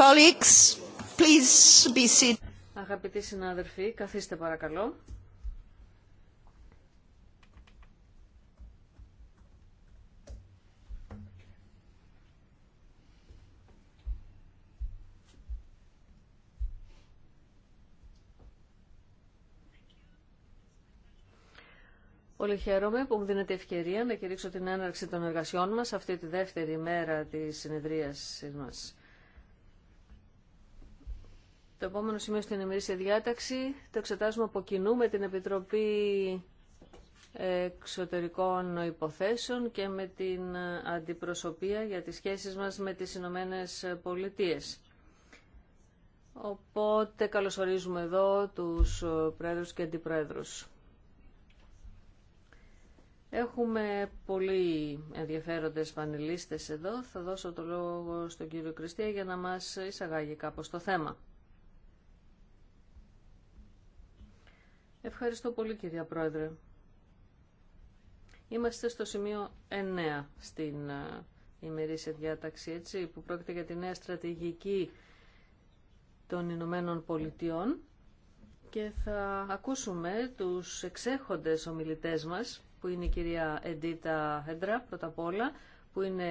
Colleagues, please be seated. Αγαπητοί συνάδελφοι, καθίστε παρακαλώ. Πολύ χαίρομαι που μου δίνετε ευκαιρία να κηρύξω την έναρξη των εργασιών μας αυτή τη δεύτερη μέρα της συνεδρίας μας. Το επόμενο σημείο στην ημερήσια διάταξη το εξετάζουμε από κοινού με την Επιτροπή Εξωτερικών Υποθέσεων και με την Αντιπροσωπεία για τις σχέσεις μας με τις Ηνωμένε Πολιτείες. Οπότε καλωσορίζουμε εδώ τους Πρόεδρους και Αντιπρόεδρους. Έχουμε πολύ ενδιαφέροντες πανελίστες εδώ. Θα δώσω το λόγο στον κύριο Κριστία για να μας εισαγάγει κάπως το θέμα. Ευχαριστώ πολύ κυρία Πρόεδρε. Είμαστε στο σημείο 9 στην ε, ημερήσια διάταξη, έτσι, που πρόκειται για τη νέα στρατηγική των Ηνωμένων Πολιτειών και θα ακούσουμε τους εξέχοντες ομιλητές μας που είναι η κυρία Εντίτα Χέντρα πρώτα απ' όλα, που είναι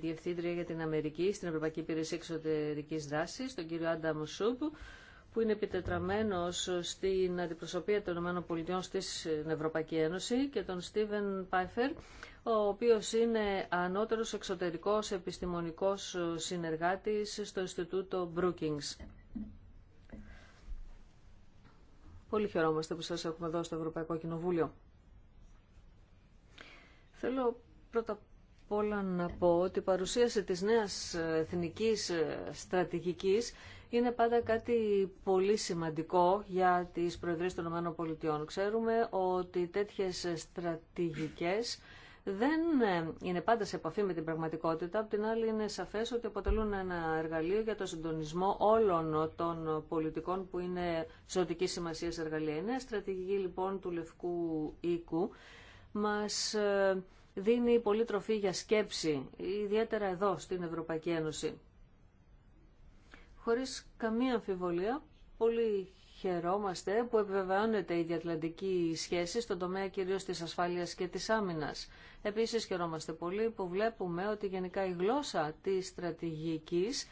Διευθύντρια για την Αμερική στην Ευρωπαϊκή Υπηρεσία Εξωτερικής Δράσης, τον κύριο Άντα Μουσούμπ, που είναι επιτετραμένος στην αντιπροσωπεία των ΗΠΑ στην Ευρωπαϊκή Ένωση και τον Στίβεν Πάιφερ, ο οποίος είναι ανώτερος εξωτερικός επιστημονικός συνεργάτης στο Ινστιτούτο Brookings. Πολύ χαιρόμαστε που σας έχουμε εδώ στο Ευρωπαϊκό Κοινοβούλιο. Θέλω πρώτα απ' όλα να πω ότι η παρουσίαση της νέας εθνικής στρατηγικής είναι πάντα κάτι πολύ σημαντικό για τις Προεδρίες των ΗΠΑ. Ξέρουμε ότι τέτοιες στρατηγικές δεν είναι πάντα σε επαφή με την πραγματικότητα. Απ' την άλλη είναι σαφές ότι αποτελούν ένα εργαλείο για το συντονισμό όλων των πολιτικών που είναι ζωτική σημασία εργαλεία. Είναι στρατηγική λοιπόν του Λευκού Οίκου μας ε, δίνει πολύ τροφή για σκέψη, ιδιαίτερα εδώ στην Ευρωπαϊκή Ένωση. Χωρίς καμία αμφιβολία, πολύ χαιρόμαστε που επιβεβαιώνεται η διατλαντική σχέση στον τομέα κυρίως της ασφάλειας και της άμυνας. Επίσης χαιρόμαστε πολύ που βλέπουμε ότι γενικά η γλώσσα της στρατηγικής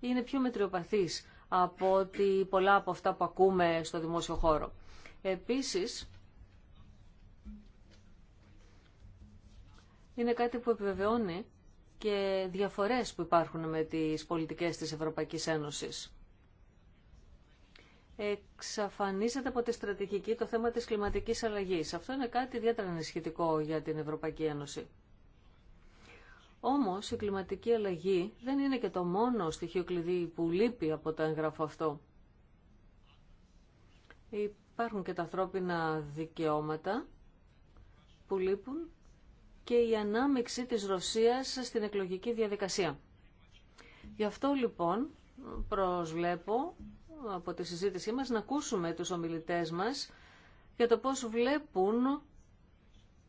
είναι πιο μετριοπαθής από ότι πολλά από αυτά που ακούμε στο δημόσιο χώρο. Επίσης, είναι κάτι που επιβεβαιώνει και διαφορές που υπάρχουν με τις πολιτικές της Ευρωπαϊκής Ένωσης. Εξαφανίζεται από τη στρατηγική το θέμα της κλιματικής αλλαγής. Αυτό είναι κάτι ιδιαίτερα ενισχυτικό για την Ευρωπαϊκή Ένωση. Όμως η κλιματική αλλαγή δεν είναι και το μόνο στοιχείο κλειδί που λείπει από το έγγραφο αυτό. Υπάρχουν και τα ανθρώπινα δικαιώματα που λείπουν και η ανάμειξη της Ρωσίας στην εκλογική διαδικασία. Γι' αυτό λοιπόν προσβλέπω από τη συζήτησή μας να ακούσουμε τους ομιλητές μας για το πώς βλέπουν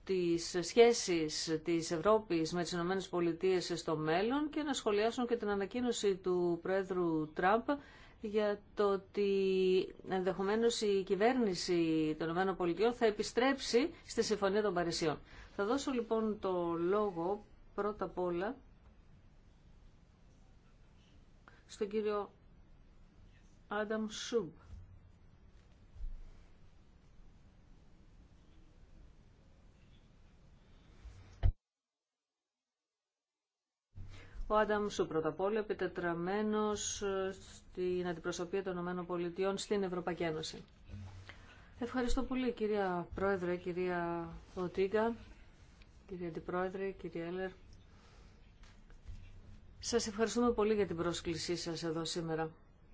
τις σχέσεις της Ευρώπης με τις Ηνωμένες Πολιτείες στο μέλλον και να σχολιάσουν και την ανακοίνωση του Πρόεδρου Τραμπ για το ότι ενδεχομένως η κυβέρνηση των ΗΠΑ θα επιστρέψει στη Συμφωνία των Παρισιών. Θα δώσω λοιπόν το λόγο πρώτα απ' όλα στον κύριο Άνταμ Σουμπ. Ο Άνταμ Σουμπ, πρώτα απ' όλα επιτετραμένος στην αντιπροσωπεία των ΗΠΑ στην Ευρωπαϊκή Ένωση. Ευχαριστώ πολύ κυρία Πρόεδρε, κυρία Οτίγκα, Κύριε Αντιπρόεδρε, κύριε Έλερ, σας ευχαριστούμε πολύ για την πρόσκλησή σας εδώ σήμερα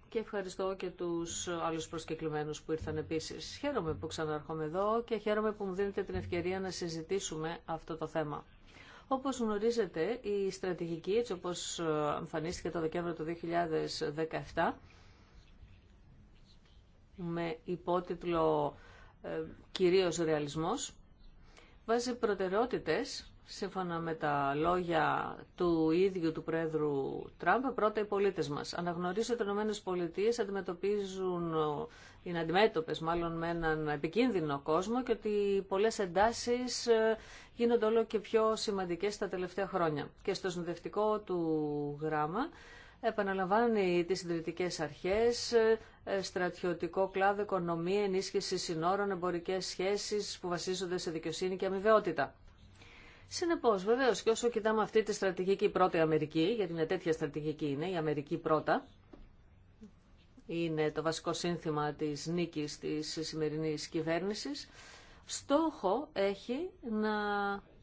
και ευχαριστώ και τους άλλους προσκεκλημένους που ήρθαν επίσης. Χαίρομαι που ξαναρχόμαι εδώ και χαίρομαι που μου δίνετε την ευκαιρία να συζητήσουμε αυτό το θέμα. Όπως γνωρίζετε, η στρατηγική, έτσι όπως εμφανίστηκε το Δεκέμβριο του 2017, με υπότιτλο ε, κυρίως «Ρεαλισμός», βάζει προτεραιότητες, σύμφωνα με τα λόγια του ίδιου του Πρόεδρου Τραμπ, πρώτα οι πολίτες μας. Αναγνωρίζει ότι οι ΗΠΑ αντιμετωπίζουν, είναι αντιμέτωπες μάλλον με έναν επικίνδυνο κόσμο και ότι πολλές εντάσεις ε, γίνονται όλο και πιο σημαντικές τα τελευταία χρόνια. Και στο συνδευτικό του γράμμα επαναλαμβάνει τις συντηρητικές αρχές, ε, στρατιωτικό κλάδο, οικονομία, ενίσχυση συνόρων, εμπορικές σχέσεις που βασίζονται σε δικαιοσύνη και αμοιβαιότητα. Συνεπώ, βεβαίω, και όσο κοιτάμε αυτή τη στρατηγική πρώτη Αμερική, γιατί μια τέτοια στρατηγική είναι, η Αμερική πρώτα, είναι το βασικό σύνθημα της νίκης της σημερινής κυβέρνησης, στόχο έχει να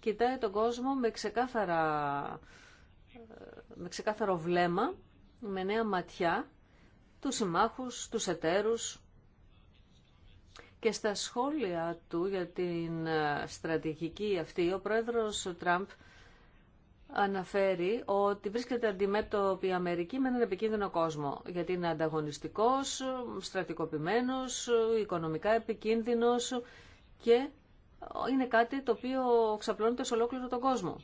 κοιτάει τον κόσμο με, ξεκάθαρα, ε, με ξεκάθαρο βλέμμα με νέα ματιά τους συμμάχους, τους εταίρους και στα σχόλια του για την ε, στρατηγική αυτή ο πρόεδρος Τραμπ αναφέρει ότι βρίσκεται αντιμέτωπη η Αμερική με έναν επικίνδυνο κόσμο, γιατί είναι ανταγωνιστικός, στρατικοποιημένος, οικονομικά επικίνδυνος και είναι κάτι το οποίο ξαπλώνεται σε ολόκληρο τον κόσμο.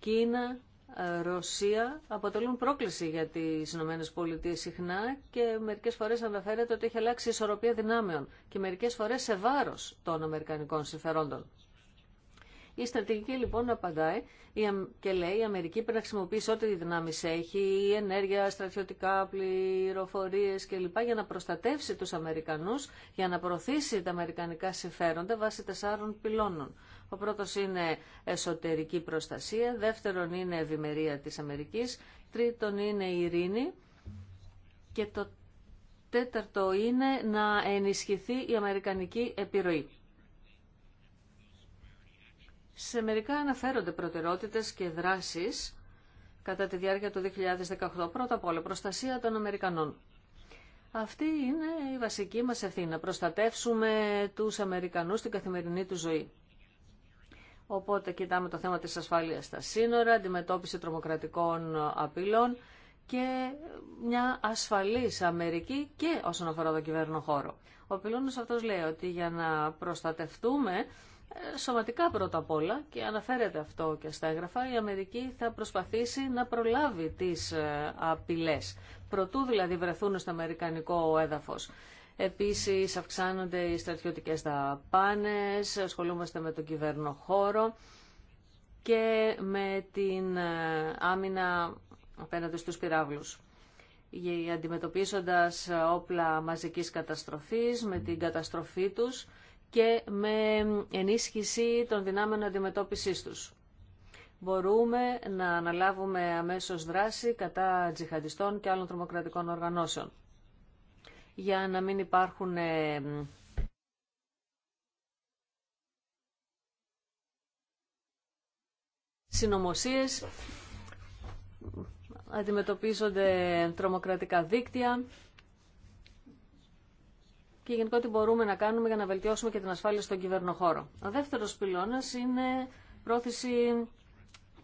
Κίνα, Ρωσία αποτελούν πρόκληση για τι ΗΠΑ συχνά και μερικέ φορέ αναφέρεται ότι έχει αλλάξει η ισορροπία δυνάμεων και μερικέ φορέ σε βάρο των Αμερικανικών συμφερόντων. Η στρατηγική λοιπόν απαντάει και λέει η Αμερική πρέπει να χρησιμοποιήσει ό,τι δυνάμει έχει, ενέργεια, στρατιωτικά, πληροφορίε κλπ. για να προστατεύσει του Αμερικανού, για να προωθήσει τα αμερικανικά συμφέροντα βάσει τεσσάρων πυλώνων. Ο πρώτος είναι εσωτερική προστασία, δεύτερον είναι ευημερία της Αμερικής, τρίτον είναι η ειρήνη και το τέταρτο είναι να ενισχυθεί η αμερικανική επιρροή. Σε μερικά αναφέρονται προτεραιότητες και δράσεις κατά τη διάρκεια του 2018, πρώτα απ' όλα προστασία των Αμερικανών. Αυτή είναι η βασική μας ευθύνη, να προστατεύσουμε τους Αμερικανούς στην καθημερινή του ζωή. Οπότε κοιτάμε το θέμα της ασφάλειας στα σύνορα, αντιμετώπιση τρομοκρατικών απειλών και μια ασφαλής Αμερική και όσον αφορά το κυβέρνο χώρο. Ο πυλώνος αυτός λέει ότι για να προστατευτούμε ε, σωματικά πρώτα απ' όλα και αναφέρεται αυτό και στα έγγραφα η Αμερική θα προσπαθήσει να προλάβει τις ε, απειλές προτού δηλαδή βρεθούν στο αμερικανικό έδαφος Επίσης αυξάνονται οι στρατιωτικές δαπάνες, ασχολούμαστε με τον κυβέρνο χώρο και με την ε, άμυνα απέναντι στους πυράβλους αντιμετωπίζοντας όπλα μαζικής καταστροφής, με την καταστροφή τους και με ενίσχυση των δυνάμεων αντιμετώπισης τους. Μπορούμε να αναλάβουμε αμέσως δράση κατά τζιχαντιστών και άλλων τρομοκρατικών οργανώσεων για να μην υπάρχουν ε, συνωμοσίες, αντιμετωπίζονται τρομοκρατικά δίκτυα και γενικότερα τι μπορούμε να κάνουμε για να βελτιώσουμε και την ασφάλεια στον κυβερνοχώρο. Ο δεύτερος πυλώνας είναι πρόθεση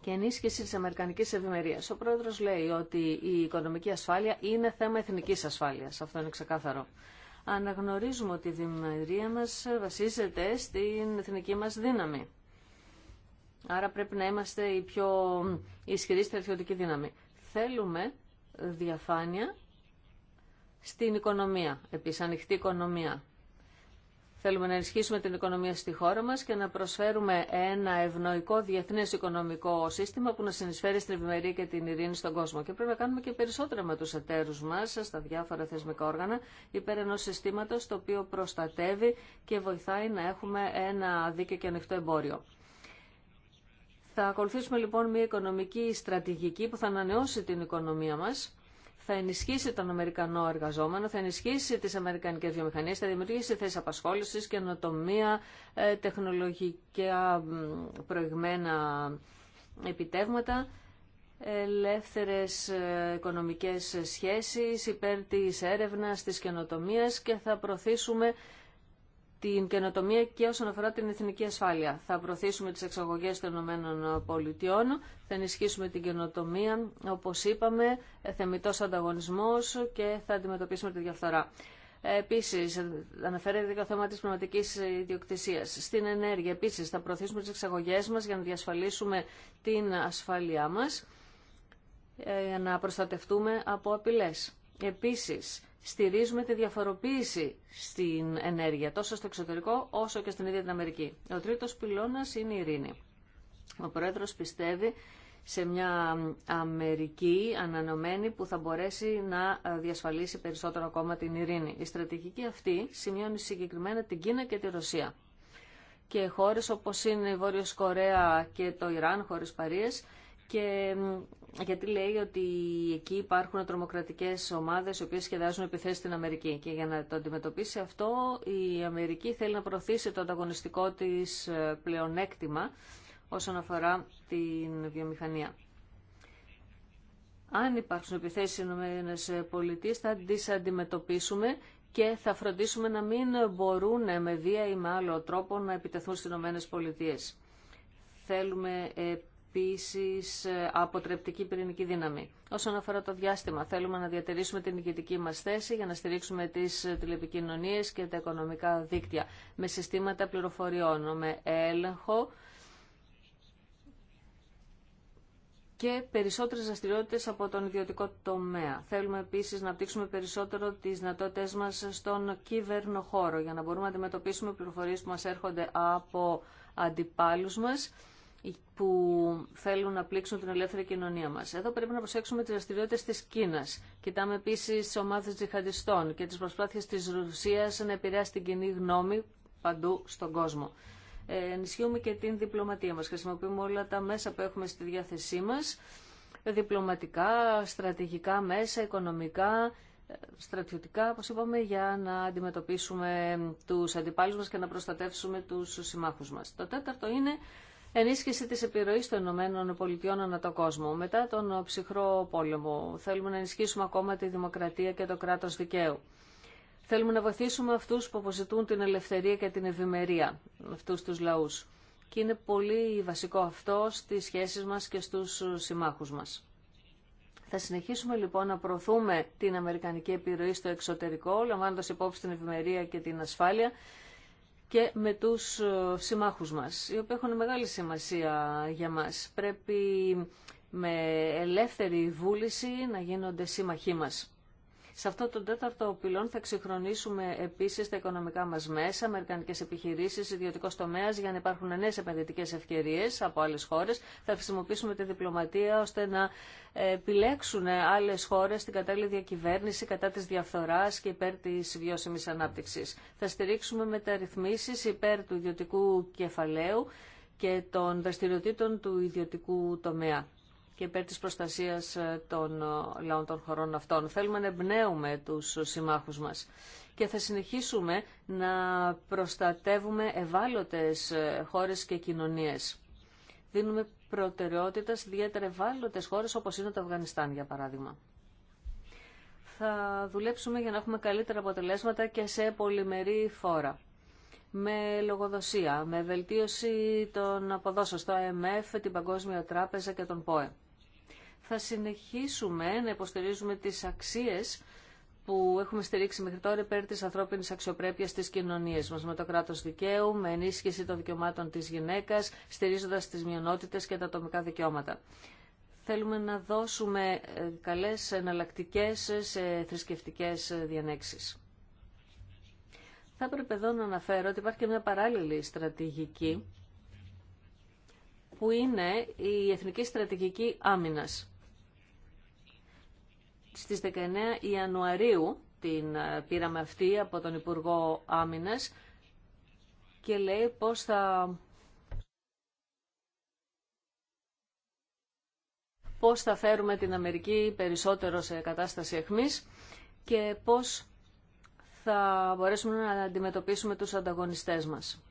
και ενίσχυση της αμερικανικής ευημερίας. Ο πρόεδρος λέει ότι η οικονομική ασφάλεια είναι θέμα εθνικής ασφάλειας. Αυτό είναι ξεκάθαρο. Αναγνωρίζουμε ότι η δημιουργία μας βασίζεται στην εθνική μας δύναμη. Άρα πρέπει να είμαστε η πιο ισχυρή στρατιωτική δύναμη. Θέλουμε διαφάνεια στην οικονομία, επίσης ανοιχτή οικονομία. Θέλουμε να ενισχύσουμε την οικονομία στη χώρα μας και να προσφέρουμε ένα ευνοϊκό διεθνές οικονομικό σύστημα που να συνεισφέρει στην ευημερία και την ειρήνη στον κόσμο. Και πρέπει να κάνουμε και περισσότερα με τους εταίρους μας στα διάφορα θεσμικά όργανα υπέρ ενός συστήματος το οποίο προστατεύει και βοηθάει να έχουμε ένα δίκαιο και ανοιχτό εμπόριο. Θα ακολουθήσουμε λοιπόν μια οικονομική στρατηγική που θα ανανεώσει την οικονομία μας θα ενισχύσει τον Αμερικανό εργαζόμενο, θα ενισχύσει τις Αμερικανικές βιομηχανίες, θα δημιουργήσει θέσεις απασχόλησης, καινοτομία, ε, τεχνολογικά προηγμένα επιτεύγματα, ελεύθερες ε, οικονομικές σχέσεις υπέρ της έρευνας, της καινοτομίας και θα προωθήσουμε την καινοτομία και όσον αφορά την εθνική ασφάλεια. Θα προωθήσουμε τις εξαγωγές των ΗΠΑ, θα ενισχύσουμε την καινοτομία, όπως είπαμε, θεμητός ανταγωνισμός και θα αντιμετωπίσουμε τη διαφθορά. Επίση, αναφέρεται και το θέμα τη πνευματική ιδιοκτησία. Στην ενέργεια, επίση, θα προωθήσουμε τι εξαγωγέ μα για να διασφαλίσουμε την ασφάλειά μα, για ε, να προστατευτούμε από απειλέ. Επίσης, στηρίζουμε τη διαφοροποίηση στην ενέργεια, τόσο στο εξωτερικό όσο και στην ίδια την Αμερική. Ο τρίτος πυλώνας είναι η ειρήνη. Ο Πρόεδρος πιστεύει σε μια Αμερική ανανομένη που θα μπορέσει να διασφαλίσει περισσότερο ακόμα την ειρήνη. Η στρατηγική αυτή σημειώνει συγκεκριμένα την Κίνα και τη Ρωσία. Και χώρες όπως είναι η Βόρειος Κορέα και το Ιράν, χώρες Παρίες και γιατί λέει ότι εκεί υπάρχουν τρομοκρατικές ομάδες οι οποίες σχεδιάζουν επιθέσεις στην Αμερική και για να το αντιμετωπίσει αυτό η Αμερική θέλει να προωθήσει το ανταγωνιστικό της ε, πλεονέκτημα όσον αφορά την βιομηχανία. Αν υπάρξουν επιθέσεις στις ΗΠΑ θα τις αντιμετωπίσουμε και θα φροντίσουμε να μην μπορούν με βία ή με άλλο τρόπο να επιτεθούν στις ΗΠΑ. Θέλουμε επίσης ε, αποτρεπτική πυρηνική δύναμη. Όσον αφορά το διάστημα, θέλουμε να διατηρήσουμε την ηγετική μας θέση για να στηρίξουμε τις ε, τηλεπικοινωνίες και τα οικονομικά δίκτυα με συστήματα πληροφοριών, με έλεγχο και περισσότερες δραστηριότητε από τον ιδιωτικό τομέα. Θέλουμε επίσης να απτύξουμε περισσότερο τι δυνατότητε μα στον κύβερνο χώρο για να μπορούμε να αντιμετωπίσουμε πληροφορίε που μα έρχονται από αντιπάλους μας που θέλουν να πλήξουν την ελεύθερη κοινωνία μας. Εδώ πρέπει να προσέξουμε τις δραστηριότητε της Κίνας. Κοιτάμε επίσης τις ομάδες τζιχαντιστών και τις προσπάθειες της Ρωσίας να επηρεάσει την κοινή γνώμη παντού στον κόσμο. Ε, ενισχύουμε και την διπλωματία μας. Χρησιμοποιούμε όλα τα μέσα που έχουμε στη διάθεσή μας, διπλωματικά, στρατηγικά μέσα, οικονομικά, ε, στρατιωτικά, όπως είπαμε, για να αντιμετωπίσουμε τους αντιπάλους μας και να προστατεύσουμε τους συμμάχους μας. Το τέταρτο είναι ενίσχυση τη επιρροή των Ηνωμένων Πολιτειών ανά τον κόσμο. Μετά τον ψυχρό πόλεμο θέλουμε να ενισχύσουμε ακόμα τη δημοκρατία και το κράτο δικαίου. Θέλουμε να βοηθήσουμε αυτού που αποζητούν την ελευθερία και την ευημερία, αυτού του λαού. Και είναι πολύ βασικό αυτό στι σχέσει μα και στου συμμάχους μα. Θα συνεχίσουμε λοιπόν να προωθούμε την αμερικανική επιρροή στο εξωτερικό, λαμβάνοντα υπόψη την ευημερία και την ασφάλεια και με τους ε, συμμάχους μας, οι οποίοι έχουν μεγάλη σημασία για μας. Πρέπει με ελεύθερη βούληση να γίνονται σύμμαχοί μας. Σε αυτό το τέταρτο πυλόν θα ξεχρονίσουμε επίση τα οικονομικά μα μέσα, αμερικανικέ επιχειρήσει, ιδιωτικό τομέα, για να υπάρχουν νέε επενδυτικέ ευκαιρίε από άλλε χώρε. Θα χρησιμοποιήσουμε τη διπλωματία ώστε να επιλέξουν άλλε χώρε την κατάλληλη διακυβέρνηση κατά τη διαφθορά και υπέρ τη βιώσιμη ανάπτυξη. Θα στηρίξουμε μεταρρυθμίσει υπέρ του ιδιωτικού κεφαλαίου και των δραστηριοτήτων του ιδιωτικού τομέα και υπέρ της προστασίας ε, των ε, λαών των χωρών αυτών. Θέλουμε να εμπνέουμε τους συμμάχους μας και θα συνεχίσουμε να προστατεύουμε ευάλωτες ε, χώρες και κοινωνίες. Δίνουμε προτεραιότητα σε ιδιαίτερα ευάλωτες χώρες όπως είναι το Αφγανιστάν για παράδειγμα. Θα δουλέψουμε για να έχουμε καλύτερα αποτελέσματα και σε πολυμερή φόρα με λογοδοσία, με βελτίωση των αποδόσεων στο ΑΕΜΕΦ, την Παγκόσμια Τράπεζα και τον ΠΟΕ θα συνεχίσουμε να υποστηρίζουμε τις αξίες που έχουμε στηρίξει μέχρι τώρα υπέρ της ανθρώπινης αξιοπρέπειας στις κοινωνίες μας, με το κράτος δικαίου, με ενίσχυση των δικαιωμάτων της γυναίκας, στηρίζοντας τις μειονότητες και τα ατομικά δικαιώματα. Θέλουμε να δώσουμε ε, καλές εναλλακτικέ σε θρησκευτικές διανέξεις. Θα έπρεπε εδώ να αναφέρω ότι υπάρχει και μια παράλληλη στρατηγική που είναι η Εθνική Στρατηγική Άμυνας. Στις 19 Ιανουαρίου την ε, πήραμε αυτή από τον Υπουργό Άμυνας και λέει πώς θα... πώς θα φέρουμε την Αμερική περισσότερο σε κατάσταση εχμής και πώς θα μπορέσουμε να αντιμετωπίσουμε τους ανταγωνιστές μας.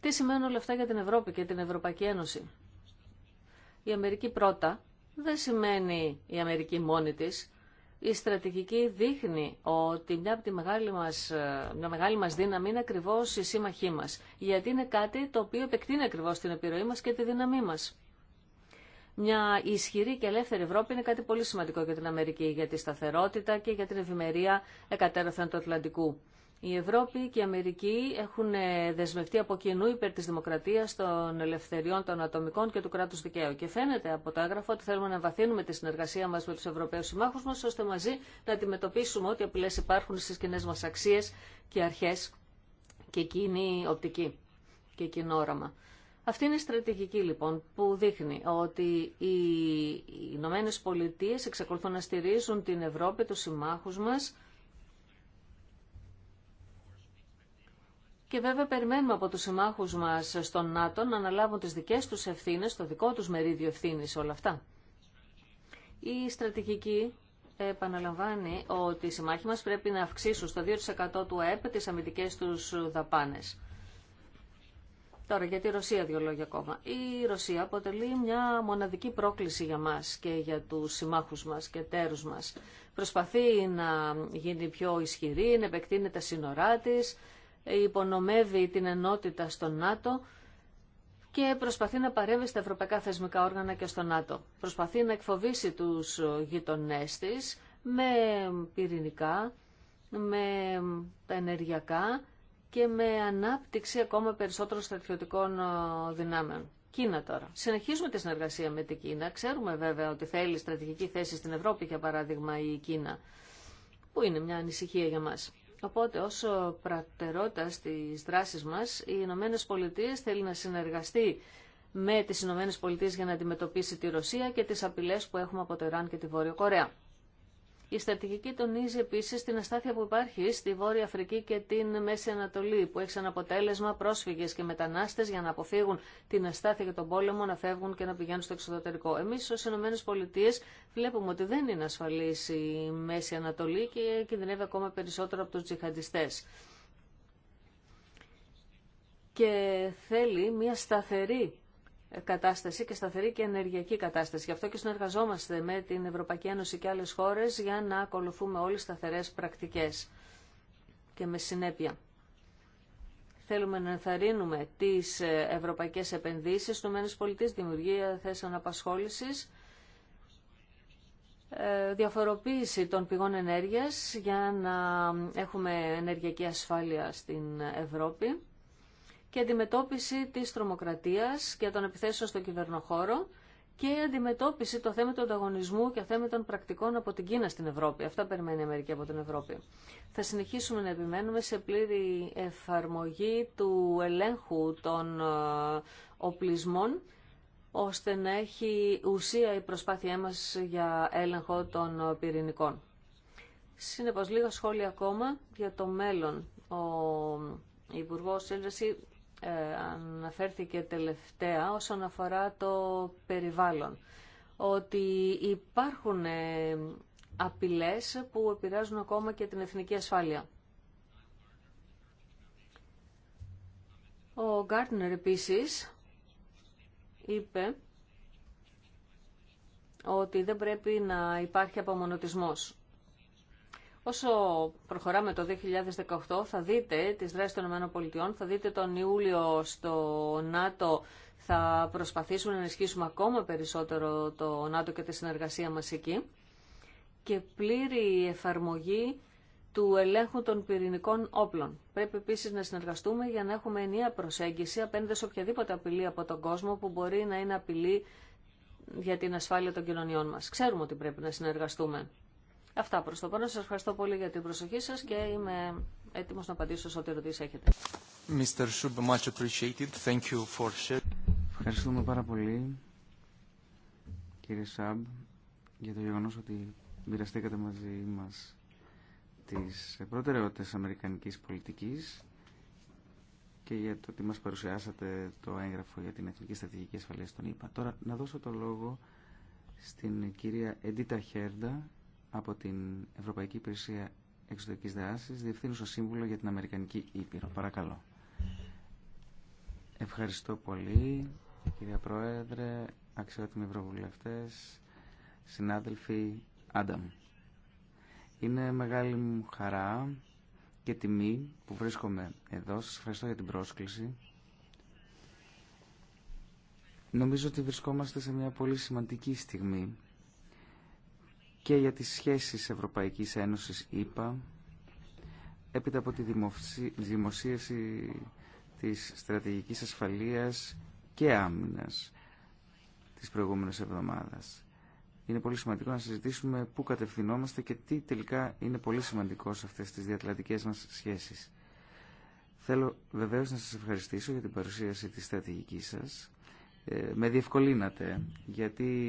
Τι σημαίνουν όλα αυτά για την Ευρώπη και την Ευρωπαϊκή Ένωση. Η Αμερική πρώτα δεν σημαίνει η Αμερική μόνη της. Η στρατηγική δείχνει ότι μια από τη μεγάλη μας, μια μεγάλη μας δύναμη είναι ακριβώς η σύμμαχή μας, γιατί είναι κάτι το οποίο επεκτείνει ακριβώς την επιρροή μας και τη δύναμή μας. Μια ισχυρή και ελεύθερη Ευρώπη είναι κάτι πολύ σημαντικό για την Αμερική, για τη σταθερότητα και για την ευημερία εκατέρωθεν του Ατλαντικού. Η Ευρώπη και η Αμερική έχουν ε, δεσμευτεί από κοινού υπέρ της δημοκρατίας, των ελευθεριών, των ατομικών και του κράτους δικαίου. Και φαίνεται από το άγραφα ότι θέλουμε να βαθύνουμε τη συνεργασία μας με τους Ευρωπαίους συμμάχους μας, ώστε μαζί να αντιμετωπίσουμε ό,τι απειλές υπάρχουν στις κοινέ μας αξίες και αρχές και κοινή οπτική και κοινό όραμα. Αυτή είναι η στρατηγική λοιπόν που δείχνει ότι οι Ηνωμένε Πολιτείε εξακολουθούν να στηρίζουν την Ευρώπη, του συμμάχου μας, Και βέβαια περιμένουμε από τους συμμάχους μας στον ΝΑΤΟ να αναλάβουν τις δικές τους ευθύνες, το δικό τους μερίδιο ευθύνης όλα αυτά. Η στρατηγική επαναλαμβάνει ότι οι συμμάχοι μας πρέπει να αυξήσουν στο 2% του ΑΕΠ τις αμυντικές τους δαπάνες. Τώρα για τη Ρωσία δύο λόγια ακόμα. Η Ρωσία αποτελεί μια μοναδική πρόκληση για μας και για τους συμμάχους μας και τέρους μας. Προσπαθεί να γίνει πιο ισχυρή, να επεκτείνει τα σύνορά της, υπονομεύει την ενότητα στο ΝΑΤΟ και προσπαθεί να παρέμβει στα ευρωπαϊκά θεσμικά όργανα και στο ΝΑΤΟ. Προσπαθεί να εκφοβήσει τους γειτονές της με πυρηνικά, με τα ενεργειακά και με ανάπτυξη ακόμα περισσότερων στρατιωτικών ε, δυνάμεων. Κίνα τώρα. Συνεχίζουμε τη συνεργασία με την Κίνα. Ξέρουμε βέβαια ότι θέλει στρατηγική θέση στην Ευρώπη, για παράδειγμα, η Κίνα, που είναι μια ανησυχία για μας. Οπότε όσο πρατερότητα στις δράσεις μας, οι Ηνωμένε Πολιτείε θέλει να συνεργαστεί με τις Ηνωμένε Πολιτείε για να αντιμετωπίσει τη Ρωσία και τις απειλές που έχουμε από το Ιράν και τη Βόρεια Κορέα. Η στρατηγική τονίζει επίση την αστάθεια που υπάρχει στη Βόρεια Αφρική και την Μέση Ανατολή, που έχει σαν αποτέλεσμα πρόσφυγε και μετανάστε για να αποφύγουν την αστάθεια και τον πόλεμο να φεύγουν και να πηγαίνουν στο εξωτερικό. Εμεί ω ΗΠΑ βλέπουμε ότι δεν είναι ασφαλή η Μέση Ανατολή και κινδυνεύει ακόμα περισσότερο από του τζιχαντιστέ. Και θέλει μια σταθερή κατάσταση και σταθερή και ενεργειακή κατάσταση. Γι' αυτό και συνεργαζόμαστε με την Ευρωπαϊκή Ένωση και άλλες χώρες για να ακολουθούμε τις σταθερές πρακτικές και με συνέπεια. Θέλουμε να ενθαρρύνουμε τις ε, ευρωπαϊκές επενδύσεις Μένες Πολιτής, δημιουργία θέσεων απασχόλησης, ε, διαφοροποίηση των πηγών ενέργειας για να έχουμε ενεργειακή ασφάλεια στην Ευρώπη και αντιμετώπιση της τρομοκρατίας και των επιθέσεων στον κυβερνοχώρο και αντιμετώπιση το θέμα του ανταγωνισμού και θέμα των πρακτικών από την Κίνα στην Ευρώπη. Αυτά περιμένει η Αμερική από την Ευρώπη. Θα συνεχίσουμε να επιμένουμε σε πλήρη εφαρμογή του ελέγχου των ε, οπλισμών ώστε να έχει ουσία η προσπάθειά μας για έλεγχο των πυρηνικών. Συνεπώς, λίγα σχόλια ακόμα για το μέλλον. Ο Υπουργός Έλβεση ε, αναφέρθηκε τελευταία όσον αφορά το περιβάλλον. Ότι υπάρχουν ε, απειλές που επηρεάζουν ακόμα και την εθνική ασφάλεια. Ο Γκάρτνερ επίσης είπε ότι δεν πρέπει να υπάρχει απομονωτισμός. Όσο προχωράμε το 2018 θα δείτε τις δράσεις των ΗΠΑ, θα δείτε τον Ιούλιο στο ΝΑΤΟ θα προσπαθήσουμε να ενισχύσουμε ακόμα περισσότερο το ΝΑΤΟ και τη συνεργασία μας εκεί και πλήρη εφαρμογή του ελέγχου των πυρηνικών όπλων. Πρέπει επίσης να συνεργαστούμε για να έχουμε ενιαία προσέγγιση απέναντι σε οποιαδήποτε απειλή από τον κόσμο που μπορεί να είναι απειλή για την ασφάλεια των κοινωνιών μας. Ξέρουμε ότι πρέπει να συνεργαστούμε. Αυτά προ το παρόν. Σα ευχαριστώ πολύ για την προσοχή σα και είμαι έτοιμο να απαντήσω σε ό,τι ερωτήσει έχετε. Ευχαριστούμε πάρα πολύ, κύριε Σαμπ, για το γεγονός ότι μοιραστήκατε μαζί μας τις προτεραιότητες αμερικανικής πολιτικής και για το ότι μας παρουσιάσατε το έγγραφο για την Εθνική Στρατηγική Ασφαλείας των ΗΠΑ. Τώρα να δώσω το λόγο στην κυρία Εντίτα Χέρντα, από την Ευρωπαϊκή Υπηρεσία Εξωτερικής Δράσης, Διευθύνουσα Σύμβουλο για την Αμερικανική Ήπειρο. Παρακαλώ. Ευχαριστώ πολύ, κυρία Πρόεδρε, αξιότιμοι ευρωβουλευτές, συνάδελφοι Άνταμ. Είναι μεγάλη μου χαρά και τιμή που βρίσκομαι εδώ. Σας ευχαριστώ για την πρόσκληση. Νομίζω ότι βρισκόμαστε σε μια πολύ σημαντική στιγμή και για τις σχέσεις Ευρωπαϊκής Ένωσης είπα, έπειτα από τη δημοσίευση της στρατηγικής ασφαλείας και άμυνας της προηγούμενης εβδομάδας. Είναι πολύ σημαντικό να συζητήσουμε πού κατευθυνόμαστε και τι τελικά είναι πολύ σημαντικό σε αυτές τις διατλαντικές μας σχέσεις. Θέλω βεβαίως να σας ευχαριστήσω για την παρουσίαση της στρατηγικής σας. Ε, με διευκολύνατε, γιατί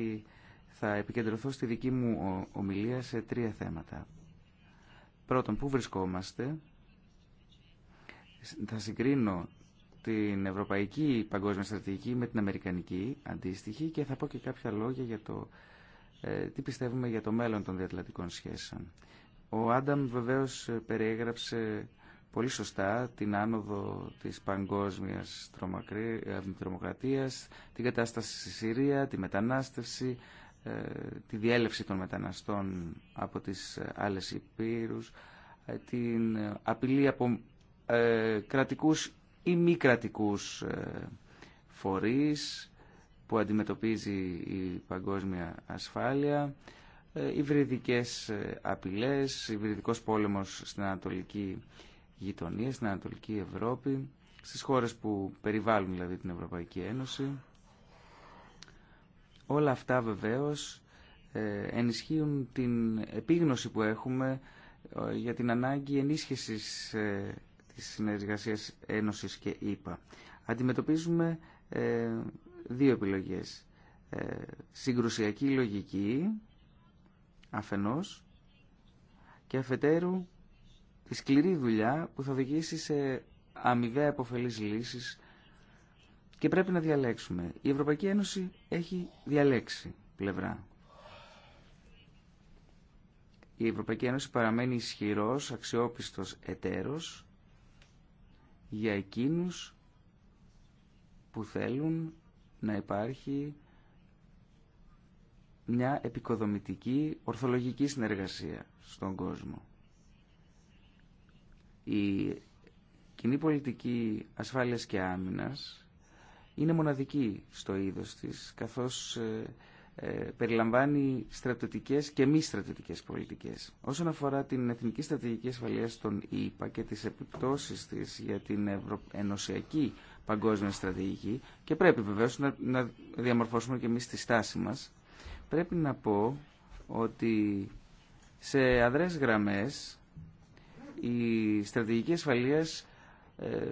θα επικεντρωθώ στη δική μου ομιλία σε τρία θέματα. Πρώτον, πού βρισκόμαστε. Θα συγκρίνω την ευρωπαϊκή παγκόσμια στρατηγική με την αμερικανική αντίστοιχη και θα πω και κάποια λόγια για το ε, τι πιστεύουμε για το μέλλον των διατλαντικών σχέσεων. Ο Άνταμ βεβαίως ε, περιέγραψε πολύ σωστά την άνοδο της παγκόσμιας ε, τρομοκρατίας, την κατάσταση στη Συρία, τη μετανάστευση, ε, τη διέλευση των μεταναστών από τις ε, άλλες υπήρους, ε, την απειλή από κρατικούς ή μη κρατικούς φορείς που αντιμετωπίζει η παγκόσμια ασφάλεια, υβριδικές απειλές, υβριδικός πόλεμος στην Ανατολική γειτονία, στην Ανατολική Ευρώπη, στις χώρες που περιβάλλουν δηλαδή την Ευρωπαϊκή Ένωση. Όλα αυτά βεβαίως ε, ενισχύουν την επίγνωση που έχουμε ε, για την ανάγκη ενίσχυσης ε, της συνεργασίας Ένωσης και ΕΠΑ. Αντιμετωπίζουμε δύο επιλογές. Συγκρουσιακή λογική, αφενός, και αφετέρου τη σκληρή δουλειά που θα οδηγήσει σε αμοιβαία επωφελής λύσεις και πρέπει να διαλέξουμε. Η Ευρωπαϊκή Ένωση έχει διαλέξει πλευρά. Η Ευρωπαϊκή Ένωση παραμένει ισχυρός, αξιόπιστος εταίρος για εκείνους που θέλουν να υπάρχει μια επικοδομητική, ορθολογική συνεργασία στον κόσμο. Η κοινή πολιτική ασφάλειας και άμυνας είναι μοναδική στο είδος της, καθώς ε, ε, περιλαμβάνει στρατιωτικές και μη στρατιωτικές πολιτικές. Όσον αφορά την Εθνική Στρατηγική Ασφαλείας των ΗΠΑ και τις επιπτώσεις της για την Ευρω... ενωσιακή παγκόσμια στρατηγική, και πρέπει βεβαίως να, διαμορφώσουμε και εμείς τη στάση μας, πρέπει να πω ότι σε αδρές γραμμές η στρατηγική ασφαλείας ε,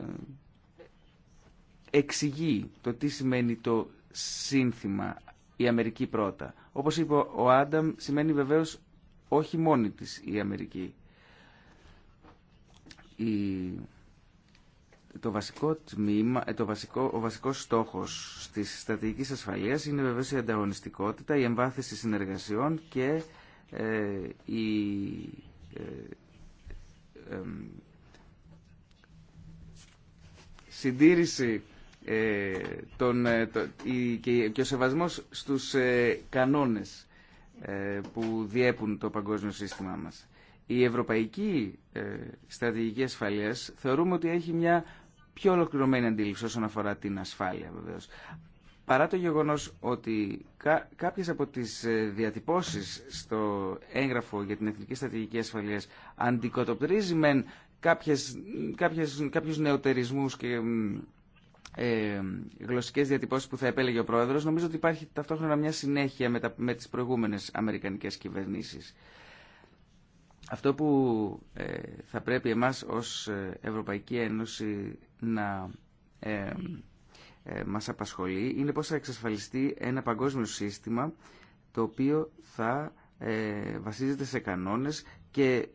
εξηγεί το τι σημαίνει το σύνθημα η Αμερική πρώτα. Όπως είπε ο Άνταμ, σημαίνει βεβαίως όχι μόνη της η Αμερική. Η... Το βασικό τμήμα, ε, το βασικό, ο βασικός στόχος της στρατηγικής ασφαλείας είναι βεβαίως η ανταγωνιστικότητα, η εμβάθυνση συνεργασιών και ε, η, ε, συντήρηση ε, τον, ε, και, ο σεβασμός στους ε, κανόνες που διέπουν το παγκόσμιο σύστημά μας. Η Ευρωπαϊκή Στρατηγική Ασφαλείας θεωρούμε ότι έχει μια πιο ολοκληρωμένη αντίληψη όσον αφορά την ασφάλεια βεβαίως. Παρά το γεγονός ότι κά, κάποιες από τις διατυπώσεις στο έγγραφο για την Εθνική Στρατηγική Ασφαλείας αντικοτοπτρίζει μεν κάποιες, κάποιες, κάποιους νεωτερισμούς και ε, γλωσσικές διατυπώσεις που θα επέλεγε ο Πρόεδρος, νομίζω ότι υπάρχει ταυτόχρονα μια συνέχεια με, με τις προηγούμενες αμερικανικές κυβερνήσεις. Αυτό που ε, θα πρέπει εμάς ως ε, Ευρωπαϊκή Ένωση να ε, ε, μας απασχολεί είναι πώς θα εξασφαλιστεί ένα παγκόσμιο σύστημα το οποίο θα βασίζεται σε κανόνες και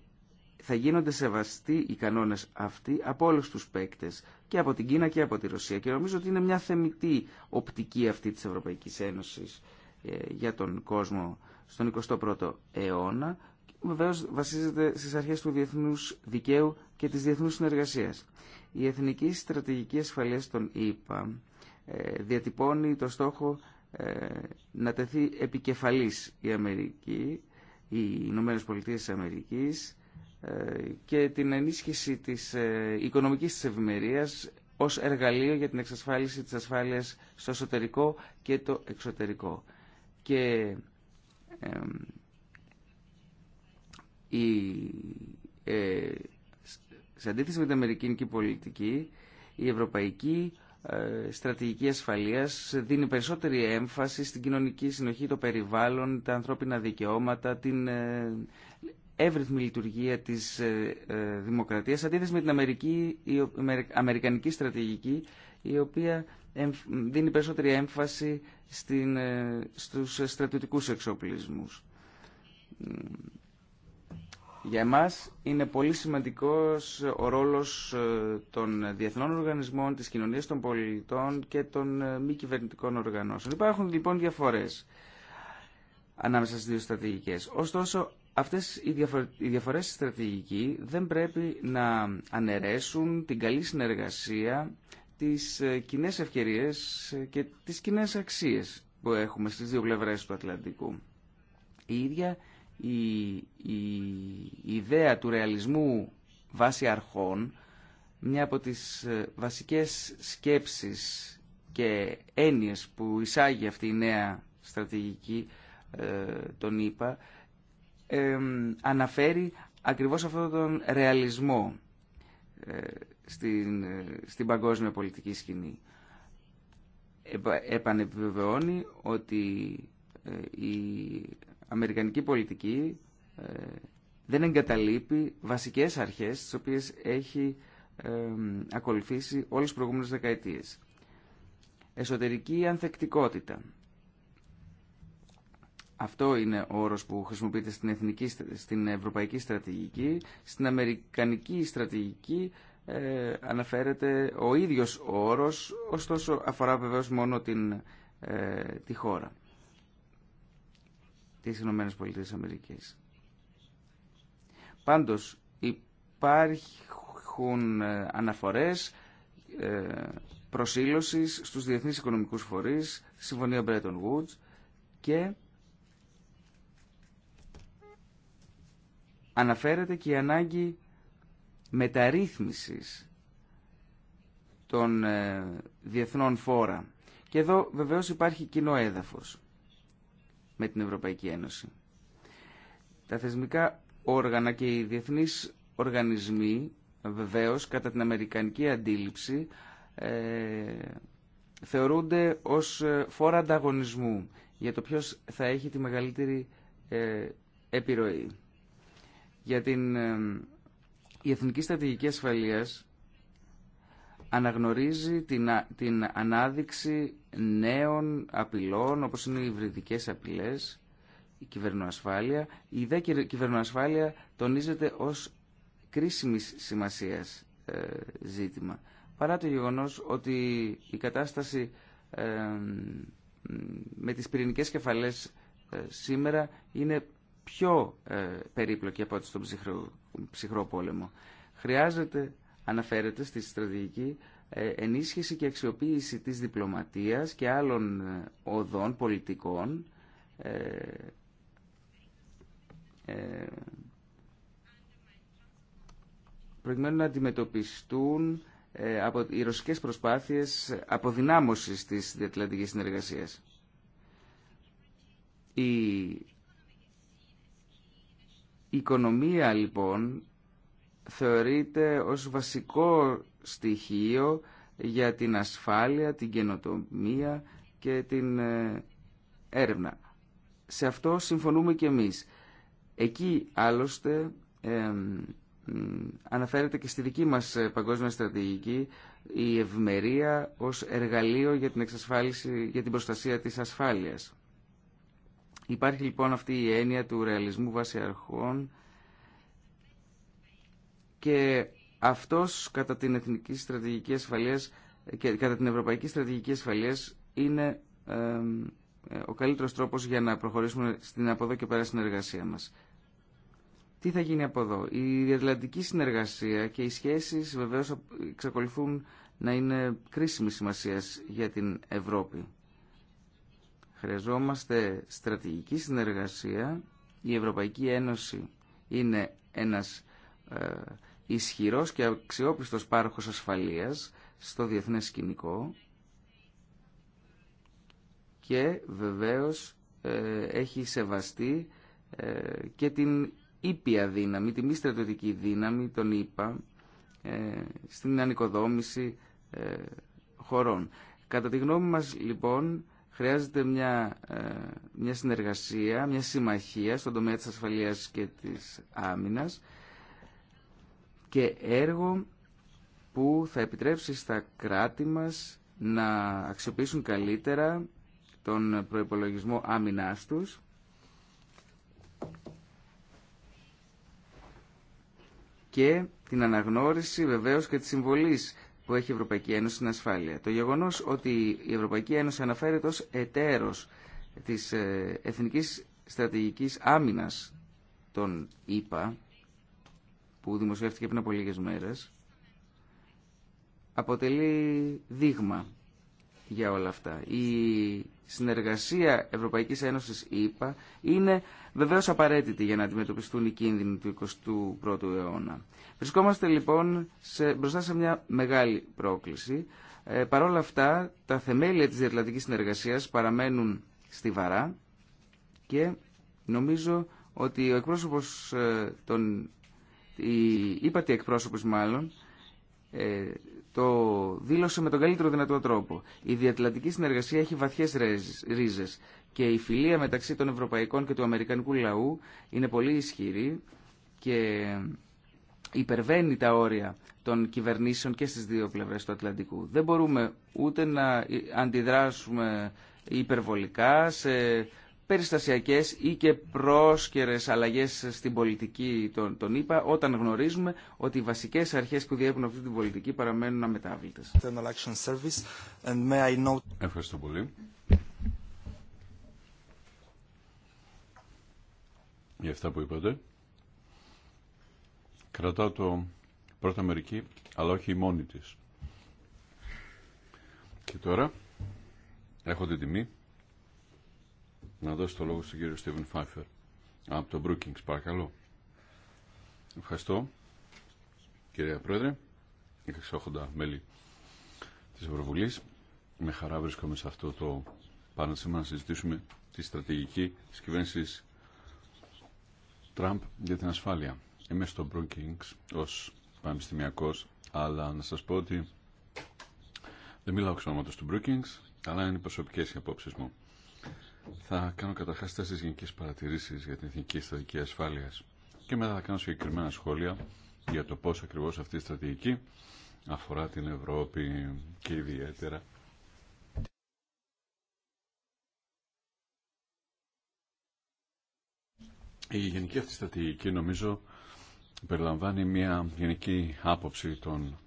θα γίνονται σεβαστοί οι κανόνες αυτοί από όλους τους παίκτες και από την Κίνα και από τη Ρωσία. Και νομίζω ότι είναι μια θεμητή οπτική αυτή της Ευρωπαϊκής Ένωσης ε, για τον κόσμο στον 21ο αιώνα. βεβαίω βασίζεται στις αρχές του διεθνούς δικαίου και της διεθνούς συνεργασίας. Η Εθνική Στρατηγική Ασφαλεία των ΗΠΑ ε, διατυπώνει το στόχο ε, να τεθεί επικεφαλής η Αμερική, οι Ηνωμένε Πολιτείε της Αμερικής, ε, και την ενίσχυση της ε, οικονομικής της ευημερίας ως εργαλείο για την εξασφάλιση της ασφάλειας στο εσωτερικό και το εξωτερικό. Και ε, σε αντίθεση με την αμερικανική πολιτική, η ευρωπαϊκή στρατηγική ασφαλείας δίνει περισσότερη έμφαση στην κοινωνική συνοχή, το περιβάλλον, τα ανθρώπινα δικαιώματα, την εύρυθμη λειτουργία της ε, ε, δημοκρατίας, αντίθεση με την Αμερική, αμερικανική στρατηγική, η οποία δίνει περισσότερη έμφαση στην, ε, στους στρατιωτικούς εξοπλισμούς. Για εμάς είναι πολύ σημαντικός ο ρόλος των διεθνών οργανισμών, της κοινωνίας των πολιτών και των μη κυβερνητικών οργανώσεων. Υπάρχουν λοιπόν διαφορές ανάμεσα στις δύο στρατηγικές. Ωστόσο, αυτές οι, διαφορε... διαφορές στρατηγική δεν πρέπει να αναιρέσουν την καλή συνεργασία, τις ε, κοινέ ευκαιρίες ε, και τις κοινέ αξίες που έχουμε στις δύο πλευρές του Ατλαντικού. Η ίδια η, ιδέα του ρεαλισμού βάσει αρχών, μια από τις ε, βασικές σκέψεις και έννοιες που εισάγει αυτή η νέα στρατηγική, τον είπα, αναφέρει ακριβώς αυτόν τον ρεαλισμό ε, στην, ε, στην παγκόσμια πολιτική σκηνή. Επανεπιβεβαιώνει ότι ε, η αμερικανική πολιτική δεν εγκαταλείπει βασικές αρχές τις οποίες έχει ακολουθήσει όλες τις προηγούμενες δεκαετίες. Εσωτερική ανθεκτικότητα αυτό είναι ο όρος που χρησιμοποιείται στην, εθνική, στην ευρωπαϊκή στρατηγική. Στην αμερικανική στρατηγική ε, αναφέρεται ο ίδιος ο όρος, ωστόσο αφορά βεβαίως μόνο την, ε, τη χώρα της Ηνωμένες Πολιτείες Αμερικής. Πάντως υπάρχουν ε, αναφορές ε, προσήλωσης στους διεθνείς οικονομικούς φορείς, Συμφωνία Bretton Woods και αναφέρεται και η ανάγκη μεταρρύθμισης των ε, διεθνών φόρα. Και εδώ βεβαίως υπάρχει κοινό έδαφος με την Ευρωπαϊκή Ένωση. Τα θεσμικά όργανα και οι διεθνείς οργανισμοί βεβαίως κατά την αμερικανική αντίληψη ε, θεωρούνται ως ε, φόρα ανταγωνισμού για το ποιος θα έχει τη μεγαλύτερη επιρροή. Για την... Η Εθνική Στρατηγική Ασφαλείας αναγνωρίζει την, την ανάδειξη νέων απειλών, όπως είναι οι υβριδικές απειλές, η κυβερνοασφάλεια. Η δε κυβερνοασφάλεια τονίζεται ως κρίσιμης σημασίας ε, ζήτημα. Παρά το γεγονός ότι η κατάσταση με τις πυρηνικές κεφαλές ε, σήμερα είναι πιο ε, περίπλοκη από ό,τι στον ψυχρό, ψυχρό πόλεμο. Χρειάζεται, αναφέρεται στη στρατηγική, ε, ενίσχυση και αξιοποίηση της διπλωματίας και άλλων ε, οδών πολιτικών προκειμένου να αντιμετωπιστούν από οι ρωσικές προσπάθειες αποδυνάμωσης της διατλαντικής συνεργασίας. Η οικονομία λοιπόν θεωρείται ως βασικό στοιχείο για την ασφάλεια, την καινοτομία και την ε, έρευνα. Σε αυτό συμφωνούμε και εμείς. Εκεί άλλωστε αναφέρεται και στη δική μας ε, παγκόσμια στρατηγική η ευμερία ως εργαλείο για την, εξασφάλιση, για την προστασία της ασφάλειας. Υπάρχει λοιπόν αυτή η έννοια του ρεαλισμού βάσει αρχών και αυτός κατά την εθνική στρατηγική ασφαλείας και κατά την ευρωπαϊκή στρατηγική ασφαλείας είναι ε, ο καλύτερος τρόπος για να προχωρήσουμε στην από εδώ και πέρα συνεργασία μας. Τι θα γίνει από εδώ. Η διατλαντική συνεργασία και οι σχέσεις βεβαίως εξακολουθούν να είναι κρίσιμη σημασία για την Ευρώπη. Χρειαζόμαστε στρατηγική συνεργασία. Η Ευρωπαϊκή Ένωση είναι ένας ε, ισχυρός και αξιόπιστος πάροχος ασφαλείας στο διεθνές σκηνικό και βεβαίως ε, έχει σεβαστεί ε, και την ήπια δύναμη, τη μη στρατιωτική δύναμη, τον είπα, ε, στην ανοικοδόμηση χωρών. Κατά τη γνώμη μας, λοιπόν, Χρειάζεται μια, ε, μια συνεργασία, μια συμμαχία στον τομέα της ασφαλείας και της άμυνας και έργο που θα επιτρέψει στα κράτη μας να αξιοποιήσουν καλύτερα τον προϋπολογισμό άμυνάς τους και την αναγνώριση βεβαίως και τη συμβολής που έχει Ευρωπαϊκή Ένωση στην ασφάλεια. Το γεγονός ότι η Ευρωπαϊκή Ένωση αναφέρεται ως εταίρος της ε, Εθνικής στρατηγική Άμυνας των ΗΠΑ, που δημοσιεύτηκε πριν από λίγες μέρες, αποτελεί δείγμα για όλα αυτά. Η συνεργασία Ευρωπαϊκής Ένωσης ΕΠΑ ΕΕ, είναι βεβαίως απαραίτητη για να αντιμετωπιστούν οι κίνδυνοι του 21ου αιώνα. Βρισκόμαστε λοιπόν σε, μπροστά σε μια μεγάλη πρόκληση. Ε, Παρ' όλα αυτά τα θεμέλια της διατλαντικής συνεργασίας παραμένουν στιβαρά και νομίζω ότι ο εκπρόσωπος, ε, τον, η ύπατη εκπρόσωπος μάλλον, ε, το δήλωσε με τον καλύτερο δυνατό τρόπο. Η διατλαντική συνεργασία έχει βαθιές ρίζες και η φιλία μεταξύ των ευρωπαϊκών και του αμερικανικού λαού είναι πολύ ισχυρή και υπερβαίνει τα όρια των κυβερνήσεων και στις δύο πλευρές του Ατλαντικού. Δεν μπορούμε ούτε να ε, αντιδράσουμε υπερβολικά σε περιστασιακές ή και πρόσκαιρες αλλαγές στην πολιτική των, ΗΠΑ όταν γνωρίζουμε ότι οι βασικές αρχές που διέπουν αυτή την πολιτική παραμένουν αμετάβλητες. Ευχαριστώ πολύ. Για αυτά που είπατε. Κρατάω το πρώτο Αμερική, αλλά όχι η μόνη της. Και τώρα έχω την τιμή να δώσω το λόγο στον κύριο Στίβεν Φάιφερ από το Brookings, παρακαλώ. Ευχαριστώ, κυρία Πρόεδρε, εξόχοντα μέλη της Ευρωβουλής. Με χαρά βρίσκομαι σε αυτό το πάνω σήμερα να συζητήσουμε τη στρατηγική της κυβέρνησης Τραμπ για την ασφάλεια. Είμαι στο Brookings ως πανεπιστημιακός, αλλά να σας πω ότι δεν μιλάω εξ του Brookings, αλλά είναι προσωπικές οι απόψεις μου. Θα κάνω καταρχά τέσσερι γενικέ παρατηρήσει για την εθνική στρατηγική ασφάλεια και μετά θα κάνω συγκεκριμένα σχόλια για το πώ ακριβώ αυτή η στρατηγική αφορά την Ευρώπη και ιδιαίτερα Η γενική αυτή στρατηγική νομίζω περιλαμβάνει μια γενική άποψη των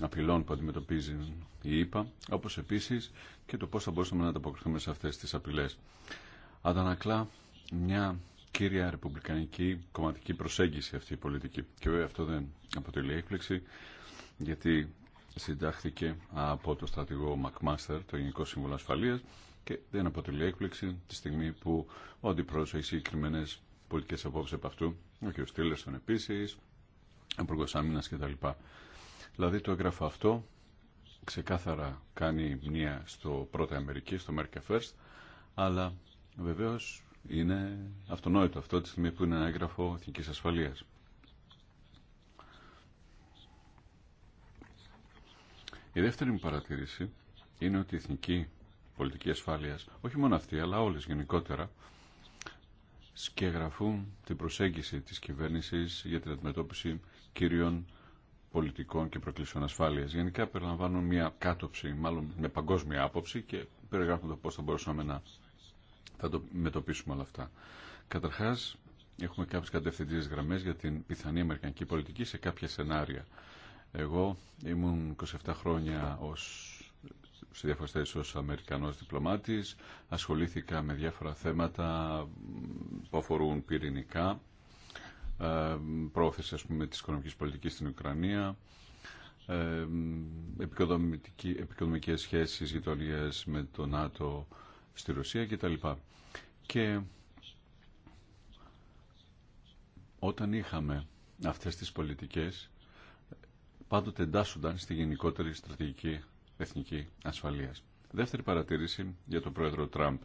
απειλών που αντιμετωπίζουν η ΕΠΑ, όπω επίση, και το πώ θα μπορούσαμε να ανταποκριθούμε σε αυτέ τι απειλέ. Αντανακλά μια κύρια ρεπουμπλικανική κομματική προσέγγιση αυτή η πολιτική. Και βέβαια αυτό δεν αποτελεί έκπληξη, γιατί συντάχθηκε από το στρατηγό Μακμάστερ, το Γενικό Σύμβολο Ασφαλεία, και δεν αποτελεί έκπληξη τη στιγμή που ο αντιπρόσωπο έχει συγκεκριμένε πολιτικέ απόψει από αυτού, ο κ. επίση, ο Υπουργό Άμυνα κτλ. Δηλαδή το έγγραφο αυτό ξεκάθαρα κάνει μνήα στο πρώτο Αμερική, στο America First, αλλά βεβαίως είναι αυτονόητο αυτό τη στιγμή που είναι ένα έγγραφο εθνική ασφαλείας. Η δεύτερη μου παρατήρηση είναι ότι η εθνική πολιτική ασφάλεια, όχι μόνο αυτή, αλλά όλε γενικότερα, σκεγγραφούν την προσέγγιση της κυβέρνησης για την αντιμετώπιση κυρίων πολιτικών και προκλήσεων ασφάλεια. Γενικά περιλαμβάνουν μια κάτωψη, μάλλον με παγκόσμια άποψη και περιγράφουν το πώ θα μπορούσαμε να θα το μετωπίσουμε όλα αυτά. Καταρχά, έχουμε κάποιε κατευθυντήριε γραμμέ για την πιθανή αμερικανική πολιτική σε κάποια σενάρια. Εγώ ήμουν 27 χρόνια ως σε διάφορες θέσεις ως Αμερικανός διπλωμάτης, ασχολήθηκα με διάφορα θέματα που αφορούν πυρηνικά πρόθεση ας πούμε, της οικονομικής πολιτικής στην Ουκρανία, επικοδομικές σχέσεις γειτονίες με το ΝΑΤΟ στη Ρωσία κτλ. Και όταν είχαμε αυτές τις πολιτικές, πάντοτε εντάσσονταν στη γενικότερη στρατηγική εθνική ασφαλείας. Δεύτερη παρατήρηση για τον πρόεδρο Τραμπ.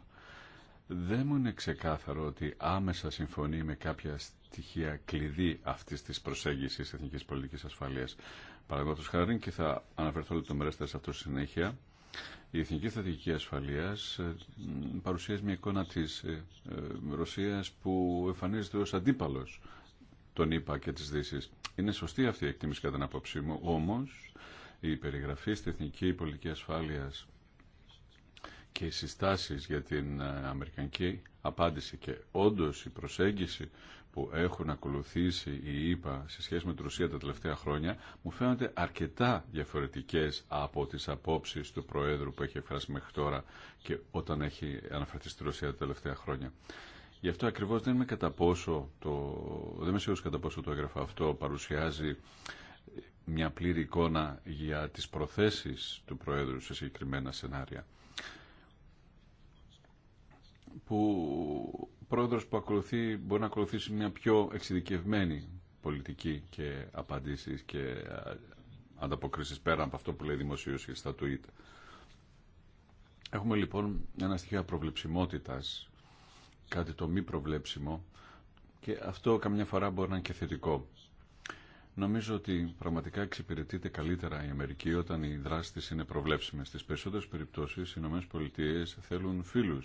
Δεν μου είναι ξεκάθαρο ότι άμεσα συμφωνεί με κάποια στοιχεία κλειδί αυτή τη προσέγγιση εθνική πολιτική ασφαλεία. Παραδείγματο χάρη και θα αναφερθώ λεπτομερέστερα σε αυτό στη συνέχεια. Η Εθνική Στρατηγική ασφαλεία ε, παρουσιάζει μια εικόνα τη ε, ε, Ρωσία που εμφανίζεται ω αντίπαλο των ΗΠΑ και τη Δύση. Είναι σωστή αυτή η εκτίμηση κατά την απόψή μου, Όμω, η περιγραφή στην Εθνική Πολιτική ασφάλεια και οι συστάσεις για την Αμερικανική απάντηση και όντω η προσέγγιση που έχουν ακολουθήσει η ΗΠΑ σε σχέση με την Ρωσία τα τελευταία χρόνια μου φαίνονται αρκετά διαφορετικές από τις απόψεις του Προέδρου που έχει εκφράσει μέχρι τώρα και όταν έχει αναφερθεί στη Ρωσία τα τελευταία χρόνια. Γι' αυτό ακριβώς δεν είμαι, κατά το... δεν είμαι κατά πόσο το έγγραφο αυτό παρουσιάζει μια πλήρη εικόνα για τις προθέσεις του Προέδρου σε συγκεκριμένα σενάρια που πρόεδρος που ακολουθεί, μπορεί να ακολουθήσει μια πιο εξειδικευμένη πολιτική και απαντήσεις και ανταποκρίσεις πέρα από αυτό που λέει δημοσίως στα tweet. Έχουμε λοιπόν ένα στοιχείο προβλεψιμότητας, κάτι το μη προβλέψιμο και αυτό καμιά φορά μπορεί να είναι και θετικό. Νομίζω ότι πραγματικά εξυπηρετείται καλύτερα η Αμερική όταν οι δράσει είναι προβλέψιμε. Στι περισσότερε περιπτώσει, οι ΗΠΑ θέλουν φίλου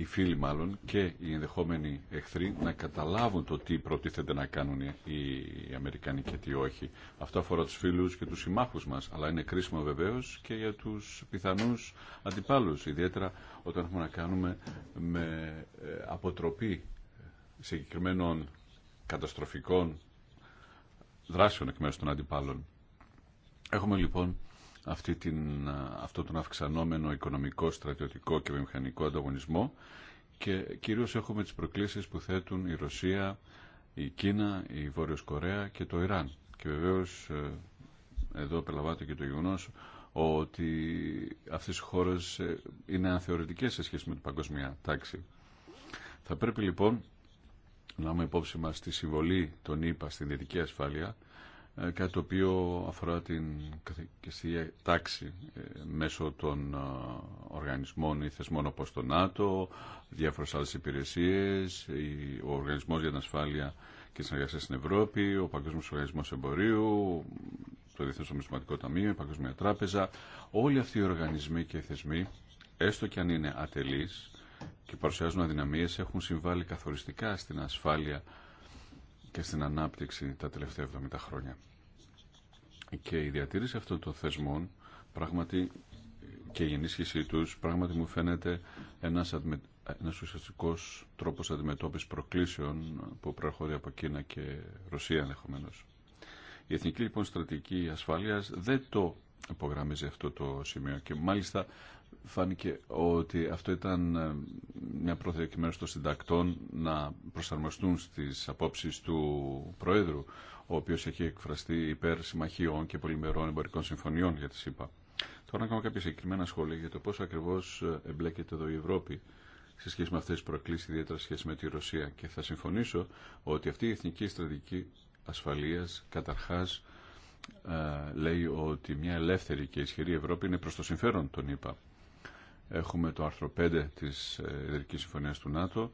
οι φίλοι μάλλον και οι ενδεχόμενοι εχθροί να καταλάβουν το τι προτίθεται να κάνουν οι Αμερικανοί και τι όχι. Αυτό αφορά τους φίλους και τους συμμάχους μας, αλλά είναι κρίσιμο βεβαίως και για τους πιθανούς αντιπάλους, ιδιαίτερα όταν έχουμε να κάνουμε με ε, αποτροπή συγκεκριμένων καταστροφικών δράσεων εκ μέρους των αντιπάλων. Έχουμε λοιπόν αυτή την, αυτό τον αυξανόμενο οικονομικό, στρατιωτικό και βιομηχανικό ανταγωνισμό και κυρίως έχουμε τις προκλήσεις που θέτουν η Ρωσία, η Κίνα, η Βόρειος Κορέα και το Ιράν. Και βεβαίως ε, εδώ περιλαμβάνεται και το γεγονό ότι αυτές οι χώρες ε, είναι ανθεωρητικές σε σχέση με την παγκοσμία τάξη. Θα πρέπει λοιπόν να έχουμε υπόψη μας τη συμβολή των ΗΠΑ στην δυτική ασφάλεια ε, κάτι το οποίο αφορά την καθηγητική τάξη ε, μέσω των ε, οργανισμών ή θεσμών όπως το ΝΑΤΟ, διάφορες άλλες υπηρεσίες, ο Οργανισμός για την Ασφάλεια και Συνεργασία στην Ευρώπη, ο Παγκόσμιος Οργανισμός Εμπορίου, το Διεθνές Ομισματικό Ταμείο, η Παγκόσμια Τράπεζα. Όλοι αυτοί οι οργανισμοί και οι θεσμοί, έστω και αν είναι ατελείς και παρουσιάζουν αδυναμίες, έχουν συμβάλει καθοριστικά στην ασφάλεια και στην ανάπτυξη τα τελευταία 70 χρόνια. Και η διατήρηση αυτών των θεσμών πράγματι και η ενίσχυσή τους πράγματι μου φαίνεται ένας, αδμε... ένας ουσιαστικός τρόπος αντιμετώπισης προκλήσεων που προέρχονται από Κίνα και Ρωσία ενδεχομένω. Η Εθνική λοιπόν Στρατηγική Ασφάλειας δεν το υπογραμμίζει αυτό το σημείο και μάλιστα φάνηκε ότι αυτό ήταν ε, μια πρόθεση εκ των συντακτών να προσαρμοστούν στις απόψεις του Προέδρου, ο οποίος έχει εκφραστεί υπέρ συμμαχίων και πολυμερών εμπορικών συμφωνιών για τη ΣΥΠΑ. Τώρα να κάνω κάποια συγκεκριμένα σχόλια για το πώς ακριβώς ε, εμπλέκεται εδώ η Ευρώπη σε σχέση με αυτές τις προκλήσεις, ιδιαίτερα σχέση με τη Ρωσία. Και θα συμφωνήσω ότι αυτή η εθνική στρατηγική ασφαλείας καταρχάς ε, λέει ότι μια ελεύθερη και ισχυρή Ευρώπη είναι προς το συμφέρον των ΗΠΑ. Έχουμε το άρθρο 5 της ε, Ιδρικής Συμφωνίας του ΝΑΤΟ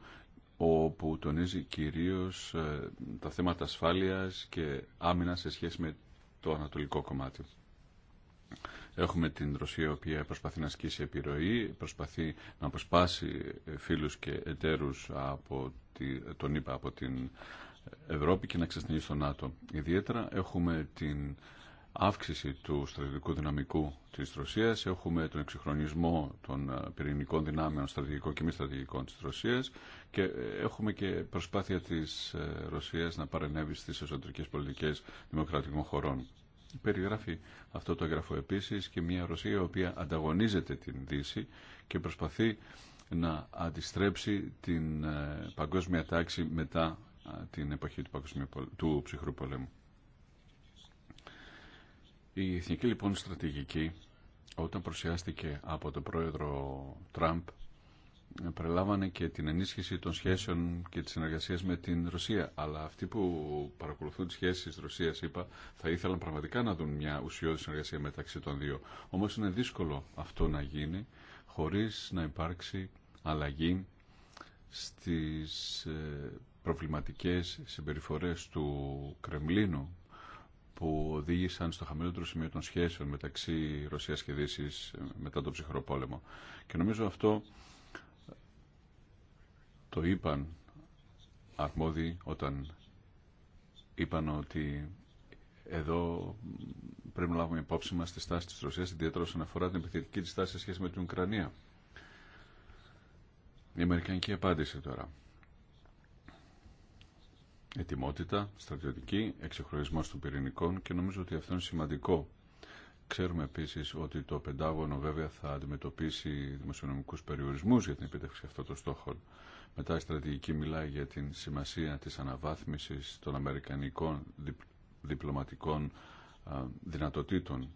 όπου τονίζει κυρίως ε, τα θέματα ασφάλειας και άμυνα σε σχέση με το ανατολικό κομμάτι. Έχουμε την Ρωσία, η οποία προσπαθεί να ασκήσει επιρροή, προσπαθεί να προσπάσει ε, φίλους και εταίρους από τη, τον από την Ευρώπη και να ξεσθενεί στο ΝΑΤΟ. Ιδιαίτερα έχουμε την αύξηση του στρατηγικού δυναμικού τη Ρωσία, έχουμε τον εξυγχρονισμό των ε, πυρηνικών δυνάμεων στρατηγικών και μη στρατηγικών της Ρωσίας και ε, έχουμε και προσπάθεια της ε, Ρωσία να παρενέβει στι εσωτερικέ πολιτικέ δημοκρατικών χωρών. Περιγράφει αυτό το έγγραφο επίση και μια Ρωσία η οποία ανταγωνίζεται την Δύση και προσπαθεί να αντιστρέψει την παγκόσμια τάξη μετά την εποχή του, του ψυχρού πολέμου. Η εθνική λοιπόν στρατηγική όταν προσιάστηκε από τον πρόεδρο Τραμπ προλάβανε και την ενίσχυση των σχέσεων και τη συνεργασίας με την Ρωσία. Αλλά αυτοί που παρακολουθούν τις σχέσεις της Ρωσίας, είπα, θα ήθελαν πραγματικά να δουν μια ουσιώδη συνεργασία μεταξύ των δύο. Όμως είναι δύσκολο αυτό να γίνει χωρίς να υπάρξει αλλαγή στις ε, προβληματικές συμπεριφορές του Κρεμλίνου που οδήγησαν στο χαμηλότερο σημείο των σχέσεων μεταξύ Ρωσίας και Δύσης ε, μετά τον ψυχρό πόλεμο. Και νομίζω αυτό ε, το είπαν αρμόδιοι όταν είπαν ότι εδώ πρέπει να λάβουμε υπόψη μας τη στάση της Ρωσίας, ιδιαίτερα όσον αφορά την επιθετική της στάση σε σχέση με την Ουκρανία. Η Αμερικανική απάντηση τώρα ετοιμότητα, στρατιωτική, εξεχρονισμό των πυρηνικών και νομίζω ότι αυτό είναι σημαντικό. Ξέρουμε επίσης ότι το Πεντάγωνο βέβαια θα αντιμετωπίσει δημοσιονομικούς περιορισμούς για την επίτευξη αυτών των στόχων. Μετά η στρατηγική μιλάει για την σημασία της αναβάθμισης των αμερικανικών διπλωματικών δυνατοτήτων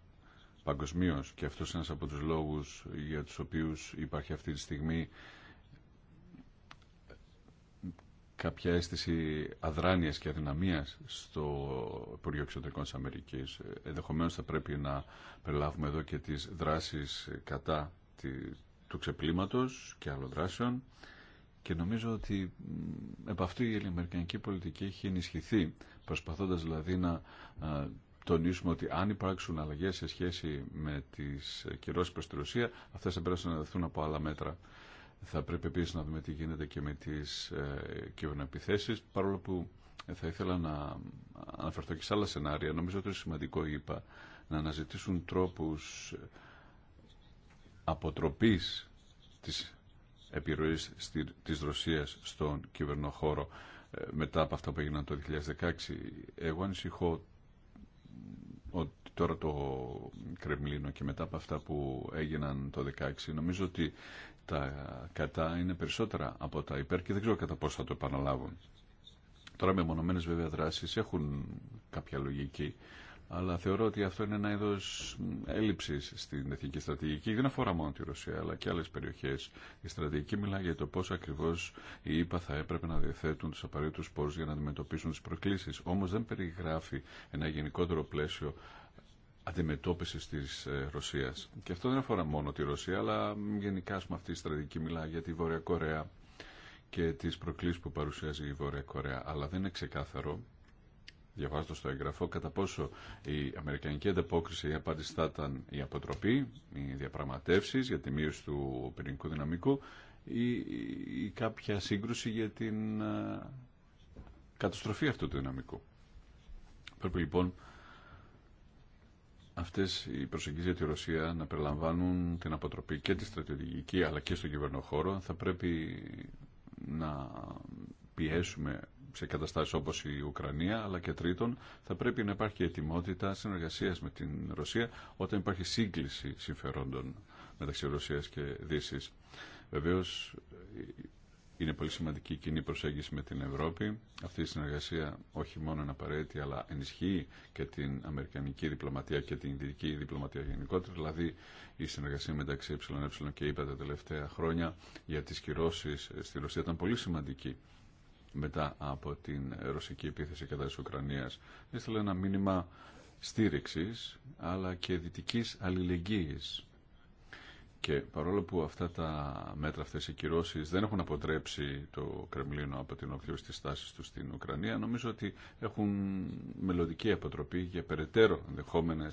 παγκοσμίω και αυτό είναι ένας από του λόγου για του οποίου υπάρχει αυτή τη στιγμή κάποια αίσθηση αδράνειας και αδυναμίας στο Υπουργείο Εξωτερικών της Αμερικής. Ε, ενδεχομένως θα πρέπει να περιλάβουμε εδώ και τις δράσεις κατά του ξεπλήματος και άλλων δράσεων και νομίζω ότι επ' αυτή η ελληνική πολιτική έχει ενισχυθεί προσπαθώντας δηλαδή να τονίσουμε ότι αν υπάρξουν αλλαγές σε σχέση με τις κυρώσεις προς τη Ρωσία αυτές θα πρέπει να δεθούν από άλλα μέτρα. Θα πρέπει επίσης να δούμε τι γίνεται και με τις ε, κυβερνοεπιθέσεις, παρόλο που θα ήθελα να αναφερθώ και σε άλλα σενάρια. Νομίζω ότι είναι σημαντικό, είπα, να αναζητήσουν τρόπους αποτροπής της επιρροής της Ρωσίας στον κυβερνοχώρο ε, μετά από αυτά που έγιναν το 2016. Εγώ ανησυχώ τώρα το Κρεμλίνο και μετά από αυτά που έγιναν το 2016, νομίζω ότι τα κατά είναι περισσότερα από τα υπέρ και δεν ξέρω κατά πόσο θα το επαναλάβουν. Τώρα με μονομένες βέβαια δράσεις έχουν κάποια λογική, αλλά θεωρώ ότι αυτό είναι ένα είδος έλλειψης στην εθνική στρατηγική. Δεν αφορά μόνο τη Ρωσία, αλλά και άλλες περιοχές. Η στρατηγική μιλά για το πώς ακριβώς οι ΙΠΑ θα έπρεπε να διαθέτουν τους απαραίτητους πόρους για να αντιμετωπίσουν τις προκλήσεις. Όμως δεν περιγράφει ένα γενικότερο πλαίσιο Αντιμετώπιση τη ε, Ρωσία. Και αυτό δεν αφορά μόνο τη Ρωσία, αλλά γενικά με αυτή η στρατηγική μιλά για τη Βόρεια Κορέα και τι προκλήσεις που παρουσιάζει η Βόρεια Κορέα. Αλλά δεν είναι ξεκάθαρο, διαβάζοντας το εγγραφό, κατά πόσο η αμερικανική ανταπόκριση ή απάντηση θα ήταν η αποτροπή, οι διαπραγματεύσει για τη μείωση του πυρηνικού δυναμικού ή, ή κάποια σύγκρουση για την ε, καταστροφή αυτού του δυναμικού. Πρέπει λοιπόν αυτές οι προσεγγίσεις για τη Ρωσία να περιλαμβάνουν την αποτροπή και τη στρατιωτική αλλά και στον κυβερνοχώρο θα πρέπει να πιέσουμε σε καταστάσει όπως η Ουκρανία αλλά και τρίτον θα πρέπει να υπάρχει ετοιμότητα συνεργασία με την Ρωσία όταν υπάρχει σύγκληση συμφερόντων μεταξύ Ρωσίας και Δύσης. Βεβαίω. Είναι πολύ σημαντική η κοινή προσέγγιση με την Ευρώπη. Αυτή η συνεργασία όχι μόνο είναι απαραίτητη, αλλά ενισχύει και την Αμερικανική διπλωματία και την Ινδική διπλωματία γενικότερα. Δηλαδή, η συνεργασία μεταξύ ΕΕ και ΕΕ τα τελευταία χρόνια για τι κυρώσει στη Ρωσία ήταν πολύ σημαντική μετά από την ρωσική επίθεση κατά τη Ουκρανία. Έστειλε ένα μήνυμα στήριξη, αλλά και δυτική αλληλεγγύη. Και παρόλο που αυτά τα μέτρα, αυτέ οι κυρώσει δεν έχουν αποτρέψει το Κρεμλίνο από την οπτική τη τάση του στην Ουκρανία, νομίζω ότι έχουν μελλοντική αποτροπή για περαιτέρω ενδεχόμενε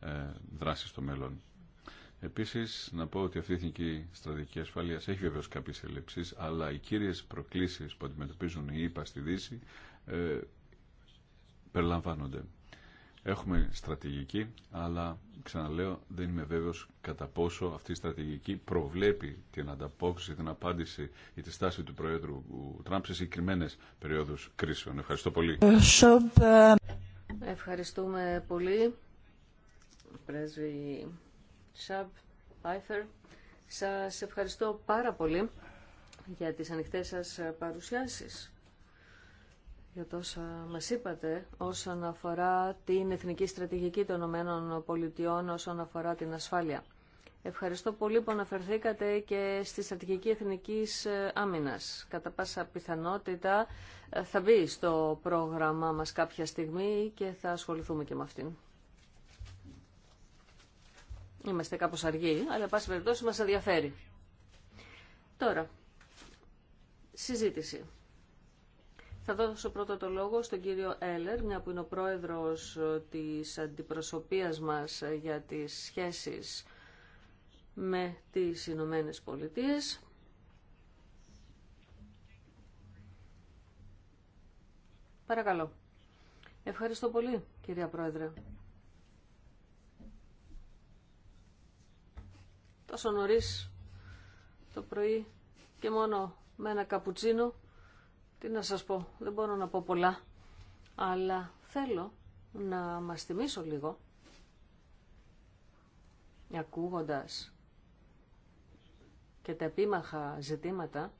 ε, δράσεις στο μέλλον. Επίσης, να πω ότι αυτή η Εθνική Στρατηγική Ασφαλείας έχει βεβαίω κάποιε, ελλείψει, αλλά οι κύριε προκλήσεις που αντιμετωπίζουν οι ΙΠΑ στη Δύση ε, περιλαμβάνονται. Έχουμε στρατηγική, αλλά ξαναλέω δεν είμαι βέβαιος κατά πόσο αυτή η στρατηγική προβλέπει την ανταπόκριση, την απάντηση ή τη στάση του Προέδρου Τραμπ σε συγκεκριμένε περιόδους κρίσεων. Ευχαριστώ πολύ. Ευχαριστούμε πολύ. Πρέσβη Σαμπ Πάιθερ. Σας ευχαριστώ πάρα πολύ για τις ανοιχτές σας παρουσιάσει για τόσα μας είπατε όσον αφορά την εθνική στρατηγική των Ηνωμένων Πολιτειών όσον αφορά την ασφάλεια. Ευχαριστώ πολύ που αναφερθήκατε και στη στρατηγική εθνικής ε, άμυνας. Κατά πάσα πιθανότητα ε, θα μπει στο πρόγραμμά μας κάποια στιγμή και θα ασχοληθούμε και με αυτήν. Είμαστε κάπως αργοί, αλλά πάση περιπτώσει μας ενδιαφέρει. Τώρα, συζήτηση. Θα δώσω πρώτα το λόγο στον κύριο Έλερ, μια που είναι ο πρόεδρος ε, της αντιπροσωπείας μας ε, για τις σχέσεις με τις Ηνωμένε Πολιτείε. Παρακαλώ. Ευχαριστώ πολύ, κυρία Πρόεδρε. Τόσο νωρίς το πρωί και μόνο με ένα καπουτσίνο τι να σας πω, δεν μπορώ να πω πολλά, αλλά θέλω να μας θυμίσω λίγο, ακούγοντας και τα επίμαχα ζητήματα,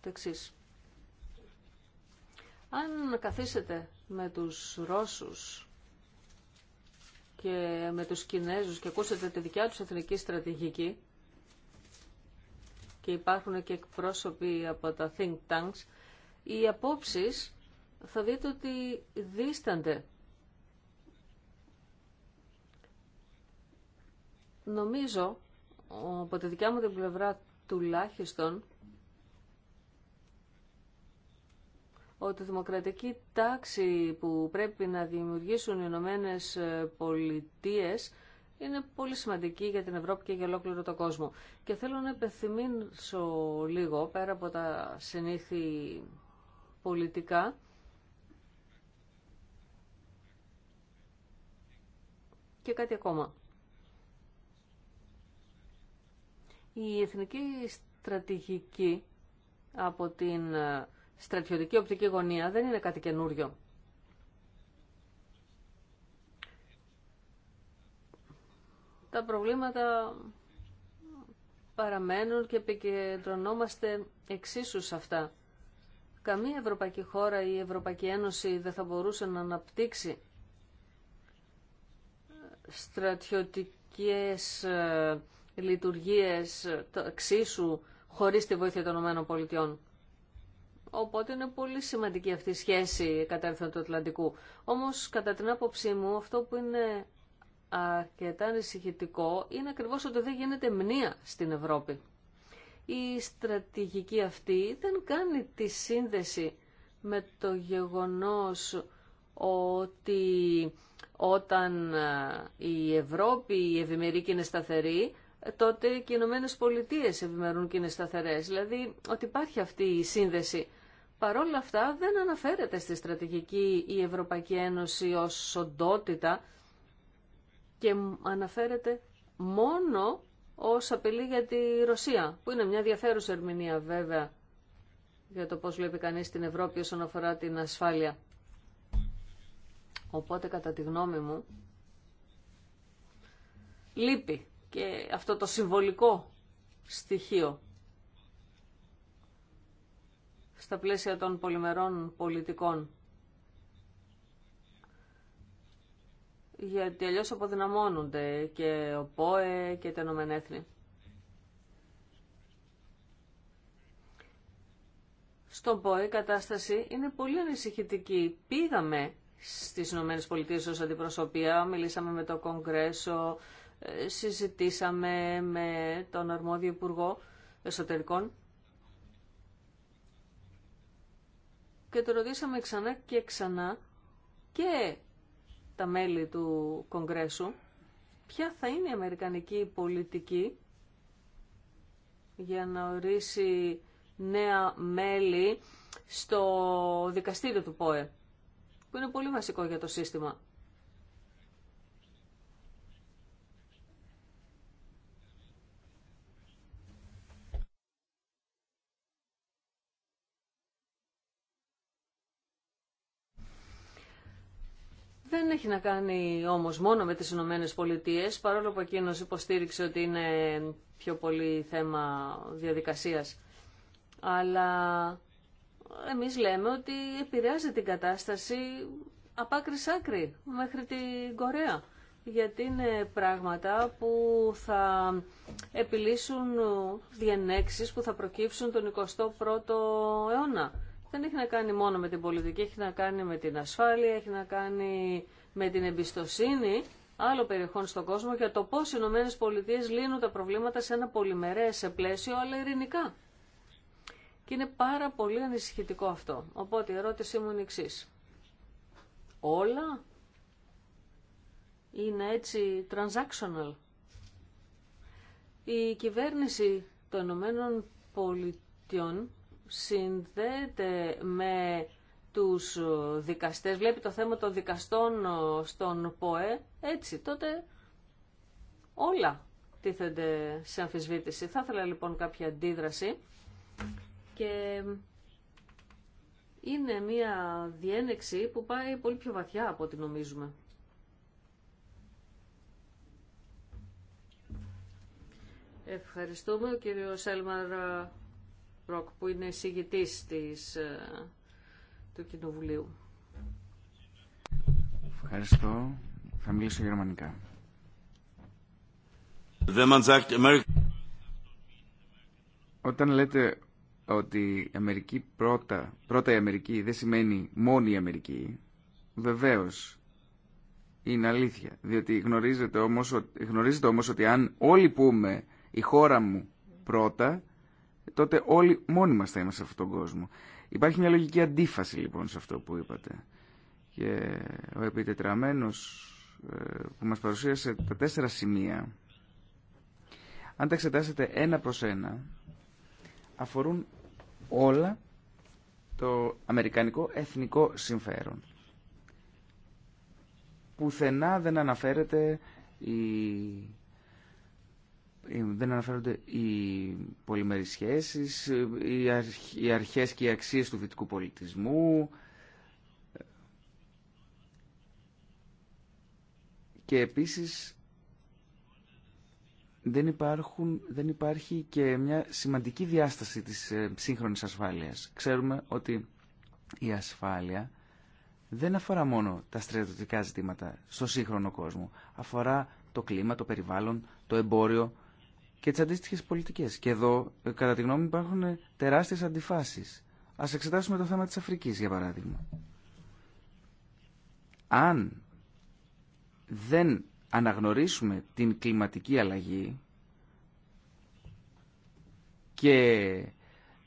το Αν καθίσετε με τους Ρώσους και με τους Κινέζους και ακούσετε τη δικιά τους εθνική στρατηγική, και υπάρχουν και εκπρόσωποι από τα think tanks, οι απόψεις θα δείτε ότι δίστανται. Νομίζω, από τη δικιά μου την πλευρά τουλάχιστον, ότι η δημοκρατική τάξη που πρέπει να δημιουργήσουν οι Ηνωμένε Πολιτείες είναι πολύ σημαντική για την Ευρώπη και για ολόκληρο τον κόσμο. Και θέλω να επιθυμίσω λίγο, πέρα από τα συνήθη πολιτικά, και κάτι ακόμα. Η εθνική στρατηγική από την ε, στρατιωτική οπτική γωνία δεν είναι κάτι καινούριο. τα προβλήματα παραμένουν και επικεντρωνόμαστε εξίσου σε αυτά. Καμία ευρωπαϊκή χώρα ή η ευρωπαικη Ένωση δεν θα μπορούσε να αναπτύξει στρατιωτικές ε, λειτουργίες ε, εξίσου χωρίς τη βοήθεια των ΗΠΑ. Οπότε είναι πολύ σημαντική αυτή η σχέση κατά του Ατλαντικού. Όμως κατά την άποψή μου αυτό που είναι αρκετά ανησυχητικό είναι ακριβώς ότι δεν γίνεται μνήα στην Ευρώπη. Η στρατηγική αυτή δεν κάνει τη σύνδεση με το γεγονός ότι όταν ε, η Ευρώπη, η και είναι σταθερή, ε, τότε και οι Ηνωμένε Πολιτείε ευημερούν και είναι σταθερέ. Δηλαδή ότι υπάρχει αυτή η σύνδεση. Παρόλα αυτά δεν αναφέρεται στη στρατηγική η Ευρωπαϊκή Ένωση ως οντότητα και αναφέρεται μόνο ως απειλή για τη Ρωσία, που είναι μια ενδιαφέρουσα ερμηνεία βέβαια για το πώς βλέπει κανείς την Ευρώπη όσον αφορά την ασφάλεια. Οπότε κατά τη γνώμη μου λείπει και αυτό το συμβολικό στοιχείο στα πλαίσια των πολυμερών πολιτικών γιατί αλλιώς αποδυναμώνονται και ο ΠΟΕ και τα Ηνωμένα Έθνη. Στον ΠΟΕ η κατάσταση είναι πολύ ανησυχητική. Πήγαμε στις Ηνωμένες Πολιτείες ως αντιπροσωπεία, μιλήσαμε με το Κογκρέσο, ε, συζητήσαμε με τον αρμόδιο Υπουργό Εσωτερικών και το ρωτήσαμε ξανά και ξανά και τα μέλη του Κογκρέσου ποια θα είναι η αμερικανική πολιτική για να ορίσει νέα μέλη στο δικαστήριο του ΠΟΕ, που είναι πολύ βασικό για το σύστημα. Δεν έχει να κάνει όμως μόνο με τις Ηνωμένε Πολιτείε, παρόλο που εκείνος υποστήριξε ότι είναι πιο πολύ θέμα διαδικασίας. Αλλά εμείς λέμε ότι επηρεάζει την κατάσταση απ' άκρη σ' άκρη, μέχρι την Κορέα. Γιατί είναι πράγματα που θα επιλύσουν διενέξεις που θα προκύψουν τον 21ο αιώνα δεν έχει να κάνει μόνο με την πολιτική, έχει να κάνει με την ασφάλεια, έχει να κάνει με την εμπιστοσύνη άλλων περιοχών στον κόσμο για το πώς οι Ηνωμένες Πολιτείες λύνουν τα προβλήματα σε ένα πολυμερές σε πλαίσιο, αλλά ειρηνικά. Και είναι πάρα πολύ ανησυχητικό αυτό. Οπότε η ερώτησή μου είναι εξή. Όλα είναι έτσι transactional. Η κυβέρνηση των Ηνωμένων Πολιτειών συνδέεται με τους δικαστές, βλέπει το θέμα των δικαστών ε, στον ΠΟΕ, έτσι τότε όλα τίθενται σε αμφισβήτηση. Θα ήθελα λοιπόν κάποια αντίδραση και είναι μια διένεξη που πάει πολύ πιο βαθιά από ό,τι νομίζουμε. Ευχαριστούμε ο κύριος Έλμαρ που είναι εισηγητής της, ε, του Κοινοβουλίου. Ευχαριστώ. Θα μιλήσω γερμανικά. Όταν λέτε ότι η Αμερική πρώτα, πρώτα η Αμερική δεν σημαίνει μόνη η Αμερική, βεβαίως είναι αλήθεια. Διότι γνωρίζετε όμως, γνωρίζετε όμως ότι αν όλοι πούμε η χώρα μου πρώτα, τότε όλοι μόνοι μας θα είμαστε σε αυτόν τον κόσμο. Υπάρχει μια λογική αντίφαση λοιπόν σε αυτό που είπατε. Και ο επιτετραμένος ε, που μας παρουσίασε τα τέσσερα σημεία, αν τα εξετάσετε ένα προς ένα, αφορούν όλα το αμερικανικό εθνικό συμφέρον. Πουθενά δεν αναφέρεται η ε, δεν αναφέρονται οι πολυμερείς σχέσεις, ε, οι αρχές και οι αξίες του δυτικού πολιτισμού και επίσης δεν, υπάρχουν, δεν υπάρχει και μια σημαντική διάσταση της ε, σύγχρονης ασφάλειας. Ξέρουμε ότι η ασφάλεια δεν αφορά μόνο τα στρατιωτικά ζητήματα στο σύγχρονο κόσμο. Αφορά το κλίμα, το περιβάλλον, το εμπόριο, και τι αντίστοιχε πολιτικές. Και εδώ, ε, κατά τη γνώμη μου, υπάρχουν τεράστιες αντιφάσεις. Α εξετάσουμε το θέμα της Αφρικής, για παράδειγμα. Αν δεν αναγνωρίσουμε την κλιματική αλλαγή και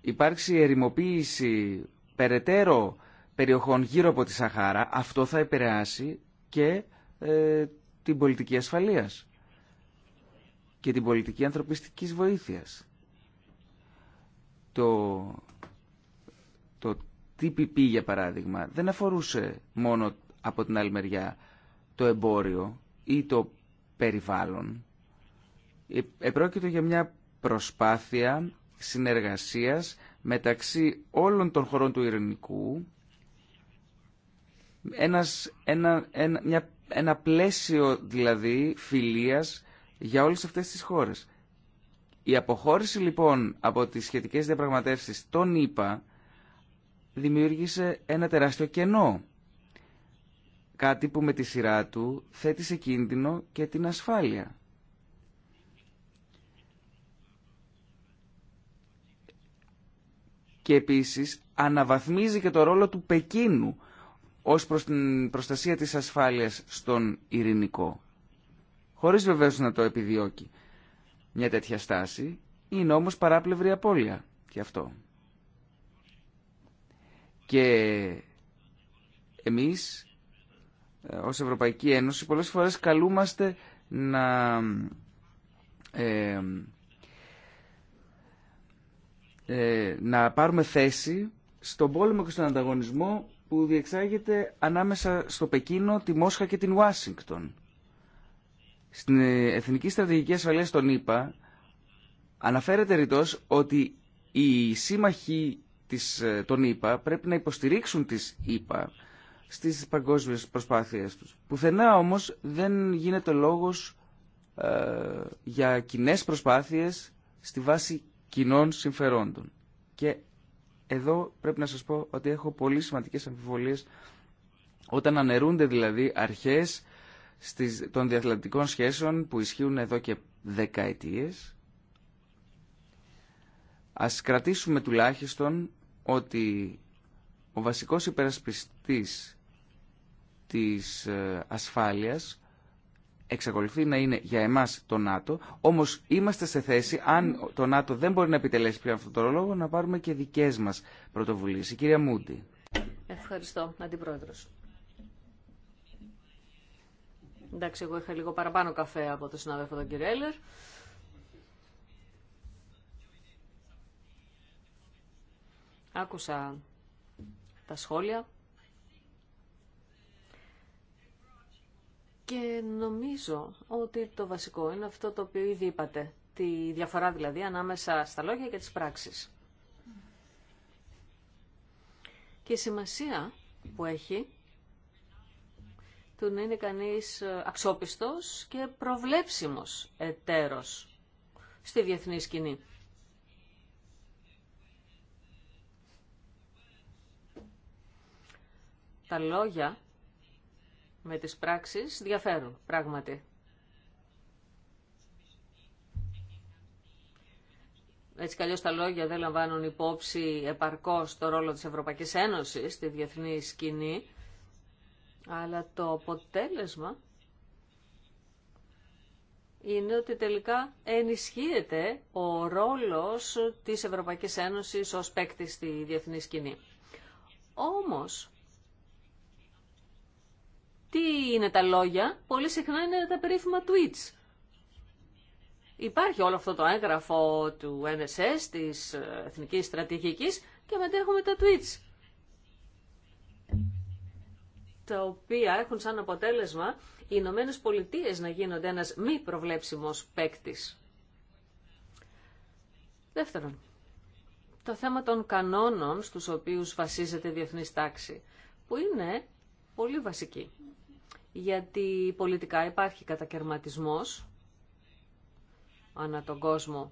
υπάρξει ερημοποίηση περαιτέρω περιοχών γύρω από τη Σαχάρα, αυτό θα επηρεάσει και ε, την πολιτική ασφαλείας και την πολιτική ανθρωπιστικής βοήθειας. Το, το TPP για παράδειγμα δεν αφορούσε μόνο από την άλλη μεριά το εμπόριο ή το περιβάλλον. Ε, επρόκειτο για μια προσπάθεια συνεργασίας μεταξύ όλων των χωρών του ειρηνικού ένας, ένα, ένα, μια, ένα πλαίσιο δηλαδή φιλίας για όλες αυτές τις χώρες. Η αποχώρηση λοιπόν από τις σχετικές διαπραγματεύσεις των ΗΠΑ δημιούργησε ένα τεράστιο κενό. Κάτι που με τη σειρά του θέτει κίνδυνο και την ασφάλεια. Και επίσης αναβαθμίζει και το ρόλο του Πεκίνου ως προς την προστασία της ασφάλειας στον ειρηνικό χωρίς βεβαίως να το επιδιώκει μια τέτοια στάση, είναι όμως παράπλευρη απώλεια και αυτό. Και εμείς ε, ως Ευρωπαϊκή Ένωση πολλές φορές καλούμαστε να ε, ε, να πάρουμε θέση στον πόλεμο και στον ανταγωνισμό που διεξάγεται ανάμεσα στο Πεκίνο, τη Μόσχα και την Ουάσιγκτον. Στην ε, Εθνική Στρατηγική Ασφαλείας των ΗΠΑ αναφέρεται ρητός ότι οι σύμμαχοι της, ε, των ΗΠΑ πρέπει να υποστηρίξουν τις ΗΠΑ στις παγκόσμιες προσπάθειες τους. Πουθενά όμως δεν γίνεται λόγος ε, για κοινέ προσπάθειες στη βάση κοινών συμφερόντων. Και εδώ πρέπει να σας πω ότι έχω πολύ σημαντικές αμφιβολίες όταν αναιρούνται δηλαδή αρχές στις, των διαθλαντικών σχέσεων που ισχύουν εδώ και δεκαετίες. Ας κρατήσουμε τουλάχιστον ότι ο βασικός υπερασπιστής της ε, ασφάλειας εξακολουθεί να είναι για εμάς το ΝΑΤΟ, όμως είμαστε σε θέση, αν το ΝΑΤΟ δεν μπορεί να επιτελέσει πλέον αυτόν τον λόγο, να πάρουμε και δικές μας πρωτοβουλίες. Η κυρία Μούντι. Ευχαριστώ, Αντιπρόεδρος. Εντάξει, εγώ είχα λίγο παραπάνω καφέ από το συνάδελφο τον κύριο Έλλερ. Άκουσα τα σχόλια και νομίζω ότι το βασικό είναι αυτό το οποίο ήδη είπατε, τη διαφορά δηλαδή ανάμεσα στα λόγια και τις πράξεις. Και η σημασία που έχει του να είναι κανείς αξόπιστος και προβλέψιμος εταίρος στη διεθνή σκηνή. Τα λόγια με τις πράξεις διαφέρουν πράγματι. Έτσι καλλιώς τα λόγια δεν λαμβάνουν υπόψη επαρκώς το ρόλο της Ευρωπαϊκής Ένωσης στη διεθνή σκηνή αλλά το αποτέλεσμα είναι ότι τελικά ενισχύεται ο ρόλος της Ευρωπαϊκής Ένωσης ως παίκτη στη διεθνή σκηνή. Όμως, τι είναι τα λόγια, πολύ συχνά είναι τα περίφημα tweets. Υπάρχει όλο αυτό το έγγραφο του NSS, της Εθνικής Στρατηγικής, και μετά έχουμε τα tweets τα οποία έχουν σαν αποτέλεσμα οι Ηνωμένε Πολιτείε να γίνονται ένας μη προβλέψιμος παίκτη. Δεύτερον, το θέμα των κανόνων στους οποίους βασίζεται η διεθνής τάξη, που είναι πολύ βασική. Γιατί πολιτικά υπάρχει κατακαιρματισμός ανά τον κόσμο.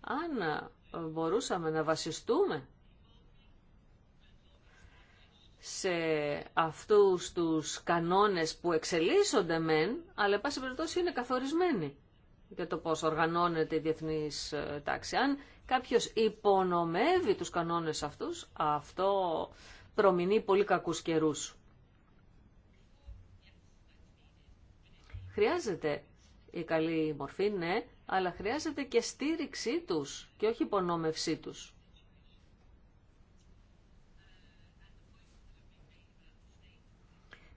Αν μπορούσαμε να βασιστούμε σε αυτούς τους κανόνες που εξελίσσονται μεν, αλλά πάση περιπτώσει είναι καθορισμένοι για το πώς οργανώνεται η διεθνής ε, τάξη. Αν κάποιος υπονομεύει τους κανόνες αυτούς, αυτό προμηνεί πολύ κακούς καιρούς. Χρειάζεται η καλή μορφή, ναι, αλλά χρειάζεται και στήριξή τους και όχι υπονόμευσή τους.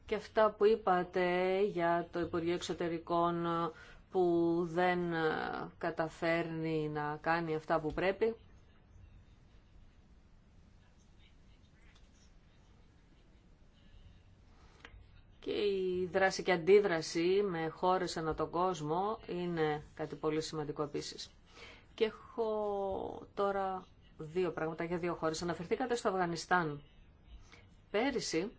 και αυτά που είπατε για το Υπουργείο Εξωτερικών που δεν καταφέρνει να κάνει αυτά που πρέπει. Και η δράση και αντίδραση με χώρες ανά τον κόσμο είναι κάτι πολύ σημαντικό επίσης. Και έχω τώρα δύο πράγματα για δύο χώρες. Αναφερθήκατε στο Αφγανιστάν. Πέρυσι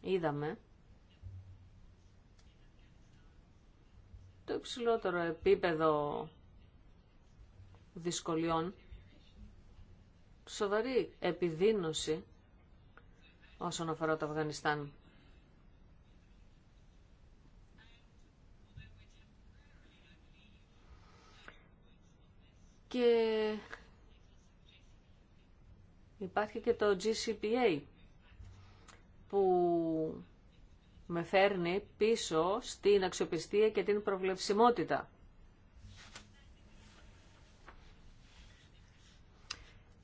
είδαμε το υψηλότερο επίπεδο δυσκολιών, σοβαρή επιδείνωση όσον αφορά το Αφγανιστάν. Και υπάρχει και το GCPA που με φέρνει πίσω στην αξιοπιστία και την προβλεψιμότητα.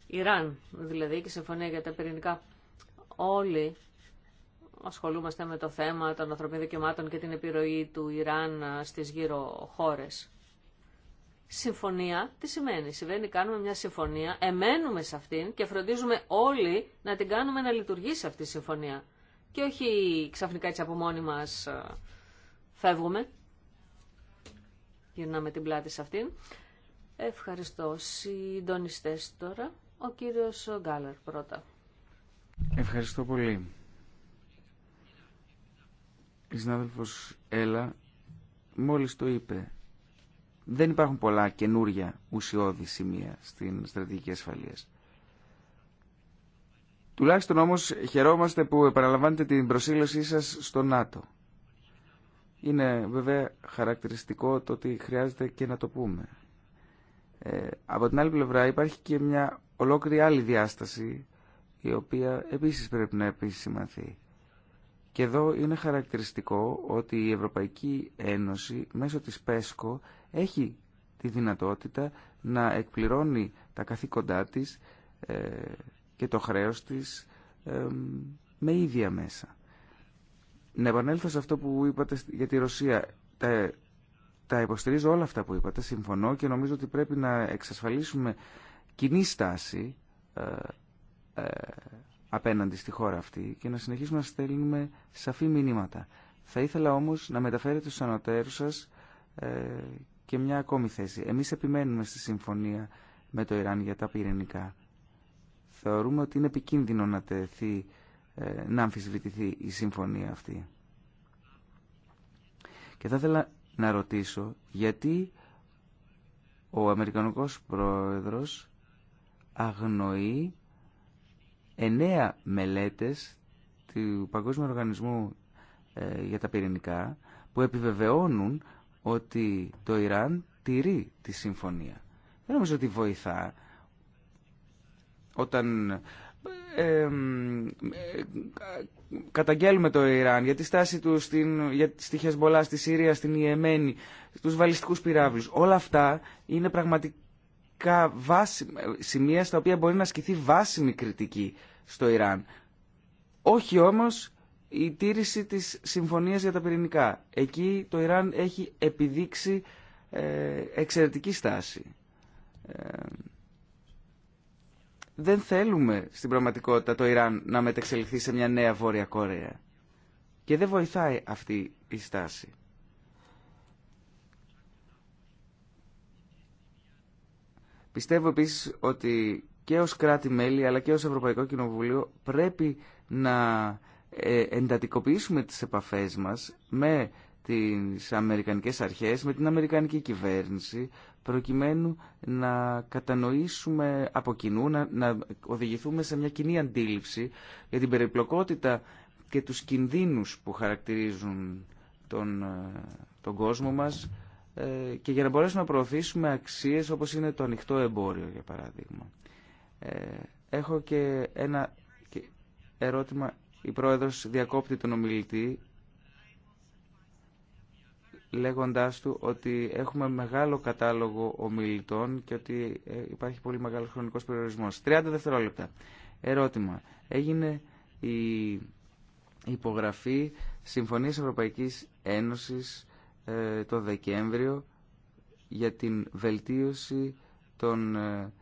Ιράν, δηλαδή, και συμφωνία για τα πυρηνικά. Όλοι ασχολούμαστε με το θέμα των ανθρωπίνων δικαιωμάτων και την επιρροή του Ιράν στις γύρω χώρες. Συμφωνία, τι σημαίνει. Σημαίνει κάνουμε μια συμφωνία, εμένουμε σε αυτήν και φροντίζουμε όλοι να την κάνουμε να λειτουργήσει αυτή η συμφωνία και όχι ξαφνικά έτσι από μόνοι μας ε, φεύγουμε. Γυρνάμε την πλάτη σε αυτήν. Ευχαριστώ. Συντονιστέ τώρα. Ο κύριος Γκάλερ πρώτα. Ευχαριστώ πολύ. Η συνάδελφος Έλα μόλις το είπε. Δεν υπάρχουν πολλά καινούρια ουσιώδη σημεία στην στρατηγική ασφαλείας. Τουλάχιστον όμως χαιρόμαστε που επαναλαμβάνετε την προσήλωσή σας στο ΝΑΤΟ. Είναι βέβαια χαρακτηριστικό το ότι χρειάζεται και να το πούμε. Ε, από την άλλη πλευρά υπάρχει και μια ολόκληρη άλλη διάσταση η οποία επίσης πρέπει να επισημαθεί. Και εδώ είναι χαρακτηριστικό ότι η Ευρωπαϊκή Ένωση μέσω της ΠΕΣΚΟ έχει τη δυνατότητα να εκπληρώνει τα καθήκοντά της ε, και το χρέος της με ίδια μέσα. Να επανέλθω σε αυτό που είπατε για τη Ρωσία. Τα, τα υποστηρίζω όλα αυτά που είπατε, συμφωνώ και νομίζω ότι πρέπει να εξασφαλίσουμε κοινή στάση ε, ε απέναντι στη χώρα αυτή και να συνεχίσουμε να στέλνουμε σαφή μηνύματα. Θα ήθελα όμως να μεταφέρετε στους ανωτέρους σας ε, και μια ακόμη θέση. Εμείς επιμένουμε στη συμφωνία με το Ιράν για τα πυρηνικά θεωρούμε ότι είναι επικίνδυνο να τεθεί, ε, να αμφισβητηθεί η συμφωνία αυτή. Και θα ήθελα να ρωτήσω γιατί ο Αμερικανικός Πρόεδρος αγνοεί εννέα μελέτες του Παγκόσμιου Οργανισμού ε, για τα Πυρηνικά που επιβεβαιώνουν ότι το Ιράν τηρεί τη συμφωνία. Δεν νομίζω ότι βοηθά όταν ε, καταγγέλουμε το Ιράν για τη στάση του στην, για, στη Χεσμολά, στη Συρία, στην Ιεμένη, στους βαλιστικούς πυράβλους. Όλα αυτά είναι πραγματικά σημεία στα οποία μπορεί να ασκηθεί βάσιμη κριτική στο Ιράν. Όχι όμως η τήρηση της συμφωνίας για τα πυρηνικά. Εκεί το Ιράν έχει επιδείξει ε, εξαιρετική στάση. Ε, δεν θέλουμε στην πραγματικότητα το Ιράν να μετεξελιχθεί σε μια νέα Βόρεια Κορέα. Και δεν βοηθάει αυτή η στάση. Πιστεύω επίσης ότι και ως κράτη-μέλη αλλά και ως Ευρωπαϊκό Κοινοβουλίο πρέπει να ε, εντατικοποιήσουμε τις επαφές μας με τις Αμερικανικές αρχές με την Αμερικανική κυβέρνηση προκειμένου να κατανοήσουμε από κοινού, να, οδηγηθούμε σε μια κοινή αντίληψη για την περιπλοκότητα και τους κινδύνους που χαρακτηρίζουν τον, ε, τον κόσμο μας ε, και για να μπορέσουμε να προωθήσουμε αξίες όπως είναι το ανοιχτό εμπόριο για παράδειγμα. Ε, έχω και ένα ερώτημα. Η πρόεδρος διακόπτει τον ομιλητή λέγοντάς του ότι έχουμε μεγάλο κατάλογο ομιλητών και ότι ε, υπάρχει πολύ μεγάλο χρονικός περιορισμός. 30 δευτερόλεπτα. Ερώτημα. Έγινε η υπογραφή Συμφωνίας Ευρωπαϊκής Ένωσης ε, το Δεκέμβριο για την βελτίωση των ε,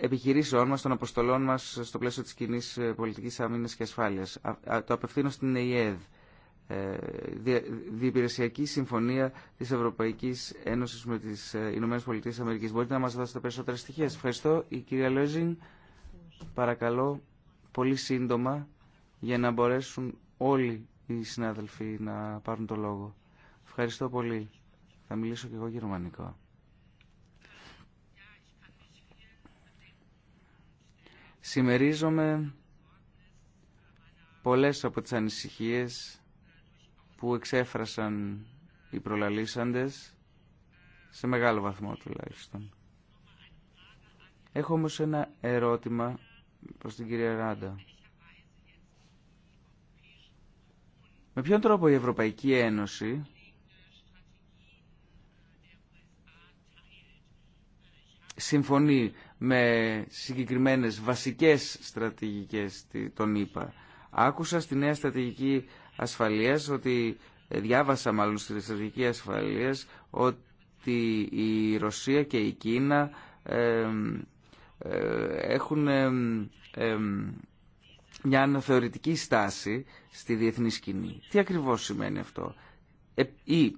επιχειρήσεών μας, των αποστολών μας στο πλαίσιο της κοινή πολιτικής αμήνες και ασφάλειας. Το απευθύνω στην ΕΙΕΔ. Ε, διεπηρεσιακή συμφωνία της Ευρωπαϊκής Ένωσης με τις ε, Ηνωμένες Πολιτείες Αμερικής. Μπορείτε να μας δώσετε περισσότερες στοιχεία. ευχαριστώ. Η κυρία Λέζιν, παρακαλώ, πολύ σύντομα, για να μπορέσουν όλοι οι συνάδελφοι να πάρουν το λόγο. Ευχαριστώ πολύ. Θα μιλήσω και εγώ γερμανικό. Σημερίζομαι πολλές από τις ανησυχίες που εξέφρασαν οι προλαλήσαντες σε μεγάλο βαθμό τουλάχιστον. Έχω όμως ένα ερώτημα προς την κυρία Ράντα. Με ποιον τρόπο η Ευρωπαϊκή Ένωση συμφωνεί με συγκεκριμένες βασικές στρατηγικές των ΗΠΑ. Άκουσα στη νέα στρατηγική ασφαλείας ότι ε, διάβασα μάλλον στη στρατηγική ασφαλείας ότι η Ρωσία και η Κίνα ε, έχουν ε, μια αναθεωρητική στάση στη διεθνή σκηνή. Τι ακριβώς σημαίνει αυτό. Ε, ή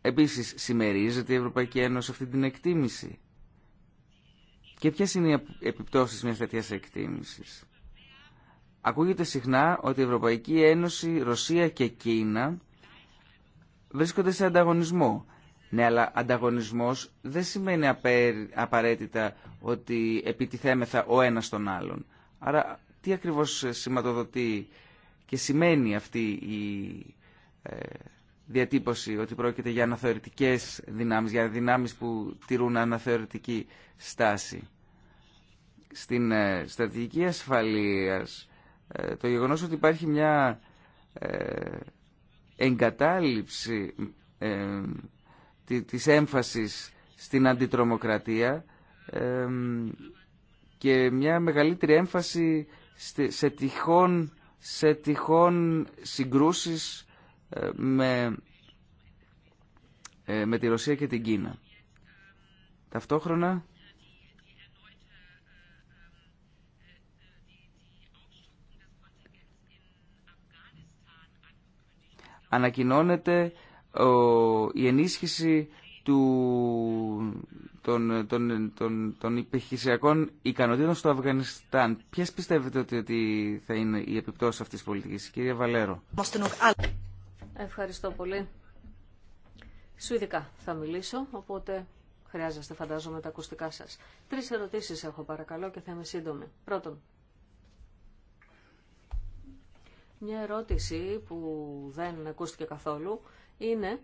επίσης συμμερίζεται η Ευρωπαϊκή Ένωση αυτή την εκτίμηση. Και ποιες είναι οι επιπτώσεις μιας τέτοιας εκτίμησης. Ακούγεται συχνά ότι η Ευρωπαϊκή Ένωση, Ρωσία και Κίνα βρίσκονται σε ανταγωνισμό. Ναι, αλλά ανταγωνισμός δεν σημαίνει απαραίτητα ότι επιτιθέμεθα ο ένας τον άλλον. Άρα τι ακριβώς σηματοδοτεί και σημαίνει αυτή η ε, διατύπωση ότι πρόκειται για αναθεωρητικές δυνάμεις, για δυνάμεις που τηρούν αναθεωρητική στάση. Στην ε, στρατηγική ασφαλείας ε, το γεγονός ότι υπάρχει μια ε, εγκατάλειψη ε, της έμφασης στην αντιτρομοκρατία και μια μεγαλύτερη έμφαση σε τυχόν, σε συγκρούσεις με, με τη Ρωσία και την Κίνα. Ταυτόχρονα ανακοινώνεται η ενίσχυση του, των, των, των, των ικανοτήτων στο Αφγανιστάν. Ποιες πιστεύετε ότι, ότι θα είναι οι επιπτώσεις αυτής της πολιτικής, κυρία Βαλέρο. Ευχαριστώ πολύ. Σου ειδικά θα μιλήσω, οπότε χρειάζεστε φαντάζομαι τα ακουστικά σας. Τρεις ερωτήσεις έχω παρακαλώ και θα είμαι σύντομη. Πρώτον, Μια ερώτηση που δεν ακούστηκε καθόλου είναι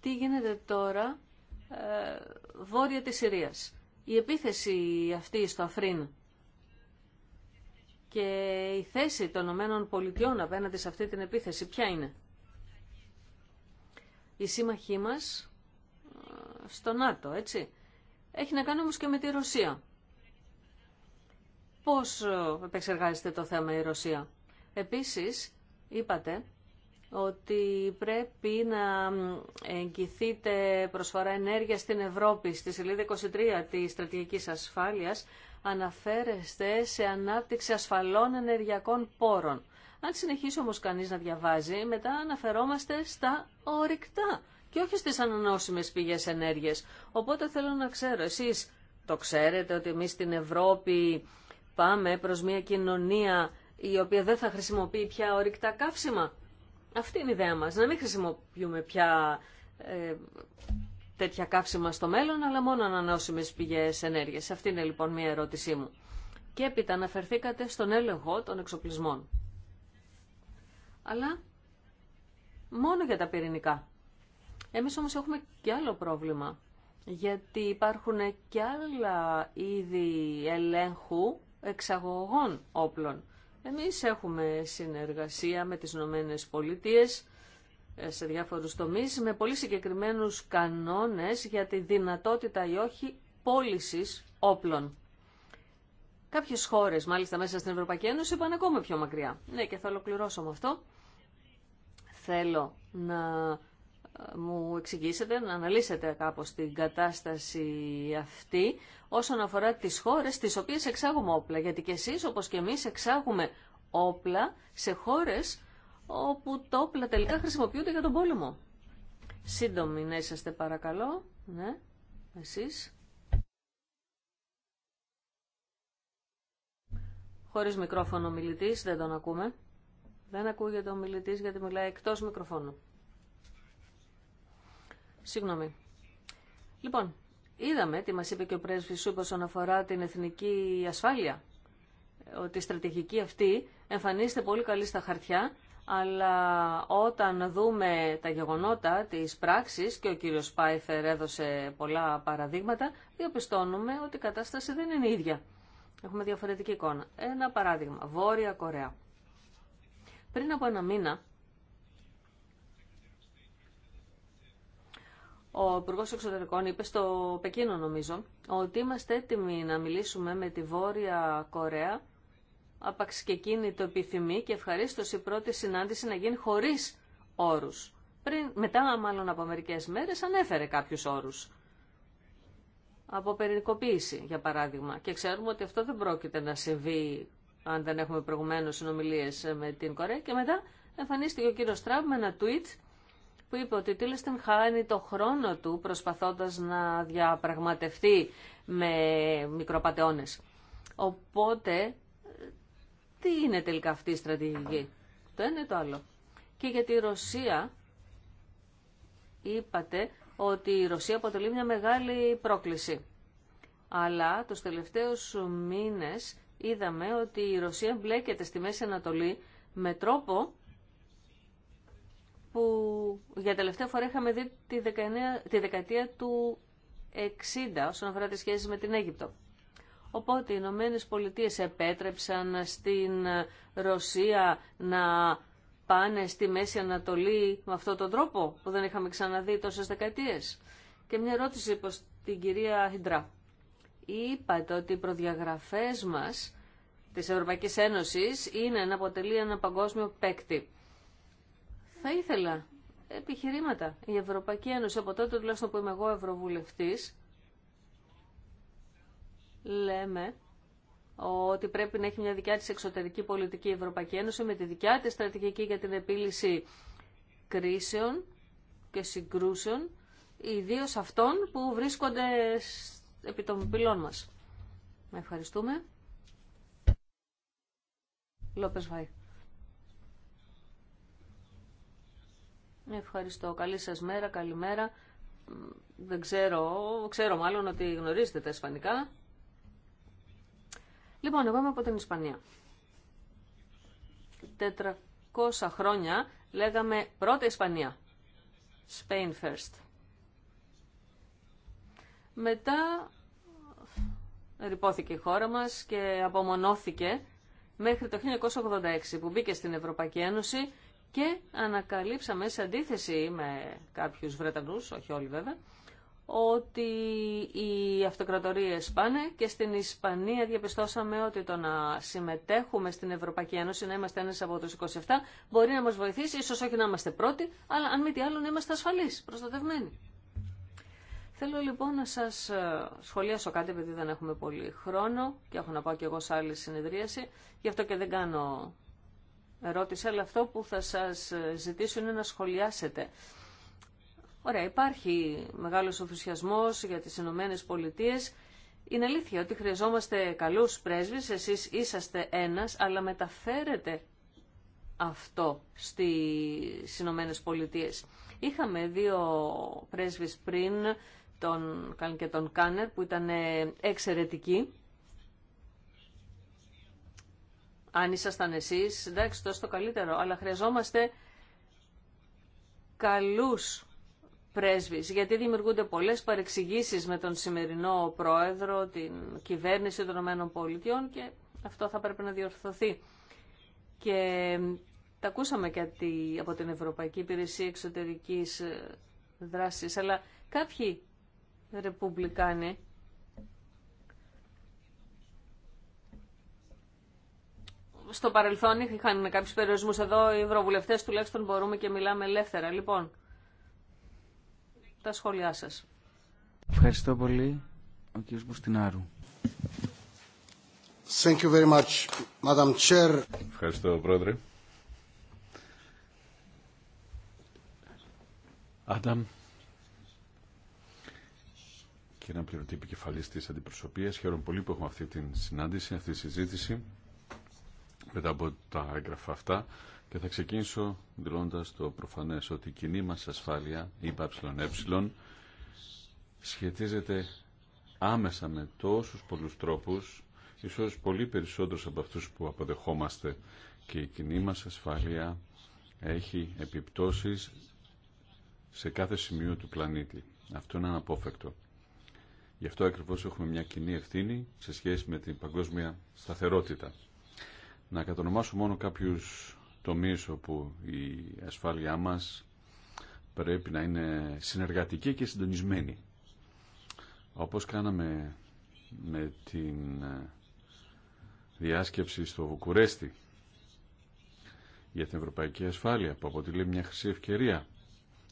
τι γίνεται τώρα ε, βόρεια της Συρίας. Η επίθεση αυτή στο Αφρίν και η θέση των Ηνωμένων Πολιτειών απέναντι σε αυτή την επίθεση ποια είναι. Οι σύμμαχοί μας ε, στο ΝΑΤΟ, έτσι. Έχει να κάνει όμως και με τη Ρωσία. Πώς ε, επεξεργάζεται το θέμα η Ρωσία. Επίσης, είπατε ότι πρέπει να εγγυθείτε προσφορά ενέργειας στην Ευρώπη. Στη σελίδα 23 της στρατηγικής ασφάλειας αναφέρεστε σε ανάπτυξη ασφαλών ενεργειακών πόρων. Αν συνεχίσει όμως κανείς να διαβάζει, μετά αναφερόμαστε στα ορυκτά και όχι στις ανανόσιμες πηγές ενέργειας. Οπότε θέλω να ξέρω, εσείς το ξέρετε ότι εμείς στην Ευρώπη πάμε προς μια κοινωνία η οποία δεν θα χρησιμοποιεί πια ορυκτά καύσιμα. Αυτή είναι η ιδέα μας, να μην χρησιμοποιούμε πια ε, τέτοια καύσιμα στο μέλλον, αλλά μόνο ανανεώσιμες πηγές ενέργειας. Αυτή είναι λοιπόν μια ερώτησή μου. Και έπειτα αναφερθήκατε στον έλεγχο των εξοπλισμών. Αλλά μόνο για τα πυρηνικά. Εμείς όμως έχουμε και άλλο πρόβλημα, γιατί υπάρχουν και άλλα είδη ελέγχου εξαγωγών όπλων. Εμείς έχουμε συνεργασία με τις Ηνωμένες Πολιτείες ε, σε διάφορους τομείς με πολύ συγκεκριμένους κανόνες για τη δυνατότητα ή όχι πώληση όπλων. Κάποιες χώρες, μάλιστα μέσα στην Ευρωπαϊκή Ένωση, πάνε ακόμα πιο μακριά. Ναι, και θα ολοκληρώσω με αυτό. Θέλω να μου εξηγήσετε, να αναλύσετε κάπως την κατάσταση αυτή όσον αφορά τις χώρες τις οποίες εξάγουμε όπλα. Γιατί και εσείς όπως και εμείς εξάγουμε όπλα σε χώρες όπου τα όπλα τελικά χρησιμοποιούνται για τον πόλεμο. Σύντομοι να είσαστε παρακαλώ. Ναι, εσείς. Χωρίς μικρόφωνο μιλητής, δεν τον ακούμε. Δεν ακούγεται ο μιλητής γιατί μιλάει εκτός μικροφώνου. Συγγνώμη. Λοιπόν, είδαμε τι μας είπε και ο πρέσβης σου όσον αφορά την εθνική ασφάλεια. Ότι η στρατηγική αυτή εμφανίζεται πολύ καλή στα χαρτιά, αλλά όταν δούμε τα γεγονότα της πράξης, και ο κύριος Πάιφερ έδωσε πολλά παραδείγματα, διαπιστώνουμε ότι η κατάσταση δεν είναι ίδια. Έχουμε διαφορετική εικόνα. Ένα παράδειγμα, Βόρεια Κορέα. Πριν από ένα μήνα, Ο Υπουργό Εξωτερικών είπε στο Πεκίνο, νομίζω, ότι είμαστε έτοιμοι να μιλήσουμε με τη Βόρεια Κορέα, άπαξ και εκείνη το επιθυμεί και ευχαρίστω η πρώτη συνάντηση να γίνει χωρί όρου. μετά, μάλλον από μερικέ μέρε, ανέφερε κάποιου όρου. Από περικοποίηση, για παράδειγμα. Και ξέρουμε ότι αυτό δεν πρόκειται να συμβεί αν δεν έχουμε προηγουμένω συνομιλίε με την Κορέα. Και μετά εμφανίστηκε ο κύριο Τραμπ με ένα tweet που είπε ότι ο χάνει το χρόνο του προσπαθώντας να διαπραγματευτεί με μικροπατεώνες. Οπότε, τι είναι τελικά αυτή η στρατηγική. Το ένα το άλλο. Και για τη Ρωσία είπατε ότι η Ρωσία αποτελεί μια μεγάλη πρόκληση. Αλλά τους τελευταίους μήνες είδαμε ότι η Ρωσία μπλέκεται στη Μέση Ανατολή με τρόπο που για τελευταία φορά είχαμε δει τη, δεκαετία, του 60 όσον αφορά τις σχέσεις με την Αίγυπτο. Οπότε οι Ηνωμένε Πολιτείε επέτρεψαν στην Ρωσία να πάνε στη Μέση Ανατολή με αυτόν τον τρόπο που δεν είχαμε ξαναδεί τόσες δεκαετίες. Και μια ερώτηση πως την κυρία Χιντρά. Είπατε ότι οι προδιαγραφές μας της Ευρωπαϊκής Ένωση είναι να αποτελεί ένα παγκόσμιο παίκτη. Θα ήθελα επιχειρήματα. Η Ευρωπαϊκή Ένωση, από τότε τουλάχιστον που είμαι εγώ ευρωβουλευτής, λέμε ότι πρέπει να έχει μια δικιά της εξωτερική πολιτική η Ευρωπαϊκή Ένωση με τη δικιά της στρατηγική για την επίλυση κρίσεων και συγκρούσεων, ιδίω αυτών που βρίσκονται επί των πυλών μας. Με ευχαριστούμε. Λόπες Ευχαριστώ. Καλή σας μέρα, καλημέρα. Δεν ξέρω, ξέρω μάλλον ότι γνωρίζετε τα ισπανικά. Λοιπόν, εγώ είμαι από την Ισπανία. 400 χρόνια λέγαμε πρώτα Ισπανία. Spain first. Μετά ρηπόθηκε η χώρα μας και απομονώθηκε μέχρι το 1986 που μπήκε στην Ευρωπαϊκή Ένωση και ανακαλύψαμε σε αντίθεση με κάποιους Βρετανούς, όχι όλοι βέβαια, ότι οι αυτοκρατορίες πάνε και στην Ισπανία διαπιστώσαμε ότι το να συμμετέχουμε στην Ευρωπαϊκή Ένωση, να είμαστε ένας από τους 27, μπορεί να μας βοηθήσει, ίσως όχι να είμαστε πρώτοι, αλλά αν μη τι άλλο να είμαστε ασφαλείς, προστατευμένοι. Θέλω λοιπόν να σας ε, σχολιάσω κάτι, επειδή δεν έχουμε πολύ χρόνο και έχω να πάω κι εγώ σε άλλη συνεδρίαση, γι' αυτό και δεν κάνω ερώτηση, αλλά αυτό που θα σας ζητήσω είναι να σχολιάσετε. Ωραία, υπάρχει μεγάλος ενθουσιασμός για τις Ηνωμένε Πολιτείες. Είναι αλήθεια ότι χρειαζόμαστε καλούς πρέσβεις, εσείς είσαστε ένας, αλλά μεταφέρετε αυτό στις Ηνωμένε Πολιτείες. Είχαμε δύο πρέσβεις πριν, τον και τον Κάνερ, που ήταν εξαιρετικοί Αν ήσασταν εσείς, εντάξει, τόσο το καλύτερο, αλλά χρειαζόμαστε καλούς πρέσβεις, γιατί δημιουργούνται πολλές παρεξηγήσεις με τον σημερινό πρόεδρο, την κυβέρνηση των ΗΠΑ και αυτό θα πρέπει να διορθωθεί. Και τα ακούσαμε και από την Ευρωπαϊκή Υπηρεσία Εξωτερικής ε, Δράσης, αλλά κάποιοι ρεπουμπλικάνοι στο παρελθόν είχαν κάποιου περιορισμού. Εδώ οι ευρωβουλευτέ τουλάχιστον μπορούμε και μιλάμε ελεύθερα. Λοιπόν, τα σχόλιά σα. Ευχαριστώ πολύ. Ο κ. Μπουστινάρου. Thank you very much, Madam Chair. Ευχαριστώ, Πρόεδρε. Άνταμ και ένα πληρωτή επικεφαλή τη Χαίρομαι πολύ που έχουμε αυτή τη συνάντηση, αυτή τη συζήτηση μετά από τα έγγραφα αυτά και θα ξεκινήσω δηλώντα το προφανές ότι η κοινή μα ασφάλεια, ΙΠΑΕ, σχετίζεται άμεσα με τόσους πολλούς τρόπους, ίσως πολύ περισσότερους από αυτούς που αποδεχόμαστε και η κοινή μας ασφάλεια έχει επιπτώσεις σε κάθε σημείο του πλανήτη. Αυτό είναι αναπόφευκτο. Γι' αυτό ακριβώς έχουμε μια κοινή ευθύνη σε σχέση με την παγκόσμια σταθερότητα να κατονομάσω μόνο κάποιους τομείς όπου η ασφάλειά μας πρέπει να είναι συνεργατική και συντονισμένη. Όπως κάναμε με την ε, διάσκεψη στο Βουκουρέστι για την Ευρωπαϊκή Ασφάλεια που αποτελεί μια χρυσή ευκαιρία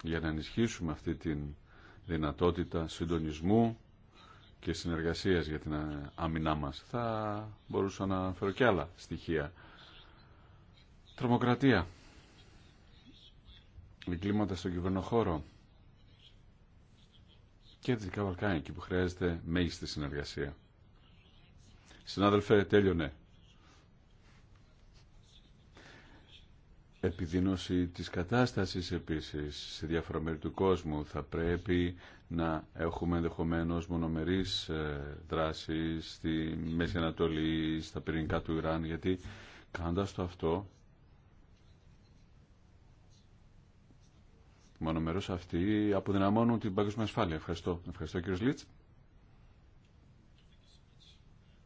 για να ενισχύσουμε αυτή την δυνατότητα συντονισμού και συνεργασίας για την ε, άμυνά μας. Θα μπορούσα να φέρω και άλλα στοιχεία. Τρομοκρατία. Εγκλήματα στον κυβερνοχώρο. Και Δυτικά Βαλκάνια, εκεί που χρειάζεται μέγιστη συνεργασία. Συνάδελφε, τέλειωνε επιδεινώση της κατάστασης επίσης σε διάφορα μέρη του κόσμου. Θα πρέπει να έχουμε ενδεχομένω μονομερείς ε, δράσεις στη Μέση Ανατολή, στα πυρηνικά του Ιράν, γιατί κάνοντας το αυτό, μονομερώς αυτοί αποδυναμώνουν την παγκόσμια ασφάλεια. Ευχαριστώ. Ευχαριστώ κύριο Λίτς.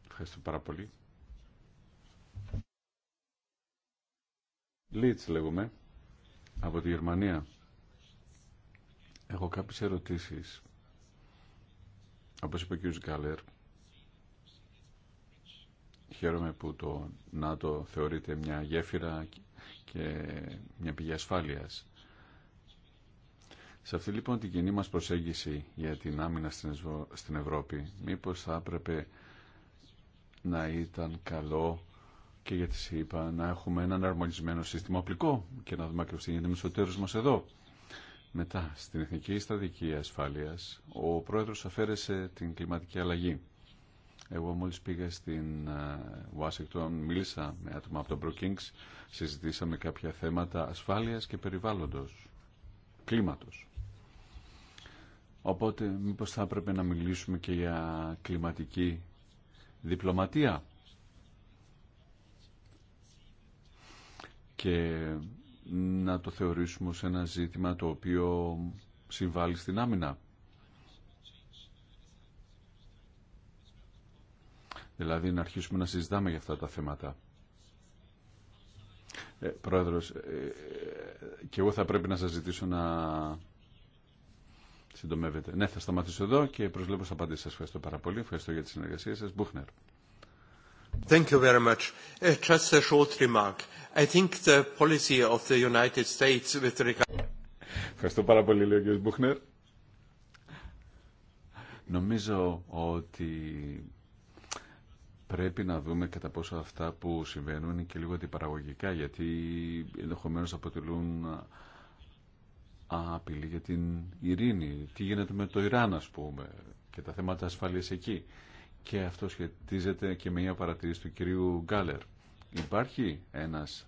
Ευχαριστώ πάρα πολύ. Λίτς λέγουμε, από τη Γερμανία. Έχω κάποιες ερωτήσεις. Όπως είπε ο κ. Γκάλερ, χαίρομαι που το ΝΑΤΟ θεωρείται μια γέφυρα και μια πηγή ασφάλειας. Σε αυτή λοιπόν την κοινή μας προσέγγιση για την άμυνα στην Ευρώπη, μήπως θα έπρεπε να ήταν καλό και γιατί είπα να έχουμε έναν αρμονισμένο σύστημα οπλικό και να δούμε ακριβώς τι γίνεται με μας εδώ. Μετά, στην Εθνική Στρατηγική Ασφάλειας, ο πρόεδρος αφαίρεσε την κλιματική αλλαγή. Εγώ μόλις πήγα στην ε, Ουάσιγκτον, μίλησα με άτομα από το Brookings, συζητήσαμε κάποια θέματα ασφάλειας και περιβάλλοντος, κλίματος. Οπότε μήπως θα έπρεπε να μιλήσουμε και για κλιματική διπλωματία και να το θεωρήσουμε σε ένα ζήτημα το οποίο συμβάλλει στην άμυνα. Δηλαδή να αρχίσουμε να συζητάμε για αυτά τα θέματα. Ε, πρόεδρος, ε, ε και εγώ θα πρέπει να σας ζητήσω να συντομεύετε. Ναι, θα σταματήσω εδώ και προσβλέπω στα απάντηση σας. Ευχαριστώ πάρα πολύ. Ευχαριστώ για τη συνεργασία σας. Μπούχνερ. Ευχαριστώ πάρα πολύ, λέει ο κ. Μπουχνερ. Νομίζω ότι πρέπει να δούμε κατά πόσο αυτά που συμβαίνουν είναι και λίγο αντιπαραγωγικά, γιατί ενδεχομένω αποτελούν απειλή για την ειρήνη. Τι γίνεται με το Ιράν, ας πούμε, και τα θέματα ασφαλείας εκεί. Και αυτό σχετίζεται και με μια παρατηρήση του κυρίου Γκάλερ. Υπάρχει ένας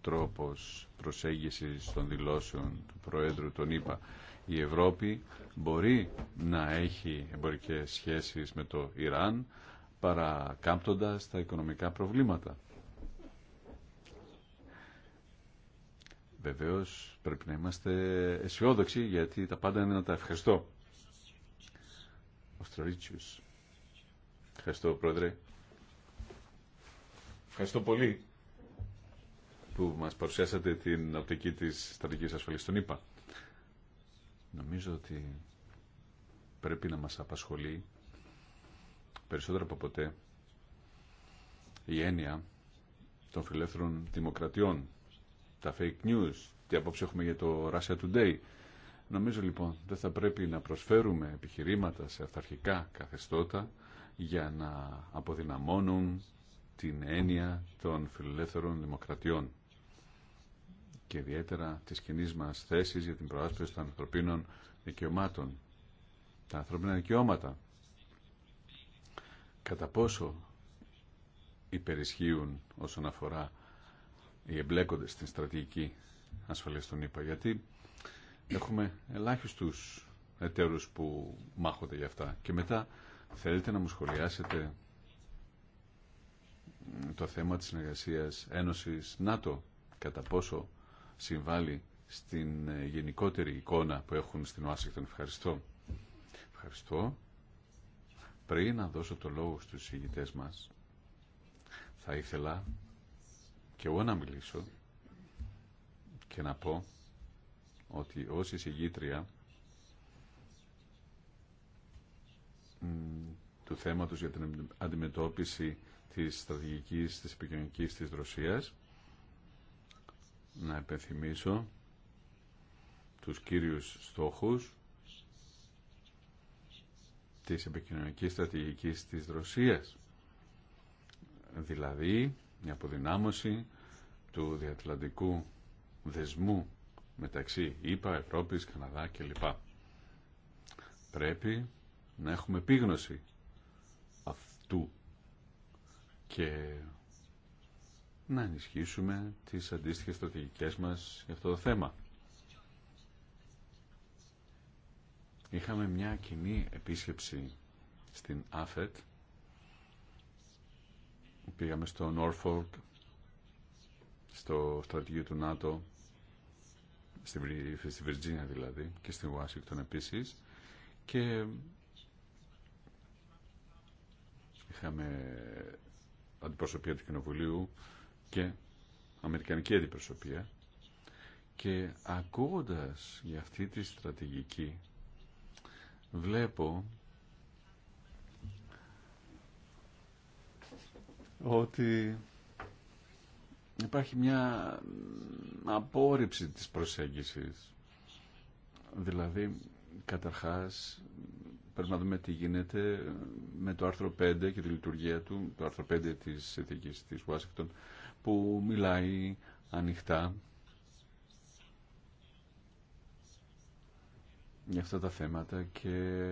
τρόπος προσέγγισης των δηλώσεων του Προέδρου των είπα. Η Ευρώπη μπορεί να έχει εμπορικές σχέσεις με το Ιράν παρακάμπτοντας τα οικονομικά προβλήματα. Βεβαίως πρέπει να είμαστε αισιόδοξοι γιατί τα πάντα είναι να τα ευχαριστώ. Ο Ευχαριστώ, Πρόεδρε. Ευχαριστώ πολύ που μας παρουσιάσατε την οπτική της στρατηγικής ασφαλής στον ΗΠΑ. Νομίζω ότι πρέπει να μας απασχολεί περισσότερο από ποτέ η έννοια των φιλελεύθερων δημοκρατιών, τα fake news, τι απόψε έχουμε για το Russia Today. Νομίζω λοιπόν δεν θα πρέπει να προσφέρουμε επιχειρήματα σε αυταρχικά καθεστώτα για να αποδυναμώνουν την έννοια των φιλελεύθερων δημοκρατιών και ιδιαίτερα τις κοινή μα θέση για την προάσπιση των ανθρωπίνων δικαιωμάτων. Τα ανθρώπινα δικαιώματα. Κατά πόσο υπερισχύουν όσον αφορά οι εμπλέκοντες στην στρατηγική ασφαλεία των ΗΠΑ. Γιατί έχουμε ελάχιστους εταίρους που μάχονται για αυτά. Και μετά Θέλετε να μου σχολιάσετε το θέμα της συνεργασίας Ένωσης ΝΑΤΟ κατά πόσο συμβάλλει στην γενικότερη εικόνα που έχουν στην Ουάσιγκτον. Ευχαριστώ. Ευχαριστώ. Πριν να δώσω το λόγο στους ηγητές μας, θα ήθελα και εγώ να μιλήσω και να πω ότι ως συγγήτρια του θέματος για την αντιμετώπιση της στρατηγικής, της επικοινωνικής της Ρωσίας. Να επενθυμίσω τους κύριους στόχους της επικοινωνικής στρατηγικής της Ρωσίας. Δηλαδή, η αποδυνάμωση του διατλαντικού δεσμού μεταξύ ΗΠΑ, Ευρώπης, Καναδά κλπ. Πρέπει να έχουμε επίγνωση αυτού και να ενισχύσουμε τις αντίστοιχες στρατηγικές μας για αυτό το θέμα. Είχαμε μια κοινή επίσκεψη στην ΑΦΕΤ. Πήγαμε στο Norfolk, στο στρατηγείο του ΝΑΤΟ, στη Βιρτζίνια δηλαδή και στην Ουάσιγκτον επίσης και είχαμε αντιπροσωπεία του Κοινοβουλίου και αμερικανική αντιπροσωπεία και ακούγοντας για αυτή τη στρατηγική βλέπω ότι υπάρχει μια απόρριψη της προσέγγισης. Δηλαδή, καταρχάς, πρέπει να δούμε τι γίνεται με το άρθρο 5 και τη λειτουργία του, το άρθρο 5 της Εθνικής της Ουάσιγκτον, που μιλάει ανοιχτά για αυτά τα θέματα και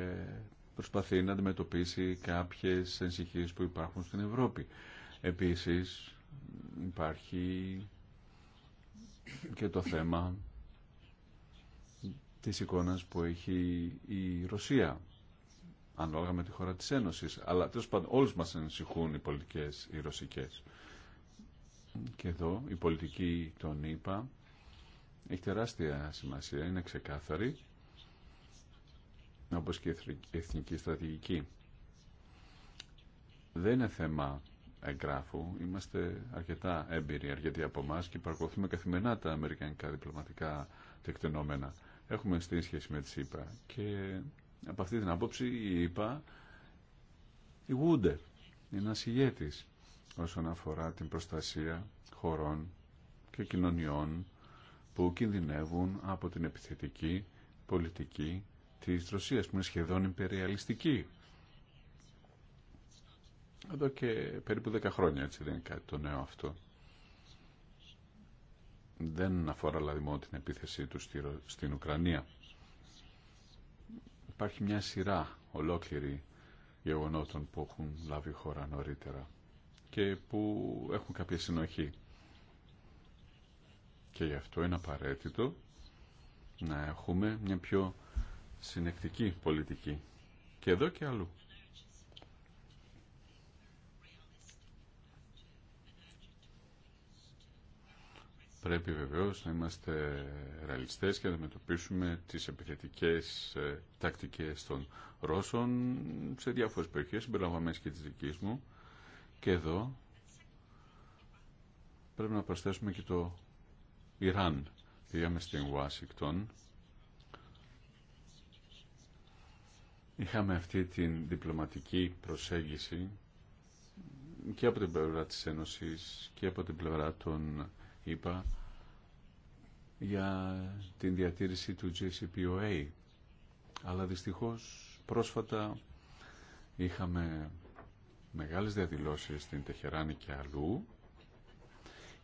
προσπαθεί να αντιμετωπίσει κάποιες ενσυχίες που υπάρχουν στην Ευρώπη. Επίσης υπάρχει και το θέμα της εικόνας που έχει η Ρωσία ανάλογα με τη χώρα της Ένωσης. Αλλά τέλο πάντων όλους μας ανησυχούν οι πολιτικές, οι ρωσικές. Και εδώ η πολιτική των ΗΠΑ έχει τεράστια σημασία, είναι ξεκάθαρη, όπως και η εθνική στρατηγική. Δεν είναι θέμα εγγράφου, είμαστε αρκετά έμπειροι, αρκετοί από εμά και παρακολουθούμε καθημερινά τα αμερικανικά διπλωματικά τεκτενόμενα. Έχουμε στην σχέση με τις ΣΥΠΑ και από αυτή την άποψη είπα ηγούνται. Είναι ένας ηγέτης όσον αφορά την προστασία χωρών και κοινωνιών που κινδυνεύουν από την επιθετική πολιτική της Ρωσίας που είναι σχεδόν υπεριαλιστική. Εδώ και περίπου 10 χρόνια έτσι δεν είναι κάτι το νέο αυτό. Δεν αφορά δηλαδή την επίθεσή του στην Ουκρανία υπάρχει μια σειρά ολόκληρη γεγονότων που έχουν λάβει χώρα νωρίτερα και που έχουν κάποια συνοχή. Και γι' αυτό είναι απαραίτητο να έχουμε μια πιο συνεκτική πολιτική και εδώ και αλλού. πρέπει βεβαίως να είμαστε ρεαλιστές και να αντιμετωπίσουμε τις επιθετικές ε, τακτικές των Ρώσων σε διάφορες περιοχές, συμπεριλαμβαμένες και της δικής μου. Και εδώ πρέπει να προσθέσουμε και το Ιράν. Πήγαμε στην Ουάσιγκτον. Είχαμε αυτή την διπλωματική προσέγγιση και από την πλευρά της Ένωσης και από την πλευρά των είπα για την διατήρηση του JCPOA. Αλλά δυστυχώς πρόσφατα είχαμε μεγάλες διαδηλώσεις στην Τεχεράνη και αλλού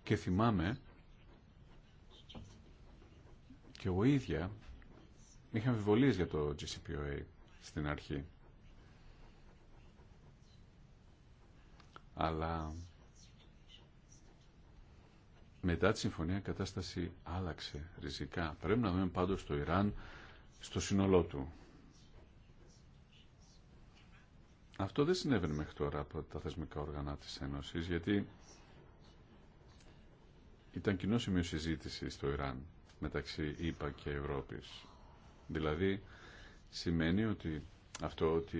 και θυμάμαι και εγώ ίδια είχα αμφιβολίες για το GCPOA στην αρχή. Αλλά μετά τη συμφωνία η κατάσταση άλλαξε ριζικά. Πρέπει να δούμε πάντως το Ιράν στο σύνολό του. Αυτό δεν συνέβαινε μέχρι τώρα από τα θεσμικά όργανα της Ένωσης, γιατί ήταν κοινό σημείο συζήτηση στο Ιράν μεταξύ ΙΠΑ και Ευρώπης. Δηλαδή, σημαίνει ότι αυτό ότι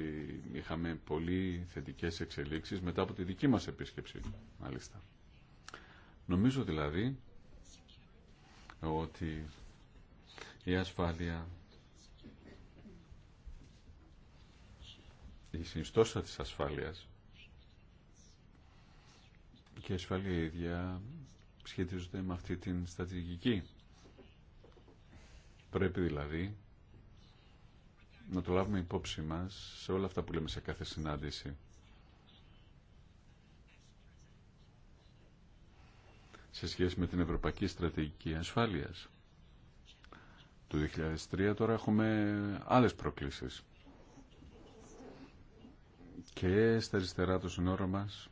είχαμε πολύ θετικές εξελίξεις μετά από τη δική μας επίσκεψη, μάλιστα. Νομίζω δηλαδή ότι η ασφάλεια η συνιστόσα της ασφάλειας και η ασφάλεια ίδια σχετίζονται με αυτή την στατηγική. Πρέπει δηλαδή να το λάβουμε υπόψη μας σε όλα αυτά που λέμε σε κάθε συνάντηση. σε σχέση με την Ευρωπαϊκή Στρατηγική Ασφάλειας. Το 2003 τώρα έχουμε άλλες προκλήσεις. Και στα αριστερά του συνόρου μας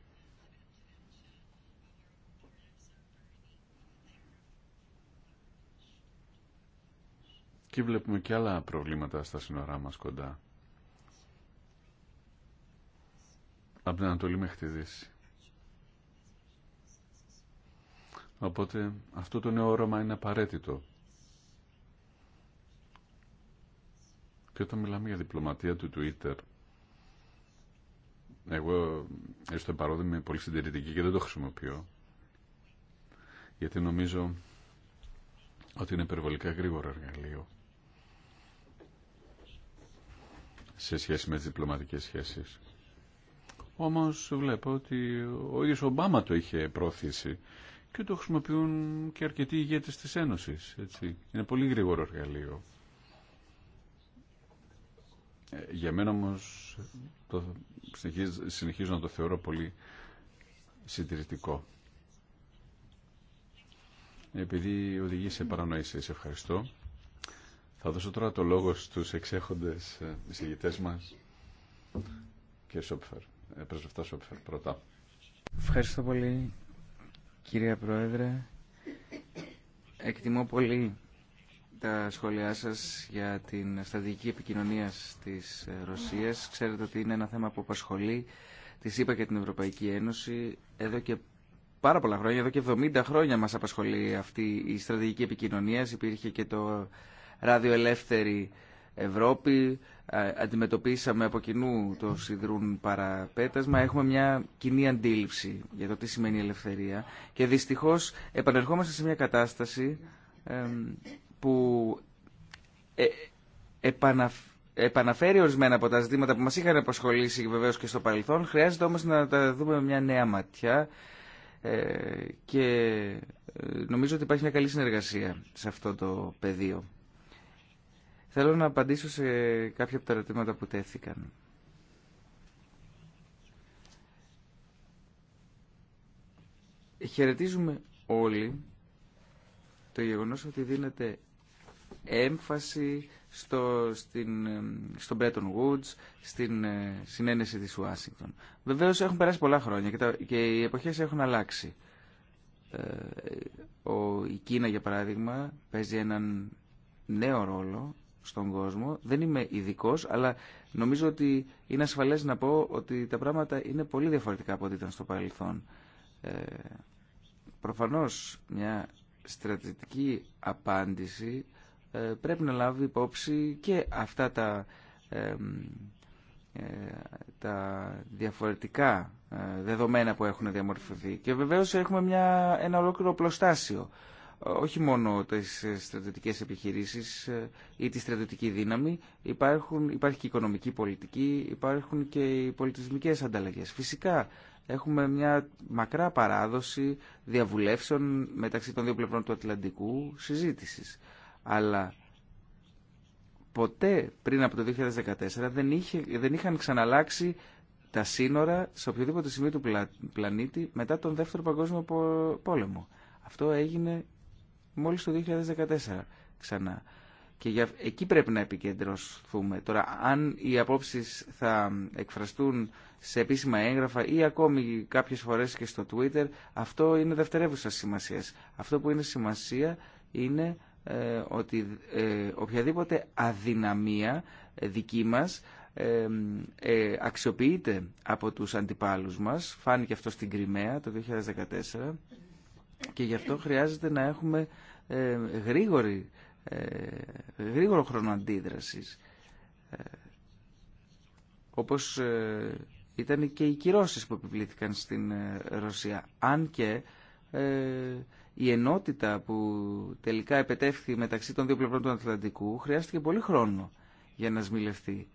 και βλέπουμε και άλλα προβλήματα στα σύνορά μας κοντά. Από την Ανατολή μέχρι τη Δύση. Οπότε αυτό το νέο όραμα είναι απαραίτητο. Και όταν μιλάμε για διπλωματία του Twitter, εγώ έστω παρόδο είμαι πολύ συντηρητική και δεν το χρησιμοποιώ, γιατί νομίζω ότι είναι υπερβολικά γρήγορο εργαλείο σε σχέση με τις διπλωματικές σχέσεις. Όμως βλέπω ότι ο ίδιος Ομπάμα το είχε πρόθεση και το χρησιμοποιούν και αρκετοί ηγέτες της Ένωσης. Έτσι. Είναι πολύ γρήγορο εργαλείο. Ε, για μένα όμως το συνεχίζω, να το θεωρώ πολύ συντηρητικό. Επειδή οδηγεί σε παρανοήσεις, ευχαριστώ. Θα δώσω τώρα το λόγο στους εξέχοντες ε, εισηγητές μας και Σόπφερ, ε, πρεσβευτά Σόπφερ πρώτα. Ευχαριστώ πολύ Κυρία Πρόεδρε, εκτιμώ πολύ τα σχόλιά σας για την στρατηγική επικοινωνία της ε, Ρωσίας. Ξέρετε ότι είναι ένα θέμα που απασχολεί τη είπα και την Ευρωπαϊκή Ένωση εδώ και πάρα πολλά χρόνια, εδώ και 70 χρόνια μας απασχολεί αυτή η στρατηγική επικοινωνία. Υπήρχε και το ράδιο ελεύθερη Ευρώπη, αντιμετωπίσαμε από κοινού το σιδρούν παραπέτασμα, έχουμε μια κοινή αντίληψη για το τι σημαίνει ελευθερία και δυστυχώς επανερχόμαστε σε μια κατάσταση που ε, επαναφέρει ορισμένα από τα ζητήματα που μας είχαν απασχολήσει βεβαίως και στο παρελθόν, χρειάζεται όμως να τα δούμε με μια νέα ματιά ε, και ε, νομίζω ότι υπάρχει μια καλή συνεργασία σε αυτό το πεδίο. Θέλω να απαντήσω σε κάποια από τα ερωτήματα που τέθηκαν. Χαιρετίζουμε όλοι το γεγονός ότι δίνεται έμφαση στο, στην, στο Bretton Woods, στην ε, συνένεση της Ουάσιγκτον. Βεβαίως έχουν περάσει πολλά χρόνια και, τα, και οι εποχές έχουν αλλάξει. Ε, ο, η Κίνα, για παράδειγμα, παίζει έναν νέο ρόλο στον κόσμο. Δεν είμαι ειδικό, αλλά νομίζω ότι είναι ασφαλέ να πω ότι τα πράγματα είναι πολύ διαφορετικά από ό,τι ήταν στο παρελθόν. Ε, προφανώς μια στρατηγική απάντηση ε, πρέπει να λάβει υπόψη και αυτά τα, ε, τα διαφορετικά ε, δεδομένα που έχουν διαμορφωθεί. Και βεβαίως έχουμε μια, ένα ολόκληρο πλωστάσιο όχι μόνο τις ε, στρατιωτικές επιχειρήσεις ε, ή τη στρατιωτική δύναμη, υπάρχουν, υπάρχει και η οικονομική πολιτική, υπάρχουν και οι πολιτισμικές ανταλλαγές. Φυσικά έχουμε μια μακρά παράδοση διαβουλεύσεων μεταξύ των δύο πλευρών του Ατλαντικού συζήτησης. Αλλά ποτέ πριν από το 2014 δεν, είχε, δεν είχαν ξαναλλάξει τα σύνορα σε οποιοδήποτε σημείο του πλανήτη μετά τον Δεύτερο Παγκόσμιο Πόλεμο. Αυτό έγινε μόλις το 2014 ξανά. Και για, εκεί πρέπει να επικεντρωθούμε. Τώρα, αν οι απόψεις θα εκφραστούν σε επίσημα έγγραφα ή ακόμη κάποιες φορές και στο Twitter, αυτό είναι δευτερεύουσα σημασίας. Αυτό που είναι σημασία είναι ε, ότι ε, οποιαδήποτε αδυναμία ε, δική μας αξιοποιείται από τους αντιπάλους μας. Φάνηκε αυτό στην Κρυμαία το 2014 και γι' αυτό χρειάζεται να έχουμε ε, γρήγορη, ε, γρήγορο χρόνο αντίδρασης. Ε, όπως ήταν και οι κυρώσεις που επιβλήθηκαν στην Ρωσία. Αν και η ενότητα που τελικά επετεύχθη μεταξύ των δύο πλευρών του Ατλαντικού χρειάστηκε πολύ χρόνο για να σμιλευτεί.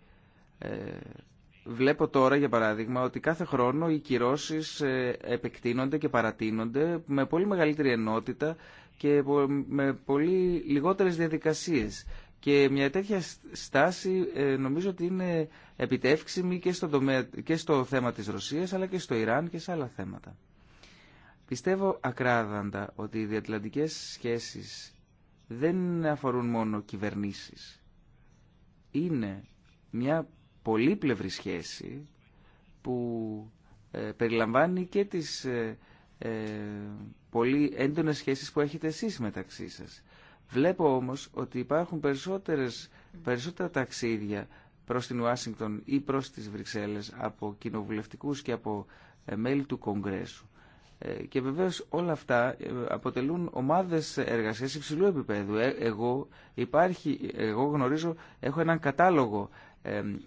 Βλέπω τώρα, για παράδειγμα, ότι κάθε χρόνο οι κυρώσεις επεκτείνονται και παρατείνονται με πολύ μεγαλύτερη ενότητα και με πολύ λιγότερες διαδικασίες. Και μια τέτοια στάση ε, νομίζω ότι είναι επιτεύξιμη και στο, και στο θέμα της Ρωσίας αλλά και στο Ιράν και σε άλλα θέματα. Πιστεύω ακράδαντα ότι οι διατλαντικές σχέσεις δεν αφορούν μόνο κυβερνήσεις. Είναι μια πολύπλευρη σχέση που ε, περιλαμβάνει και τις ε, ε, πολύ έντονες σχέσεις που έχετε εσείς μεταξύ σας. Βλέπω όμως ότι υπάρχουν περισσότερες, περισσότερα ταξίδια προς την Ουάσιγκτον ή προς τις Βρυξέλλες από κοινοβουλευτικούς και από ε, μέλη του Κογκρέσου. Ε, και βεβαίως όλα αυτά αποτελούν ομάδες εργασίας υψηλού επίπεδου. Εγώ, υπάρχει, εγώ γνωρίζω, έχω έναν κατάλογο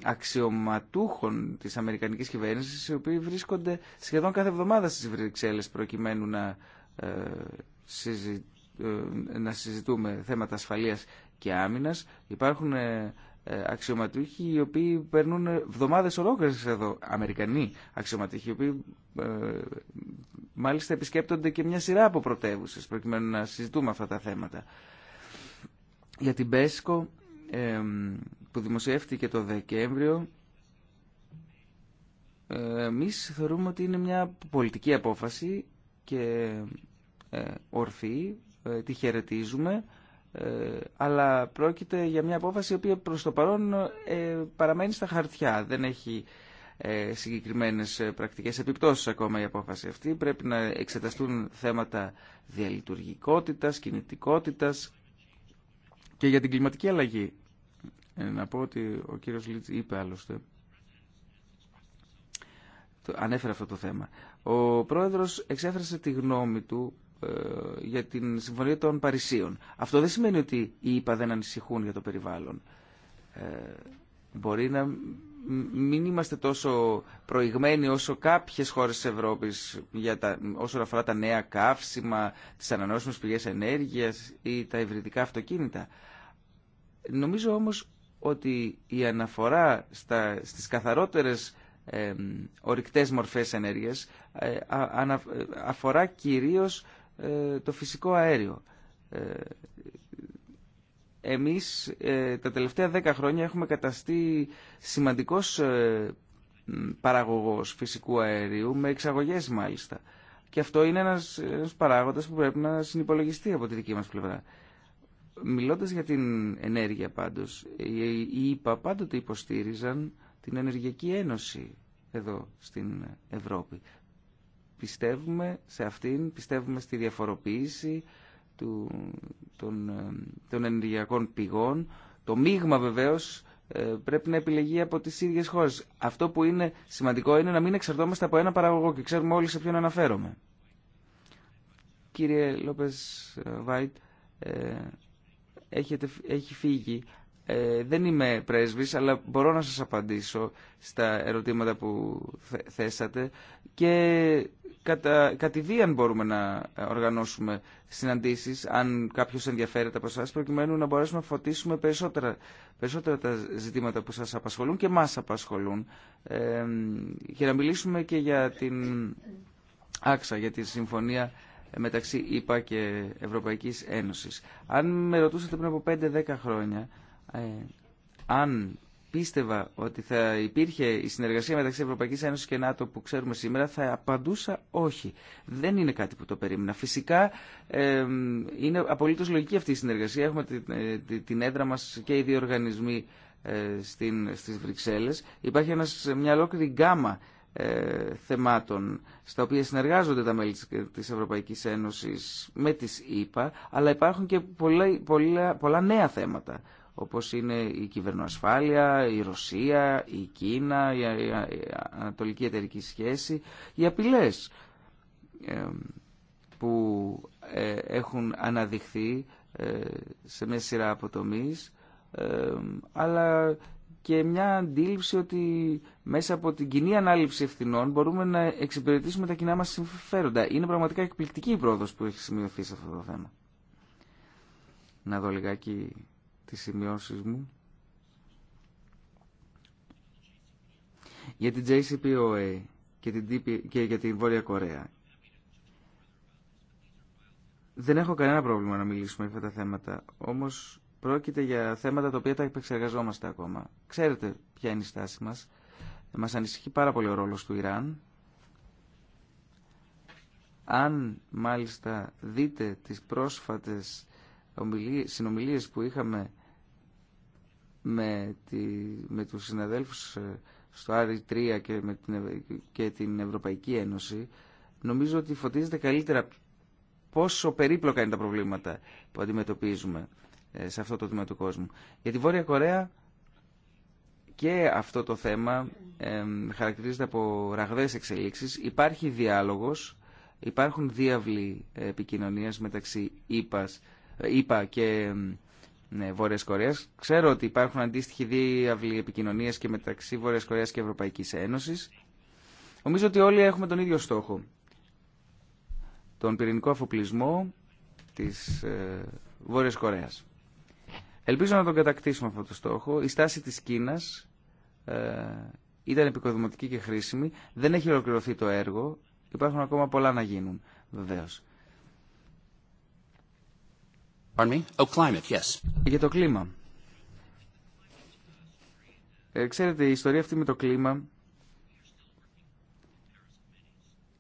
αξιωματούχων της Αμερικανικής κυβέρνησης οι οποίοι βρίσκονται σχεδόν κάθε εβδομάδα στις Βρυξέλλες προκειμένου να, ε, ε, να συζητούμε θέματα ασφαλείας και άμυνας. Υπάρχουν ε, αξιωματούχοι οι οποίοι περνούν εβδομάδες ολόκληρες εδώ, Αμερικανοί αξιωματούχοι, οι οποίοι μάλιστα επισκέπτονται και μια σειρά από πρωτεύουσες προκειμένου να συζητούμε αυτά τα θέματα. Για την Πέσκο που δημοσιεύτηκε το Δεκέμβριο ε, Εμεί θεωρούμε ότι είναι μια πολιτική απόφαση και ε, ορθή, ε, τη χαιρετίζουμε αλλά πρόκειται για μια απόφαση η οποία προς το παρόν παραμένει στα χαρτιά δεν έχει συγκεκριμένες πρακτικές επιπτώσεις ακόμα η απόφαση αυτή πρέπει να εξεταστούν θέματα διαλειτουργικότητας, κινητικότητας και για την κλιματική αλλαγή ε, να πω ότι ο κύριος Λίτς είπε άλλωστε ανέφερε αυτό το θέμα. Ο πρόεδρος εξέφρασε τη γνώμη του ε, για την Συμφωνία των Παρισίων. Αυτό δεν σημαίνει ότι οι ΙΠΑ δεν ανησυχούν για το περιβάλλον. Ε, μπορεί να μην είμαστε τόσο προηγμένοι όσο κάποιες χώρες της Ευρώπης για τα, όσον αφορά τα νέα καύσιμα, τις ανανεώσιμες πηγές ενέργειας ή τα υβριδικά αυτοκίνητα. Νομίζω όμως ότι η αναφορά στα, στις καθαρότερες ε, ορυκτές μορφές ενέργειας ε, αφορά κυρίως ε, το φυσικό αέριο. Ε, εμείς τα τελευταία δέκα χρόνια έχουμε καταστεί σημαντικός παραγωγός φυσικού αερίου με εξαγωγές μάλιστα. Και αυτό είναι ένας, ένας παράγοντας που πρέπει να συνυπολογιστεί από τη δική μας πλευρά. Μιλώντας για την ενέργεια πάντως, οι ΙΠΑ πάντοτε υποστήριζαν την Ενεργειακή Ένωση εδώ στην Ευρώπη. Πιστεύουμε σε αυτήν, πιστεύουμε στη διαφοροποίηση του, των, των ενεργειακών πηγών. Το μείγμα βεβαίως ε, πρέπει να επιλεγεί από τις ίδιες χώρες. Αυτό που είναι σημαντικό είναι να μην εξαρτώμαστε από ένα παραγωγό και ξέρουμε όλοι σε ποιον αναφέρομαι. Κύριε Λόπες Βάιτ, ε, έχει φύγει. Ε, δεν είμαι πρέσβης, αλλά μπορώ να σας απαντήσω στα ερωτήματα που θέσατε και κατα, κατηδίαν μπορούμε να ε, οργανώσουμε συναντήσεις, αν κάποιος ενδιαφέρεται από εσάς, προκειμένου να μπορέσουμε να φωτίσουμε περισσότερα, περισσότερα τα ζητήματα που σας απασχολούν και μας απασχολούν ε, και να μιλήσουμε και για την άξα, για τη συμφωνία μεταξύ ΙΠΑ και Ευρωπαϊκής Ένωσης. Αν με ρωτούσατε πριν από 5-10 χρόνια, ε, αν πίστευα ότι θα υπήρχε η συνεργασία μεταξύ Ευρωπαϊκής Ένωσης και ΝΑΤΟ που ξέρουμε σήμερα, θα απαντούσα όχι. Δεν είναι κάτι που το περίμενα. Φυσικά ε, είναι απολύτως λογική αυτή η συνεργασία. Έχουμε την, ε, την έδρα μας και οι δύο οργανισμοί ε, στην, στις Βρυξέλλες. Υπάρχει ένας, μια ολόκληρη γκάμα ε, θεμάτων στα οποία συνεργάζονται τα μέλη της Ευρωπαϊκής Ένωσης με τις ΗΠΑ αλλά υπάρχουν και πολλά, πολλά, πολλά νέα θέματα όπως είναι η κυβερνοασφάλεια, η Ρωσία, η Κίνα, η Ανατολική Εταιρική Σχέση, οι απειλές ε, που ε, έχουν αναδειχθεί σε μια σειρά αποτομής αλλά και μια αντίληψη ότι μέσα από την κοινή ανάληψη ευθυνών μπορούμε να εξυπηρετήσουμε τα κοινά μα συμφέροντα. Είναι πραγματικά εκπληκτική η πρόοδο που έχει σημειωθεί σε αυτό το θέμα. Να δω λιγάκι τι σημειώσει μου. Για την JCPOA και, την και για την Βόρεια Κορέα. Δεν έχω κανένα πρόβλημα να μιλήσουμε για αυτά τα θέματα, όμως Πρόκειται για θέματα τα οποία τα επεξεργαζόμαστε ακόμα. Ξέρετε ποια είναι η στάση μας. Μας ανησυχεί πάρα πολύ ο ρόλος του Ιράν. Αν μάλιστα δείτε τις πρόσφατες συνομιλίες που είχαμε με, τη, με τους συναδέλφους ε, στο Άρι 3 και, με την, και την Ευρωπαϊκή Ένωση, νομίζω ότι φωτίζεται καλύτερα πόσο περίπλοκα είναι τα προβλήματα που αντιμετωπίζουμε. Ε, σε αυτό το τμήμα του κόσμου. Για τη Βόρεια Κορέα και αυτό το θέμα ε, χαρακτηρίζεται από ραγδαίες εξελίξεις. Υπάρχει διάλογος, υπάρχουν διάβλοι επικοινωνίας μεταξύ ΙΠΑς, ε, ΙΠΑ και ναι, Βόρειας Κορέας. Ξέρω ότι υπάρχουν αντίστοιχοι διάβλοι επικοινωνίας και μεταξύ Βόρειας Κορέας και Ευρωπαϊκής Ένωσης. Νομίζω ότι όλοι έχουμε τον ίδιο στόχο. Τον πυρηνικό αφοπλισμό της ε, Βόρειας Κορέας. Ελπίζω να τον κατακτήσουμε αυτό το στόχο. Η στάση της Κίνας ε, ήταν επικοδημοτική και χρήσιμη. Δεν έχει ολοκληρωθεί το έργο. Υπάρχουν ακόμα πολλά να γίνουν, βεβαίως. oh, yes. Για το κλίμα. Ε, ξέρετε, η ιστορία αυτή με το κλίμα...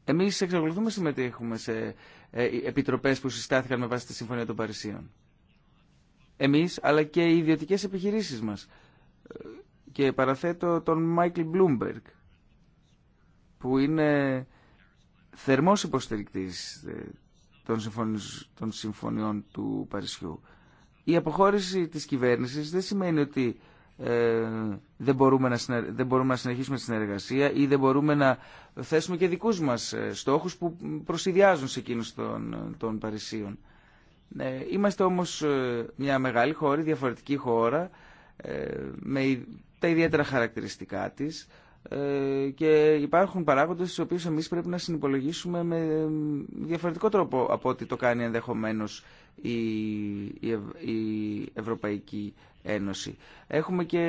Εμείς εξακολουθούμε συμμετέχουμε σε ε, επιτροπές που συστάθηκαν με βάση τη Συμφωνία των Παρισίων εμείς αλλά και οι ιδιωτικές επιχειρήσεις μας. Και παραθέτω τον Μάικλ Μπλουμπέργκ που είναι θερμός υποστηρικτής ε, των συμφωνιών του Παρισιού. Η αποχώρηση της κυβέρνησης δεν σημαίνει ότι ε, δεν, μπορούμε να να συνεχίσουμε τη συνεργασία ή δεν μπορούμε να θέσουμε και δικούς μας ε, στόχους που προσυδειάζουν σε εκείνους των, των Παρισίων. Ναι, είμαστε όμως ε, μια μεγάλη χώρα, διαφορετική χώρα, ε, με τα ιδιαίτερα χαρακτηριστικά της. Ε, και υπάρχουν παράγοντες στους οποίους εμείς πρέπει να συνυπολογίσουμε με διαφορετικό τρόπο από ό,τι το κάνει ενδεχομένως η, η, η Ευρωπαϊκή Ένωση. Έχουμε και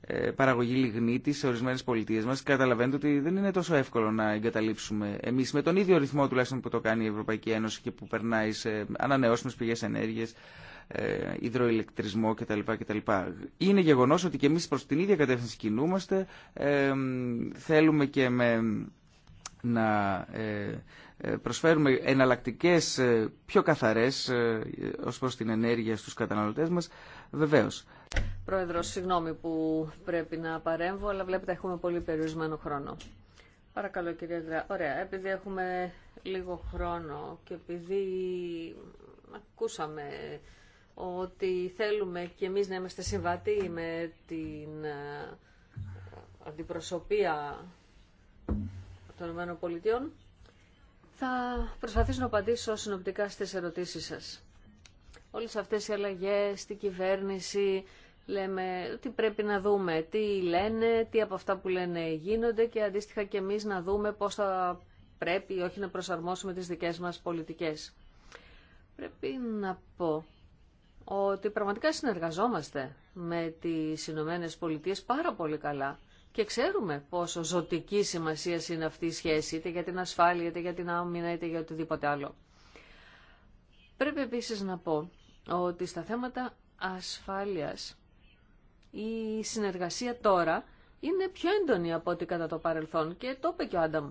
ε, παραγωγή λιγνίτη σε ορισμένες πολιτείες μας. Καταλαβαίνετε ότι δεν είναι τόσο εύκολο να εγκαταλείψουμε εμείς με τον ίδιο ρυθμό τουλάχιστον που το κάνει η Ευρωπαϊκή Ένωση και που περνάει σε ανανεώσιμες πηγές ενέργειας, ε, υδροηλεκτρισμό κτλ. κτλ. Είναι γεγονός ότι και εμείς προς την ίδια κατεύθυνση κινούμαστε, ε, θέλουμε και με, να ε, προσφέρουμε εναλλακτικές πιο καθαρές ως προς την ενέργεια στους καταναλωτές μας, βεβαίως. Πρόεδρο, συγγνώμη που πρέπει να παρέμβω, αλλά βλέπετε έχουμε πολύ περιορισμένο χρόνο. Παρακαλώ κυρία Γκρά. Ωραία, επειδή έχουμε λίγο χρόνο και επειδή ακούσαμε ότι θέλουμε και εμείς να είμαστε συμβατοί με την ε, αντιπροσωπεία των ΗΠΑ. Θα προσπαθήσω να απαντήσω συνοπτικά στις ερωτήσεις σας. Όλες αυτές οι αλλαγές την κυβέρνηση, λέμε ότι πρέπει να δούμε τι λένε, τι από αυτά που λένε γίνονται και αντίστοιχα και εμείς να δούμε πώς θα πρέπει όχι να προσαρμόσουμε τις δικές μας πολιτικές. Πρέπει να πω ότι πραγματικά συνεργαζόμαστε με τις Ηνωμένε Πολιτείες πάρα πολύ καλά και ξέρουμε πόσο ζωτική σημασία είναι αυτή η σχέση, είτε για την ασφάλεια, είτε για την άμυνα, είτε για οτιδήποτε άλλο. Πρέπει επίσης να πω ότι στα θέματα ασφάλειας η συνεργασία τώρα είναι πιο έντονη από ό,τι κατά το παρελθόν και το είπε και ο Άνταμ.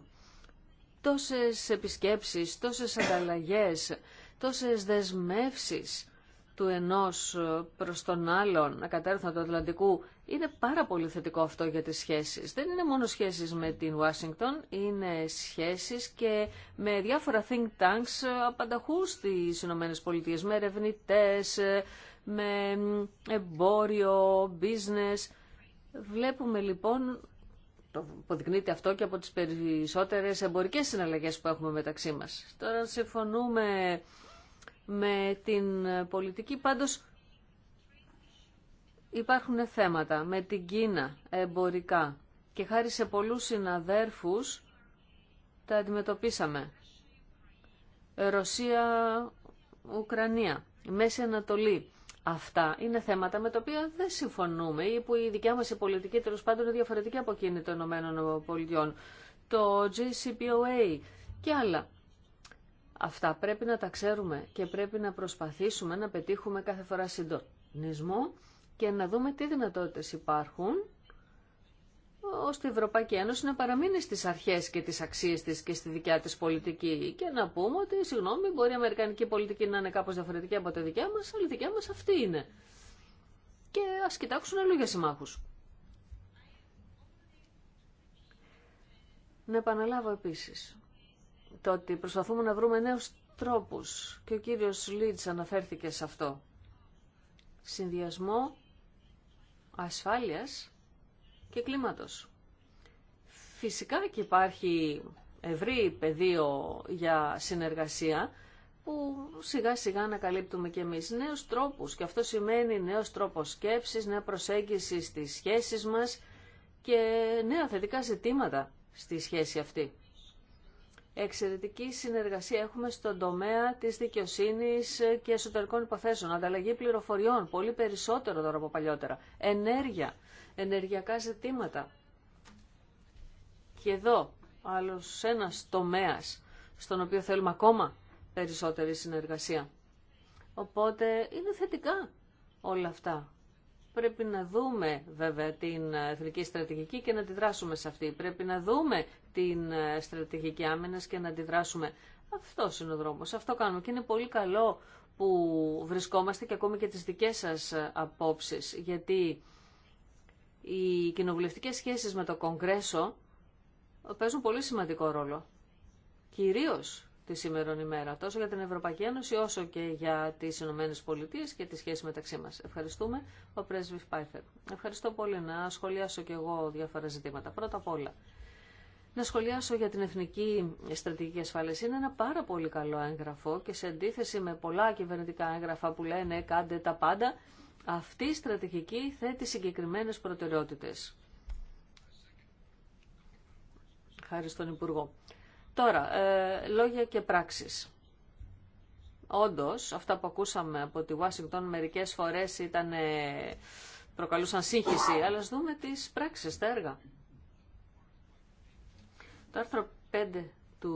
Τόσες επισκέψεις, τόσες ανταλλαγές, τόσες δεσμεύσεις του ενός προς τον άλλον να κατέρθουν τον Ατλαντικού είναι πάρα πολύ θετικό αυτό για τις σχέσεις. Δεν είναι μόνο σχέσεις με την Ουάσιγκτον, είναι σχέσεις και με διάφορα think tanks απανταχού στις Ηνωμένες Πολιτείες, με ερευνητέ, με εμπόριο, business. Βλέπουμε λοιπόν, το αποδεικνύεται αυτό και από τις περισσότερες εμπορικές συναλλαγές που έχουμε μεταξύ μας. Τώρα συμφωνούμε με την πολιτική. Πάντως υπάρχουν θέματα με την Κίνα εμπορικά και χάρη σε πολλούς συναδέρφους τα αντιμετωπίσαμε. Ρωσία, Ουκρανία, Μέση Ανατολή. Αυτά είναι θέματα με τα οποία δεν συμφωνούμε ή που η δικιά μας πολιτική τέλο πάντων είναι διαφορετική από εκείνη των ΗΠΑ. Το JCPOA και άλλα. Αυτά πρέπει να τα ξέρουμε και πρέπει να προσπαθήσουμε να πετύχουμε κάθε φορά συντονισμό και να δούμε τι δυνατότητες υπάρχουν ώστε η Ευρωπαϊκή Ένωση να παραμείνει στις αρχές και τις αξίες της και στη δικιά της πολιτική και να πούμε ότι, συγγνώμη, μπορεί η Αμερικανική πολιτική να είναι κάπως διαφορετική από τη δικιά μας, αλλά η δικιά μας αυτή είναι. Και ας κοιτάξουν αλλού για συμμάχους. Να επαναλάβω επίσης το ότι προσπαθούμε να βρούμε νέους τρόπους και ο κύριος Λίτς αναφέρθηκε σε αυτό. Συνδυασμό ασφάλειας και κλίματος. Φυσικά και υπάρχει ευρύ πεδίο για συνεργασία που σιγά σιγά ανακαλύπτουμε και εμείς νέους τρόπους και αυτό σημαίνει νέος τρόπος σκέψης, νέα προσέγγιση στις σχέσεις μας και νέα θετικά ζητήματα στη σχέση αυτή εξαιρετική συνεργασία έχουμε στον τομέα της δικαιοσύνης και εσωτερικών υποθέσεων, ανταλλαγή πληροφοριών, πολύ περισσότερο τώρα από παλιότερα, ενέργεια, ενεργειακά ζητήματα. Και εδώ άλλο ένας τομέας στον οποίο θέλουμε ακόμα περισσότερη συνεργασία. Οπότε είναι θετικά όλα αυτά. Πρέπει να δούμε βέβαια την εθνική στρατηγική και να αντιδράσουμε σε αυτή. Πρέπει να δούμε την ε, στρατηγική άμυνας και να αντιδράσουμε. Αυτό είναι ο δρόμος, αυτό κάνουμε και είναι πολύ καλό που βρισκόμαστε και ακόμη και τις δικές σας ε, απόψεις, γιατί οι κοινοβουλευτικές σχέσεις με το Κογκρέσο παίζουν πολύ σημαντικό ρόλο. Κυρίως τη σήμερον ημέρα, τόσο για την Ευρωπαϊκή Ένωση όσο και για τις Ηνωμένες Πολιτείες και τη σχέση μεταξύ μας. Ευχαριστούμε, ο πρέσβης Πάιφερ. Ευχαριστώ πολύ να σχολιάσω και εγώ διάφορα ζητήματα. Πρώτα απ' όλα, να σχολιάσω για την Εθνική Στρατηγική Ασφάλεια. Είναι ένα πάρα πολύ καλό έγγραφο και σε αντίθεση με πολλά κυβερνητικά έγγραφα που λένε κάντε τα πάντα, αυτή η στρατηγική θέτει συγκεκριμένες προτεραιότητες. Χάρη στον Υπουργό. Τώρα, ε, λόγια και πράξεις. Όντως, αυτά που ακούσαμε από τη Ουάσιγκτον μερικέ φορέ ήταν, προκαλούσαν σύγχυση, αλλά δούμε τις πράξεις, τα έργα. Το άρθρο 5 του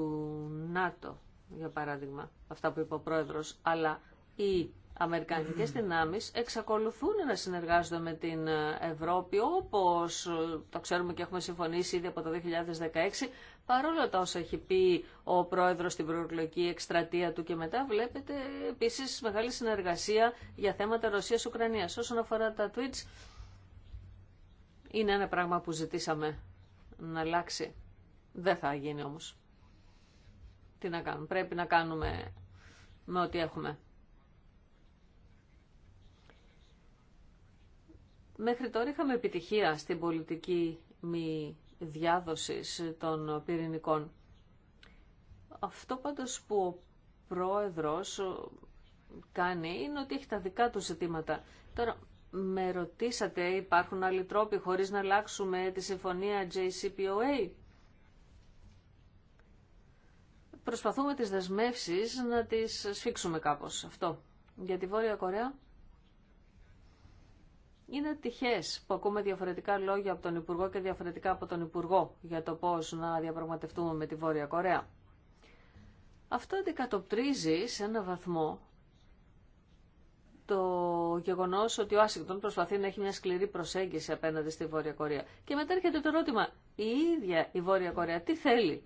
ΝΑΤΟ, για παράδειγμα, αυτά που είπε ο πρόεδρος, αλλά οι Αμερικανικές δυνάμεις εξακολουθούν να συνεργάζονται με την Ευρώπη όπως το ξέρουμε και έχουμε συμφωνήσει ήδη από το 2016 παρόλο τα όσα έχει πει ο πρόεδρος στην προεκλογική εκστρατεία του και μετά βλέπετε επίσης μεγάλη συνεργασία για θεματα ρωσια Ρωσία-ουκρανία. Όσον αφορά τα tweets είναι ένα πράγμα που ζητήσαμε να αλλάξει δεν θα γίνει όμως. Τι να κάνουμε. Πρέπει να κάνουμε με ό,τι έχουμε. Μέχρι τώρα είχαμε επιτυχία στην πολιτική μη διάδοσης των πυρηνικών. Αυτό πάντως που ο πρόεδρος κάνει είναι ότι έχει τα δικά του ζητήματα. Τώρα, με ρωτήσατε υπάρχουν άλλοι τρόποι χωρίς να αλλάξουμε τη συμφωνία JCPOA. προσπαθούμε τις δεσμεύσεις να τις σφίξουμε κάπως. Αυτό. Για τη Βόρεια Κορέα είναι τυχές που ακούμε διαφορετικά λόγια από τον Υπουργό και διαφορετικά από τον Υπουργό για το πώς να διαπραγματευτούμε με τη Βόρεια Κορέα. Αυτό αντικατοπτρίζει σε ένα βαθμό το γεγονό ότι ο Άσιγκτον προσπαθεί να έχει μια σκληρή προσέγγιση απέναντι στη Βόρεια Κορέα. Και μετά έρχεται το ερώτημα, η ίδια η Βόρεια Κορέα τι θέλει.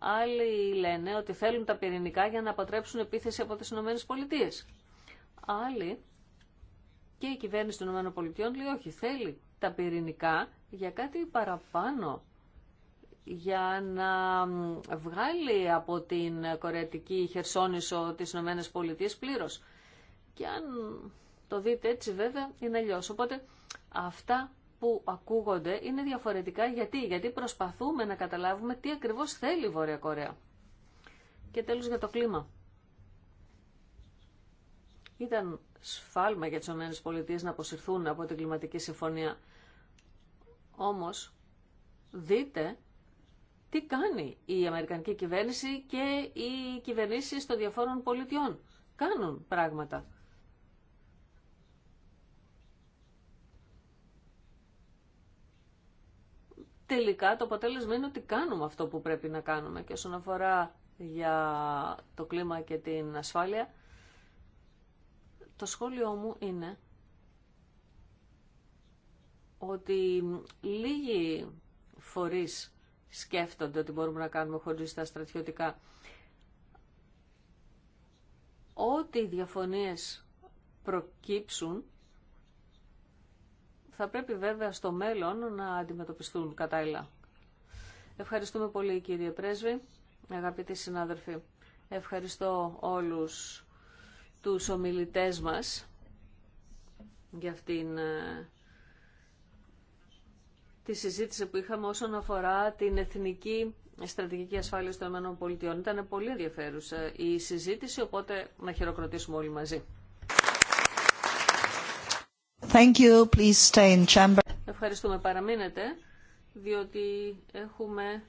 Άλλοι λένε ότι θέλουν τα πυρηνικά για να αποτρέψουν επίθεση από τις Ηνωμένες Πολιτείες. Άλλοι και η κυβέρνηση των Ηνωμένων λέει όχι, θέλει τα πυρηνικά για κάτι παραπάνω για να βγάλει από την Κορεατική Χερσόνησο τις Ηνωμένες Πολιτείες πλήρως. Και αν το δείτε έτσι βέβαια είναι αλλιώ. Οπότε αυτά που ακούγονται είναι διαφορετικά. Γιατί, Γιατί προσπαθούμε να καταλάβουμε τι ακριβώς θέλει η Βόρεια Κορέα. Και τέλος για το κλίμα. Ήταν σφάλμα για τις ΗΠΑ να αποσυρθούν από την κλιματική συμφωνία. Όμως, δείτε τι κάνει η Αμερικανική κυβέρνηση και οι κυβερνήσεις των διαφόρων πολιτιών. Κάνουν πράγματα. τελικά το αποτέλεσμα είναι ότι κάνουμε αυτό που πρέπει να κάνουμε. Και όσον αφορά για το κλίμα και την ασφάλεια, το σχόλιο μου είναι ότι λίγοι φορείς σκέφτονται ότι μπορούμε να κάνουμε χωρίς τα στρατιωτικά. Ό,τι διαφωνίες προκύψουν θα πρέπει βέβαια στο μέλλον να αντιμετωπιστούν κατάλληλα. Ευχαριστούμε πολύ κύριε Πρέσβη, αγαπητοί συνάδελφοι. Ευχαριστώ όλους τους ομιλητές μας για αυτήν ε, τη συζήτηση που είχαμε όσον αφορά την εθνική στρατηγική ασφάλεια των ΗΠΑ. Ήταν πολύ ενδιαφέρουσα η συζήτηση, οπότε να χειροκροτήσουμε όλοι μαζί. Ευχαριστούμε. Παραμείνετε, διότι έχουμε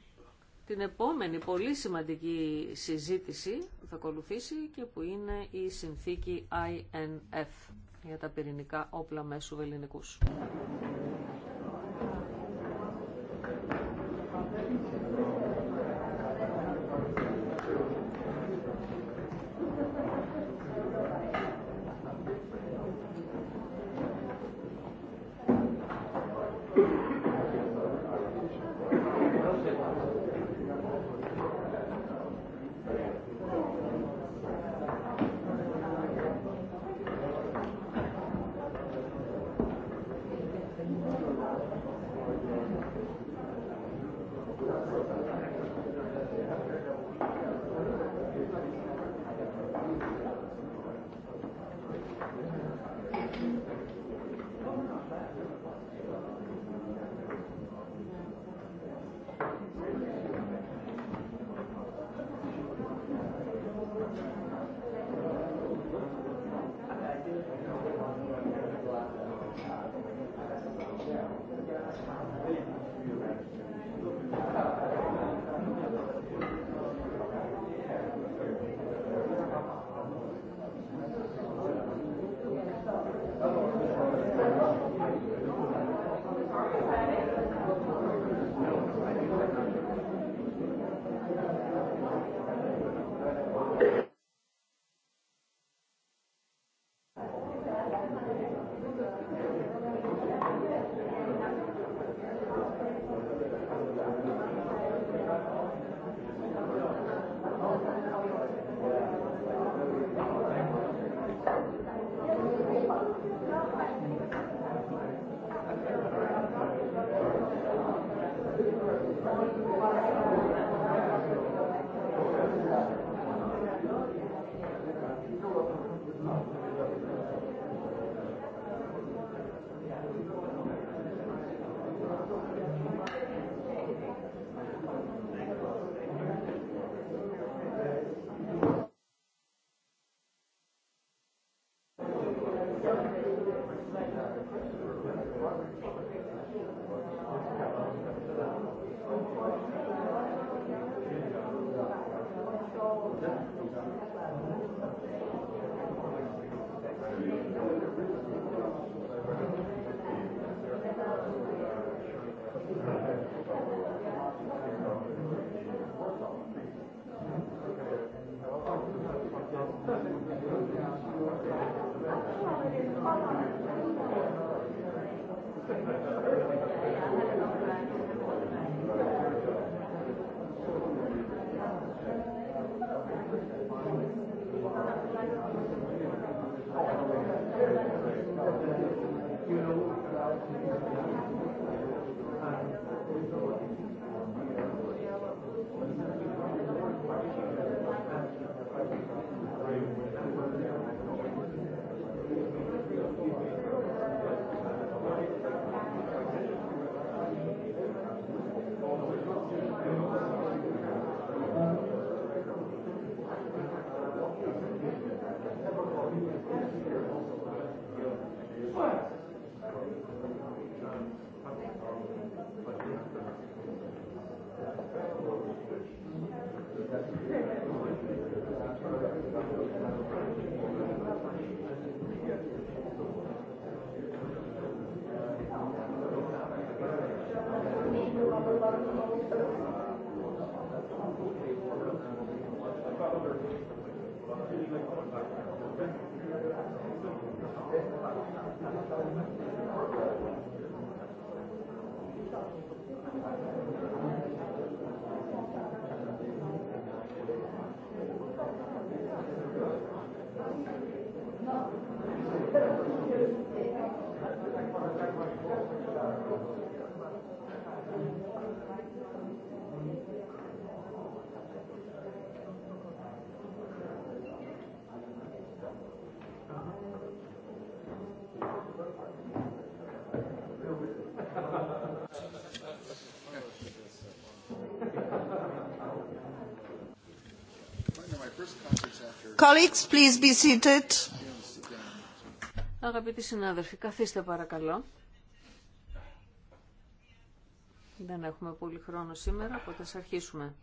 την επόμενη πολύ σημαντική συζήτηση που θα ακολουθήσει και που είναι η συνθήκη INF για τα πυρηνικά όπλα μέσου Ελληνικούς. Αγαπητοί συνάδελφοι, καθίστε παρακαλώ. Δεν έχουμε πολύ χρόνο σήμερα, οπότε θα αρχίσουμε.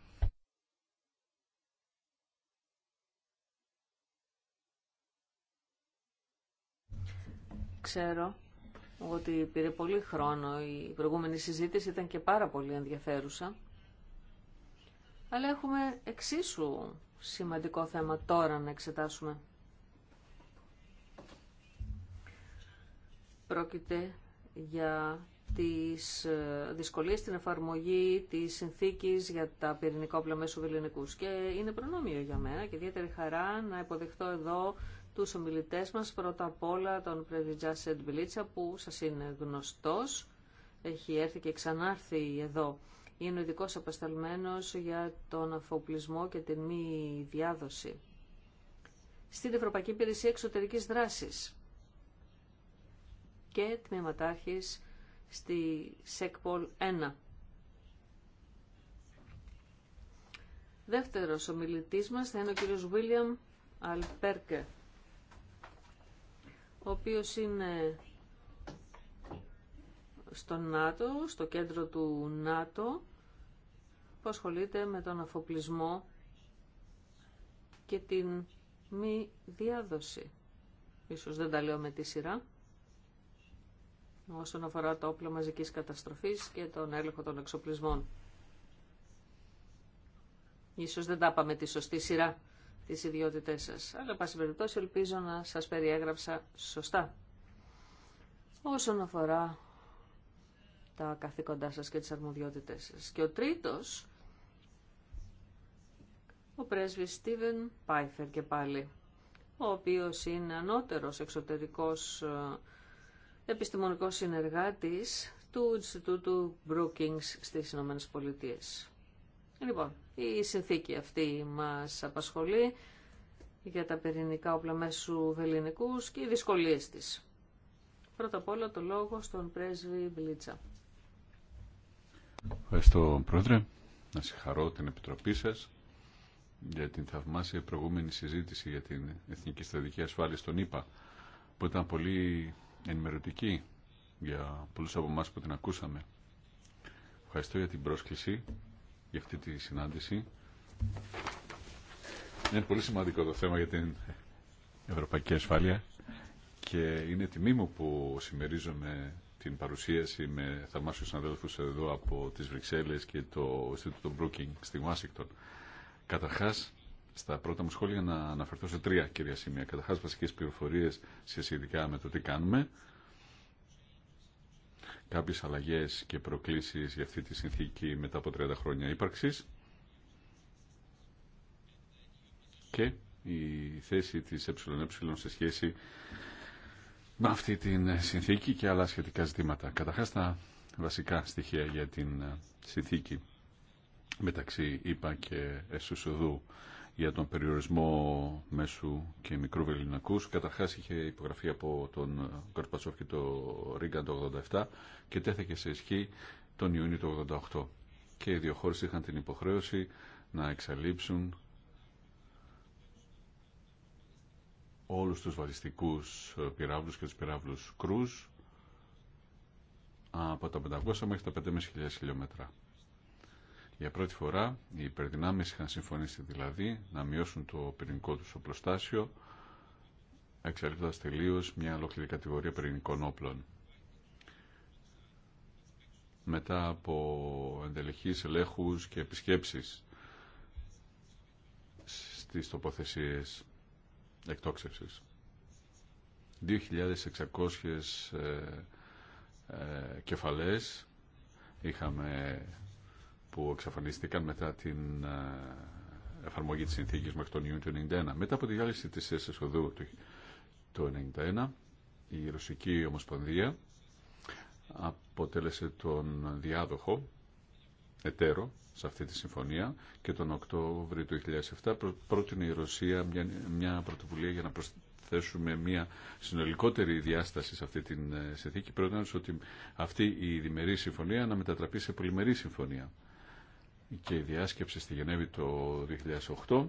Ξέρω ότι πήρε πολύ χρόνο η προηγούμενη συζήτηση, ήταν και πάρα πολύ ενδιαφέρουσα. Αλλά έχουμε εξίσου σημαντικό θέμα τώρα να εξετάσουμε. Πρόκειται για τις ε, δυσκολίες στην εφαρμογή της συνθήκης για τα πυρηνικά όπλα μέσω Και είναι προνόμιο για μένα και ιδιαίτερη χαρά να υποδεχτώ εδώ τους ομιλητές μας. Πρώτα απ' όλα τον Σεντ Μπιλίτσα που σας είναι γνωστός. Έχει έρθει και ξανάρθει εδώ είναι ο ειδικό απεσταλμένο για τον αφοπλισμό και την μη διάδοση. Στην Ευρωπαϊκή Υπηρεσία Εξωτερική δράση και τμήματάρχη στη ΣΕΚΠΟΛ 1. Δεύτερος ο μα θα είναι ο κύριος Βίλιαμ Αλπέρκε, ο οποίος είναι στο ΝΑΤΟ, στο κέντρο του ΝΑΤΟ, που ασχολείται με τον αφοπλισμό και την μη διάδοση. Ίσως δεν τα λέω με τη σειρά όσον αφορά το όπλο μαζικής καταστροφής και τον έλεγχο των εξοπλισμών. Ίσως δεν τα με τη σωστή σειρά τις ιδιότητές σας, αλλά πάση περιπτώσει ελπίζω να σας περιέγραψα σωστά. Όσον αφορά τα καθήκοντά σας και τις αρμοδιότητές σας. Και ο τρίτος, ο πρέσβης Στίβεν Πάιφερ και πάλι, ο οποίος είναι ανώτερος εξωτερικός ε, επιστημονικός συνεργάτης του Ινστιτούτου Brookings στις Ηνωμένες Πολιτείες. Λοιπόν, η συνθήκη αυτή μας απασχολεί για τα πυρηνικά όπλα μέσου βεληνικούς και οι δυσκολίες της. Πρώτα απ' όλα το λόγο στον πρέσβη Μπλίτσα. Ευχαριστώ, Πρόεδρε. Να συγχαρώ την Επιτροπή σας για την θαυμάσια προηγούμενη συζήτηση για την Εθνική Στρατηγική Ασφάλεια στον ΗΠΑ, που ήταν πολύ ενημερωτική για πολλούς από εμά που την ακούσαμε. Ευχαριστώ για την πρόσκληση, για αυτή τη συνάντηση. Είναι πολύ σημαντικό το θέμα για την ευρωπαϊκή ασφάλεια και είναι τιμή μου που συμμερίζομαι την παρουσίαση με θαυμάσιους συναδέλφους εδώ από τις Βρυξέλλες και το Ινστιτούτο Μπρούκινγκ στη Ουάσιγκτον. Καταρχά στα πρώτα μου σχόλια να αναφερθώ σε τρία κυρία σημεία. Καταρχάς, βασικές πληροφορίες σχετικά με το τι κάνουμε, κάποιες αλλαγές και προκλήσεις για αυτή τη συνθήκη μετά από 30 χρόνια ύπαρξης και η θέση της ΕΕ σε σχέση με αυτή την συνθήκη και άλλα σχετικά ζητήματα. Καταρχάς τα βασικά στοιχεία για την ε, συνθήκη μεταξύ ΙΠΑ και ΕΣΟΣΟΔΟΥ για τον περιορισμό μέσου και μικρού βελληνακού. Καταρχά είχε υπογραφεί από τον Κορπατσόφ και το Ρίγκαν το 1987 και τέθηκε σε ισχύ τον Ιούνιο του 1988. Και οι δύο χώρε είχαν την υποχρέωση να εξαλείψουν όλους τους βαλιστικούς ε, πυράβλους και τους πυράβλους κρούς από τα 500 μέχρι τα 5.500 χιλιόμετρα. Για πρώτη φορά οι υπερδυνάμεις είχαν συμφωνήσει δηλαδή να μειώσουν το πυρηνικό τους οπλοστάσιο εξαρτώντας τελείω μια ολόκληρη κατηγορία πυρηνικών όπλων. Μετά από εντελεχείς ελέγχους και επισκέψεις στις τοποθεσίες εκτόξευσης. 2.600 ε, ε, κεφαλές είχαμε που εξαφανίστηκαν μετά την ε, εφαρμογή της συνθήκης μέχρι τον Ιούνιο του 1991. Μετά από τη διάλυση της ΕΣΕΣΟΔΟΥ του 1991, η Ρωσική Ομοσπονδία αποτέλεσε τον διάδοχο εταίρο σε αυτή τη συμφωνία και τον Οκτώβριο του 2007 πρότεινε η Ρωσία μια, μια πρωτοβουλία για να προσθέσουμε μια συνολικότερη διάσταση σε αυτή τη ε, συνθήκη πρότεινε ότι αυτή η διμερή συμφωνία να μετατραπεί σε πολυμερή συμφωνία και η διάσκεψη στη Γενέβη το 2008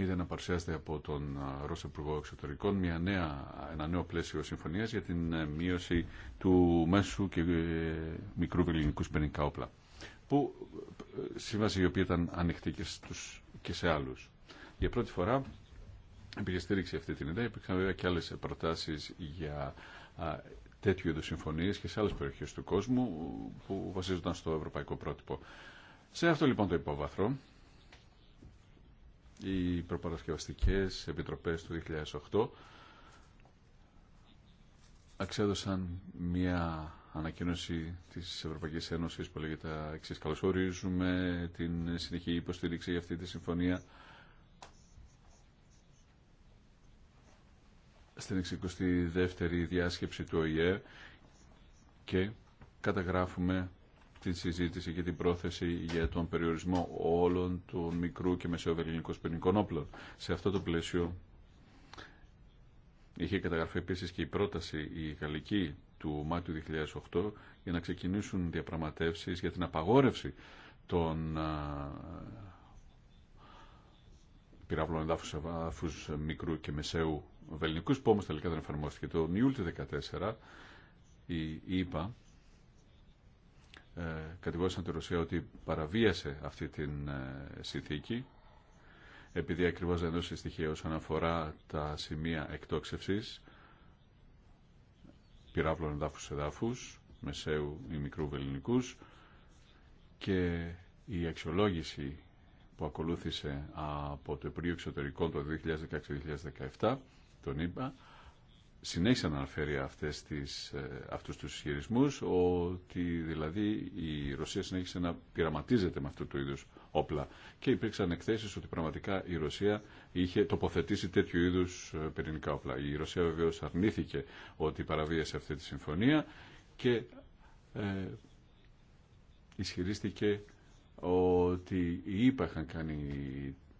είδε να παρουσιάζεται από τον Ρώσο Υπουργό Εξωτερικών μια νέα, ένα νέο πλαίσιο συμφωνία για την ε, μείωση του μέσου και ε, μικρού ελληνικού πενικά όπλα. Που ε, σύμβαση η οποία ήταν ανοιχτή και, και σε άλλου. Για πρώτη φορά υπήρχε στήριξη αυτή την ιδέα. Υπήρχαν βέβαια και άλλε προτάσει για τέτοιου είδου συμφωνίε και σε άλλε περιοχέ του κόσμου που βασίζονταν στο ευρωπαϊκό πρότυπο. Σε αυτό λοιπόν το υπόβαθρο οι προπαρασκευαστικές επιτροπές του 2008 αξέδωσαν μια ανακοίνωση της Ευρωπαϊκής Ένωσης που λέγεται τα εξής. Καλωσορίζουμε την συνεχή υποστήριξη για αυτή τη συμφωνία στην 62η διάσκεψη του ΟΗΕ και καταγράφουμε την συζήτηση και την πρόθεση για τον περιορισμό όλων των μικρού και μεσαιοβελληνικών πυρηνικών όπλων. Σε αυτό το πλαίσιο είχε καταγραφεί επίση και η πρόταση η γαλλική του Μάρτιου 2008 για να ξεκινήσουν διαπραγματεύσει για την απαγόρευση των πυραυλών εδάφους μικρού και μεσαίου βελνικού. που όμως τελικά δεν εφαρμόστηκε. Το Ιούλιο του 2014 η ΕΠΑ ε, κατηγόρησαν τη Ρωσία ότι παραβίασε αυτή την ε, συνθήκη επειδή ακριβώς δεν έδωσε στοιχεία όσον αφορά τα σημεία εκτόξευσης πυράβλων εδάφους εδάφους μεσαίου ή μικρού βελληνικούς και η αξιολόγηση που ακολούθησε από το Υπουργείο Εξωτερικών το 2016-2017 τον είπα συνέχισε να αναφέρει αυτές τις, ε, αυτούς τους ισχυρισμού, ότι δηλαδή η Ρωσία συνέχισε να πειραματίζεται με αυτού του είδους όπλα και υπήρξαν εκθέσεις ότι πραγματικά η Ρωσία είχε τοποθετήσει τέτοιου είδους ε, πυρηνικά όπλα. Η Ρωσία βεβαίως αρνήθηκε ότι παραβίασε αυτή τη συμφωνία και ε, ισχυρίστηκε ότι οι είχαν κάνει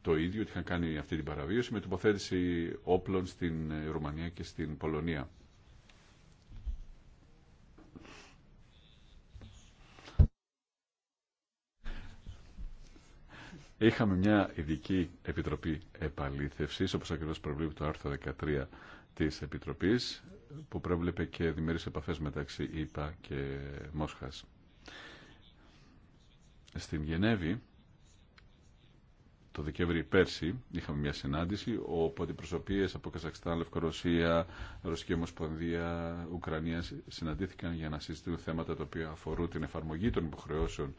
το ίδιο, ότι είχαν κάνει αυτή την παραβίωση με τοποθέτηση όπλων στην ε, Ρουμανία και στην Πολωνία. Είχαμε μια ειδική επιτροπή επαλήθευσή, όπως ακριβώς προβλέπει το άρθρο 13 της Επιτροπής, που προβλέπε και δημιουργήσει επαφέ μεταξύ ΙΠΑ και Μόσχας. Στην Γενέβη, το Δεκέμβρη πέρσι είχαμε μια συνάντηση όπου αντιπροσωπείε από Καζακστάν, Λευκορωσία, Ρωσική Ομοσπονδία, Ουκρανία συναντήθηκαν για να συζητούν θέματα τα οποία αφορούν την εφαρμογή των υποχρεώσεων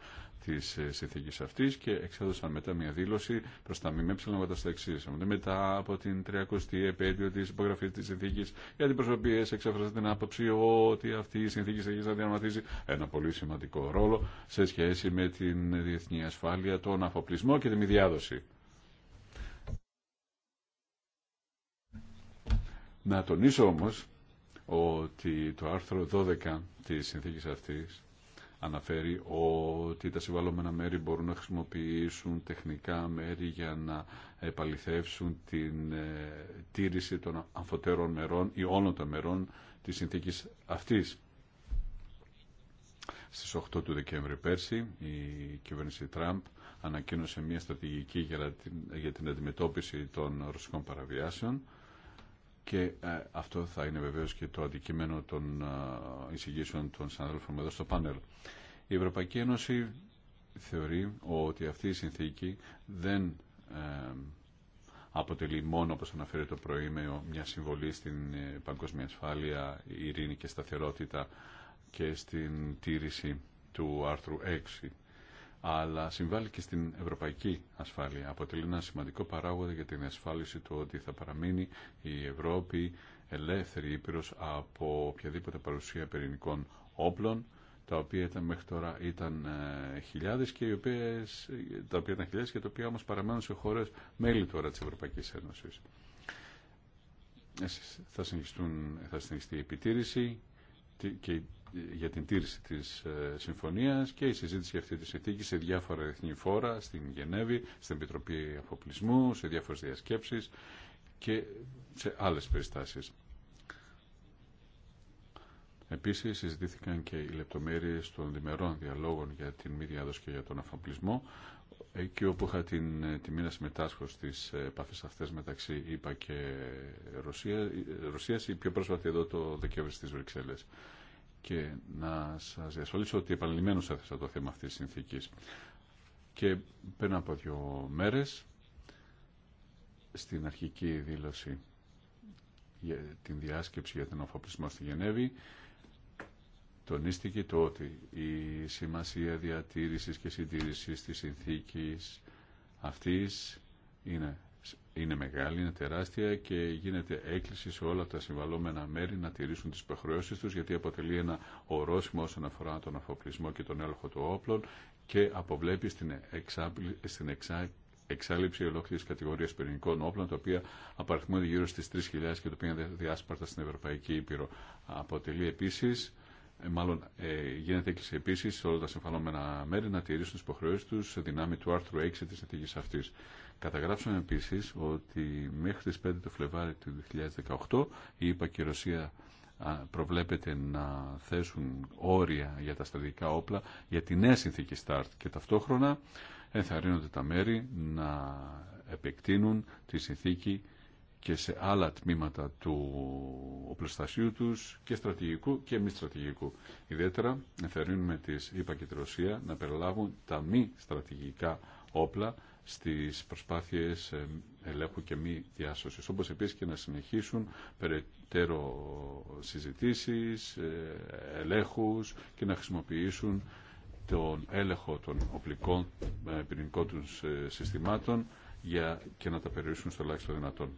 Τη ε, συνθήκη αυτή και εξέδωσαν μετά μια δήλωση προ τα ΜΜΕ κατά στο εξή. Μετά από την 30η επέτειο της υπογραφή τη συνθήκης για την προσωπία, εξέφρασε την άποψη ότι αυτή η συνθήκη θα να διανοματίζει ένα πολύ σημαντικό ρόλο σε σχέση με την διεθνή ασφάλεια, τον αφοπλισμό και τη μη διάδοση. Να τονίσω όμως ότι το άρθρο 12 της συνθήκης αυτής αναφέρει ότι τα συμβαλόμενα μέρη μπορούν να χρησιμοποιήσουν τεχνικά μέρη για να επαληθεύσουν την ε, τήρηση των αμφωτέρων μερών ή όλων των μερών της συνθήκης αυτής. Στις 8 του Δεκέμβρη πέρσι η κυβέρνηση Τραμπ ανακοίνωσε μια στρατηγική για την αντιμετώπιση των ρωσικών παραβιάσεων και ε, αυτό θα είναι βεβαίω και το αντικείμενο των ε, εισηγήσεων των συναδέλφων εδώ στο πάνελ. Η Ευρωπαϊκή Ένωση θεωρεί ότι αυτή η συνθήκη δεν ε, αποτελεί μόνο, όπως αναφέρει το πρωί, μια συμβολή στην παγκόσμια ασφάλεια, ειρήνη και σταθερότητα και στην τήρηση του άρθρου 6 αλλά συμβάλλει και στην ευρωπαϊκή ασφάλεια. Αποτελεί ένα σημαντικό παράγοντα για την ασφάλιση του ότι θα παραμείνει η Ευρώπη ελεύθερη ήπειρος από οποιαδήποτε παρουσία πυρηνικών όπλων, τα οποία ήταν μέχρι τώρα ήταν ε, χιλιάδες και οι οποίες, τα οποία ήταν χιλιάδες και τα οποία όμως παραμένουν σε χώρες μέλη τώρα της Ευρωπαϊκής Ένωσης. Θα, θα συνεχιστεί η επιτήρηση και για την τήρηση της ε, συμφωνίας και η συζήτηση αυτή τη συνθήκη σε διάφορα εθνή φόρα, στην Γενέβη, στην Επιτροπή Αφοπλισμού, σε διάφορες διασκέψεις και σε άλλες περιστάσεις. Επίσης συζητήθηκαν και οι λεπτομέρειες των διμερών διαλόγων για την μη διάδοση και για τον αφοπλισμό, εκεί όπου είχα την ε, τιμή να συμμετάσχω στις ε, επαφές αυτές μεταξύ ΙΠΑ και Ρωσία, η πιο πρόσφατη εδώ το Δεκέμβρη στις Βρυξέλλες και να σας διασφαλίσω ότι επανειλημμένω έθεσα το θέμα αυτής της συνθήκης. Και πριν από δύο μέρες, στην αρχική δήλωση για την διάσκεψη για τον αφοπλισμό στη Γενέβη, τονίστηκε το ότι η σημασία διατήρησης και συντήρησης της συνθήκης αυτής είναι είναι μεγάλη, είναι τεράστια και γίνεται έκκληση σε όλα τα συμβαλόμενα μέρη να τηρήσουν τις υποχρεώσεις τους γιατί αποτελεί ένα ορόσημο όσον αφορά τον αφοπλισμό και τον έλεγχο των όπλων και αποβλέπει στην, στην εξά, εξάλληψη ολόκληρης κατηγορίας πυρηνικών όπλων τα οποία απαριθμούνται γύρω στις 3.000 και τα οποία είναι διάσπαρτα στην Ευρωπαϊκή Ήπειρο. Αποτελεί επίσης ε, Μάλλον ε, γίνεται έκκληση επίση σε όλα τα συμβαλώμενα μέρη να τηρήσουν τι υποχρεώσει του σε δυνάμει του άρθρου 6 τη συνθήκη αυτή. Καταγράψαμε επίσης ότι μέχρι τις 5 του Φλεβάρι του 2018 η ΕΠΑ και προβλέπεται να θέσουν όρια για τα στρατηγικά όπλα για τη νέα συνθήκη START και ταυτόχρονα ενθαρρύνονται τα μέρη να επεκτείνουν τη συνθήκη και σε άλλα τμήματα του οπλοστασίου τους και στρατηγικού και μη στρατηγικού. Ιδιαίτερα ενθαρρύνουμε τις τη Ρωσία να περιλάβουν τα μη στρατηγικά όπλα στις προσπάθειες ε, ελέγχου και μη διάσωσης, όπως επίσης και να συνεχίσουν περαιτέρω συζητήσεις, ε, ελέγχους και να χρησιμοποιήσουν τον έλεγχο των οπλικών ε, πυρηνικών του συστημάτων για και να τα περιορίσουν στο ελάχιστο δυνατόν.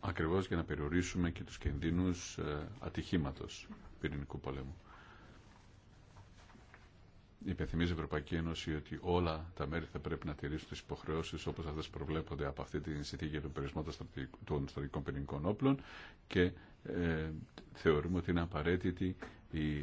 Ακριβώς για να περιορίσουμε και τους κινδύνους ατυχήματος πυρηνικού πολέμου υπενθυμίζει η Ευρωπαϊκή Ένωση ότι όλα τα μέρη θα πρέπει να τηρήσουν τι υποχρεώσει όπω αυτέ προβλέπονται από αυτή τη συνθήκη για τον περιορισμό των στρατικών πυρηνικών όπλων και ε, θεωρούμε ότι είναι απαραίτητη η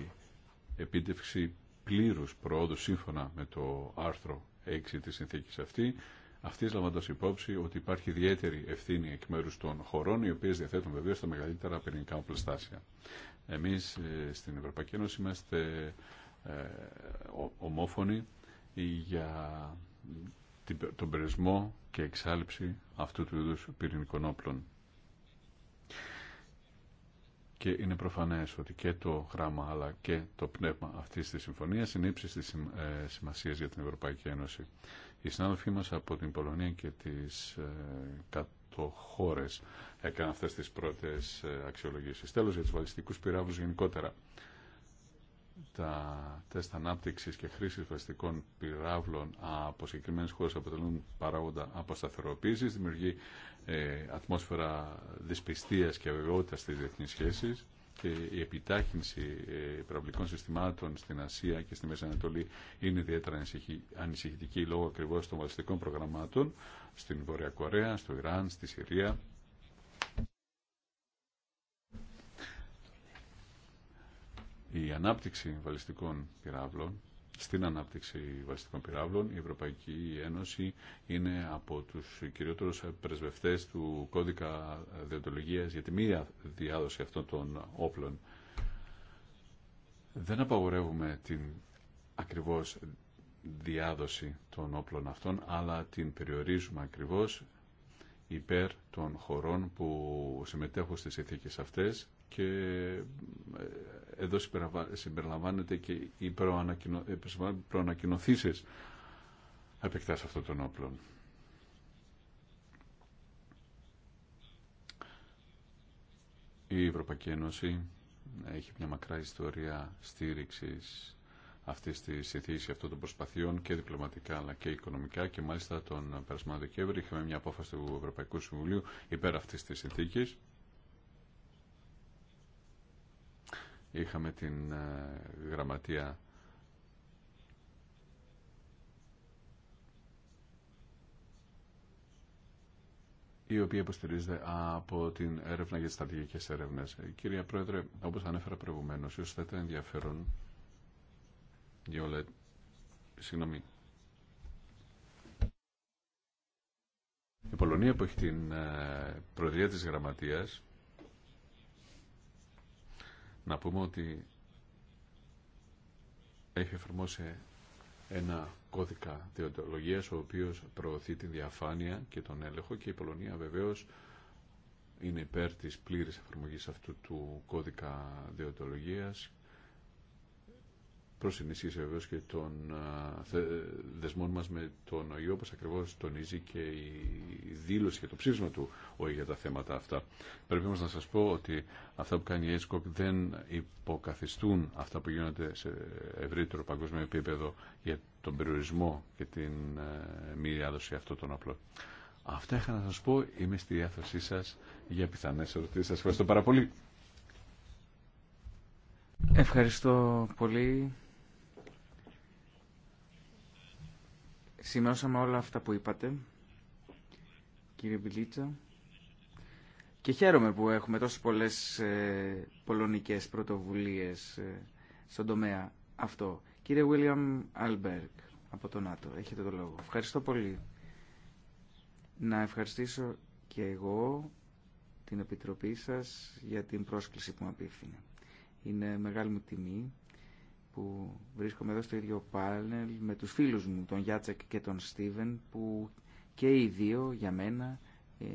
επίτευξη πλήρου προόδου σύμφωνα με το άρθρο 6 τη συνθήκη αυτή. Αυτή λαμβάνοντα υπόψη ότι υπάρχει ιδιαίτερη ευθύνη εκ μέρου των χωρών, οι οποίε διαθέτουν βεβαίω τα μεγαλύτερα πυρηνικά οπλοστάσια. Εμεί ε, στην Ευρωπαϊκή Ένωση είμαστε ε, ομόφωνη για τον περισμό και εξάλληψη αυτού του είδους πυρηνικών όπλων. Και είναι προφανές ότι και το γράμμα αλλά και το πνεύμα αυτής της συμφωνίας είναι ύψης της ε, σημασίας για την Ευρωπαϊκή Ένωση. Οι συνάδελφοί μας από την Πολωνία και τις ε, κατοχώρες έκαναν αυτές τις πρώτες αξιολογήσεις. Τέλος για τους βαλιστικούς πυράβλους γενικότερα τα τεστ ανάπτυξη και χρήση βασιστικών πυράβλων από συγκεκριμένε χώρε αποτελούν παράγοντα αποσταθεροποίηση, δημιουργεί ε, ατμόσφαιρα δυσπιστία και αβεβαιότητα στι διεθνεί σχέσει και η επιτάχυνση ε, πυραυλικών συστημάτων στην Ασία και στη Μέση Ανατολή είναι ιδιαίτερα ανησυχητική λόγω ακριβώ των βασιστικών προγραμμάτων στην Βόρεια Κορέα, στο Ιράν, στη Συρία η ανάπτυξη βαλιστικών πυράβλων, στην ανάπτυξη βαλιστικών πυράβλων, η Ευρωπαϊκή Ένωση είναι από τους κυριότερους πρεσβευτές του κώδικα διοντολογίας για τη μη διάδοση αυτών των όπλων. Δεν απαγορεύουμε την ακριβώς διάδοση των όπλων αυτών, αλλά την περιορίζουμε ακριβώς υπέρ των χωρών που συμμετέχουν στις ηθίκες αυτές και ε, εδώ συμπεριλαμβάνεται και οι προανακοινω... Ε, προανακοινωθήσεις επεκτάς αυτών των όπλων. Η Ευρωπαϊκή Ένωση έχει μια μακρά ιστορία στήριξης αυτή τη συνθήκη αυτών των προσπαθειών και διπλωματικά αλλά και οικονομικά και μάλιστα τον περασμένο Δεκέμβρη είχαμε μια απόφαση του Ευρωπαϊκού Συμβουλίου υπέρ αυτής της συνθήκη είχαμε την ε, γραμματεία η οποία υποστηρίζεται από την έρευνα για τι στρατηγικές έρευνε. Κύριε Πρόεδρε, όπως ανέφερα προηγουμένως, ίσω θα ήταν ενδιαφέρον για όλα. Συγγνώμη. Η Πολωνία που έχει την ε, προεδρία της γραμματείας να πούμε ότι έχει εφαρμόσει ένα κώδικα διοντολογίας ο οποίος προωθεί την διαφάνεια και τον έλεγχο και η Πολωνία βεβαίως είναι υπέρ της πλήρης εφαρμογής αυτού του κώδικα διοντολογίας προς ενισχύση βεβαίω και των δεσμών μας με τον ΟΗΕ όπως ακριβώς τονίζει και η δήλωση και το ψήφισμα του ΟΗΕ για τα θέματα αυτά. Πρέπει όμως να σας πω ότι αυτά που κάνει η ΕΣΚΟΚ δεν υποκαθιστούν αυτά που γίνονται σε ευρύτερο παγκόσμιο επίπεδο για τον περιορισμό και την μη διάδοση αυτών των απλών. Αυτά είχα να σας πω. Είμαι στη διάθεσή σας για πιθανές ερωτήσεις. Σας ευχαριστώ πάρα πολύ. Ευχαριστώ πολύ Σημειώσαμε όλα αυτά που είπατε, κύριε Μπιλίτσα. Και χαίρομαι που έχουμε τόσες πολλές ε, πολωνικές πρωτοβουλίες ε, στον τομέα αυτό. Κύριε Βίλιαμ Αλμπέρκ από το ΝΑΤΟ, έχετε το λόγο. Ευχαριστώ πολύ. Να ευχαριστήσω και εγώ την Επιτροπή σας για την πρόσκληση που μου απίφθηνε. Είναι μεγάλη μου τιμή που βρίσκομαι εδώ στο ίδιο πάνελ με τους φίλους μου, τον Γιάτσεκ και τον Στίβεν, που και οι δύο για μένα ε,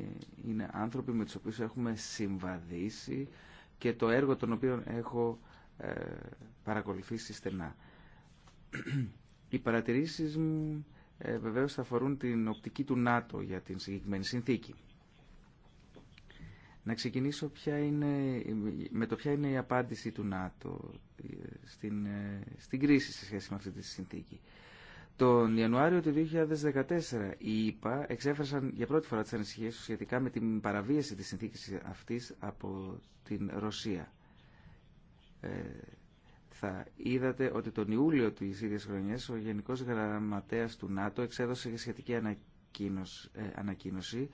είναι άνθρωποι με τους οποίους έχουμε συμβαδίσει και το έργο των οποίων έχω ε, παρακολουθήσει στενά. Οι παρατηρήσεις μου ε, βεβαίως θα αφορούν την οπτική του ΝΑΤΟ για την συγκεκριμένη συνθήκη. Να ξεκινήσω ποια είναι, με το ποια είναι η απάντηση του ΝΑΤΟ ε, στην, ε, στην κρίση σε σχέση με αυτή τη συνθήκη. Τον Ιανουάριο του 2014 οι ΗΠΑ εξέφρασαν για πρώτη φορά τις ανησυχίες τους σχετικά με την παραβίαση της συνθήκης αυτής από την Ρωσία. Ε, θα είδατε ότι τον Ιούλιο του ίδιας χρονιάς ο Γενικός Γραμματέας του ΝΑΤΟ εξέδωσε σχετική ανακοίνωση ε,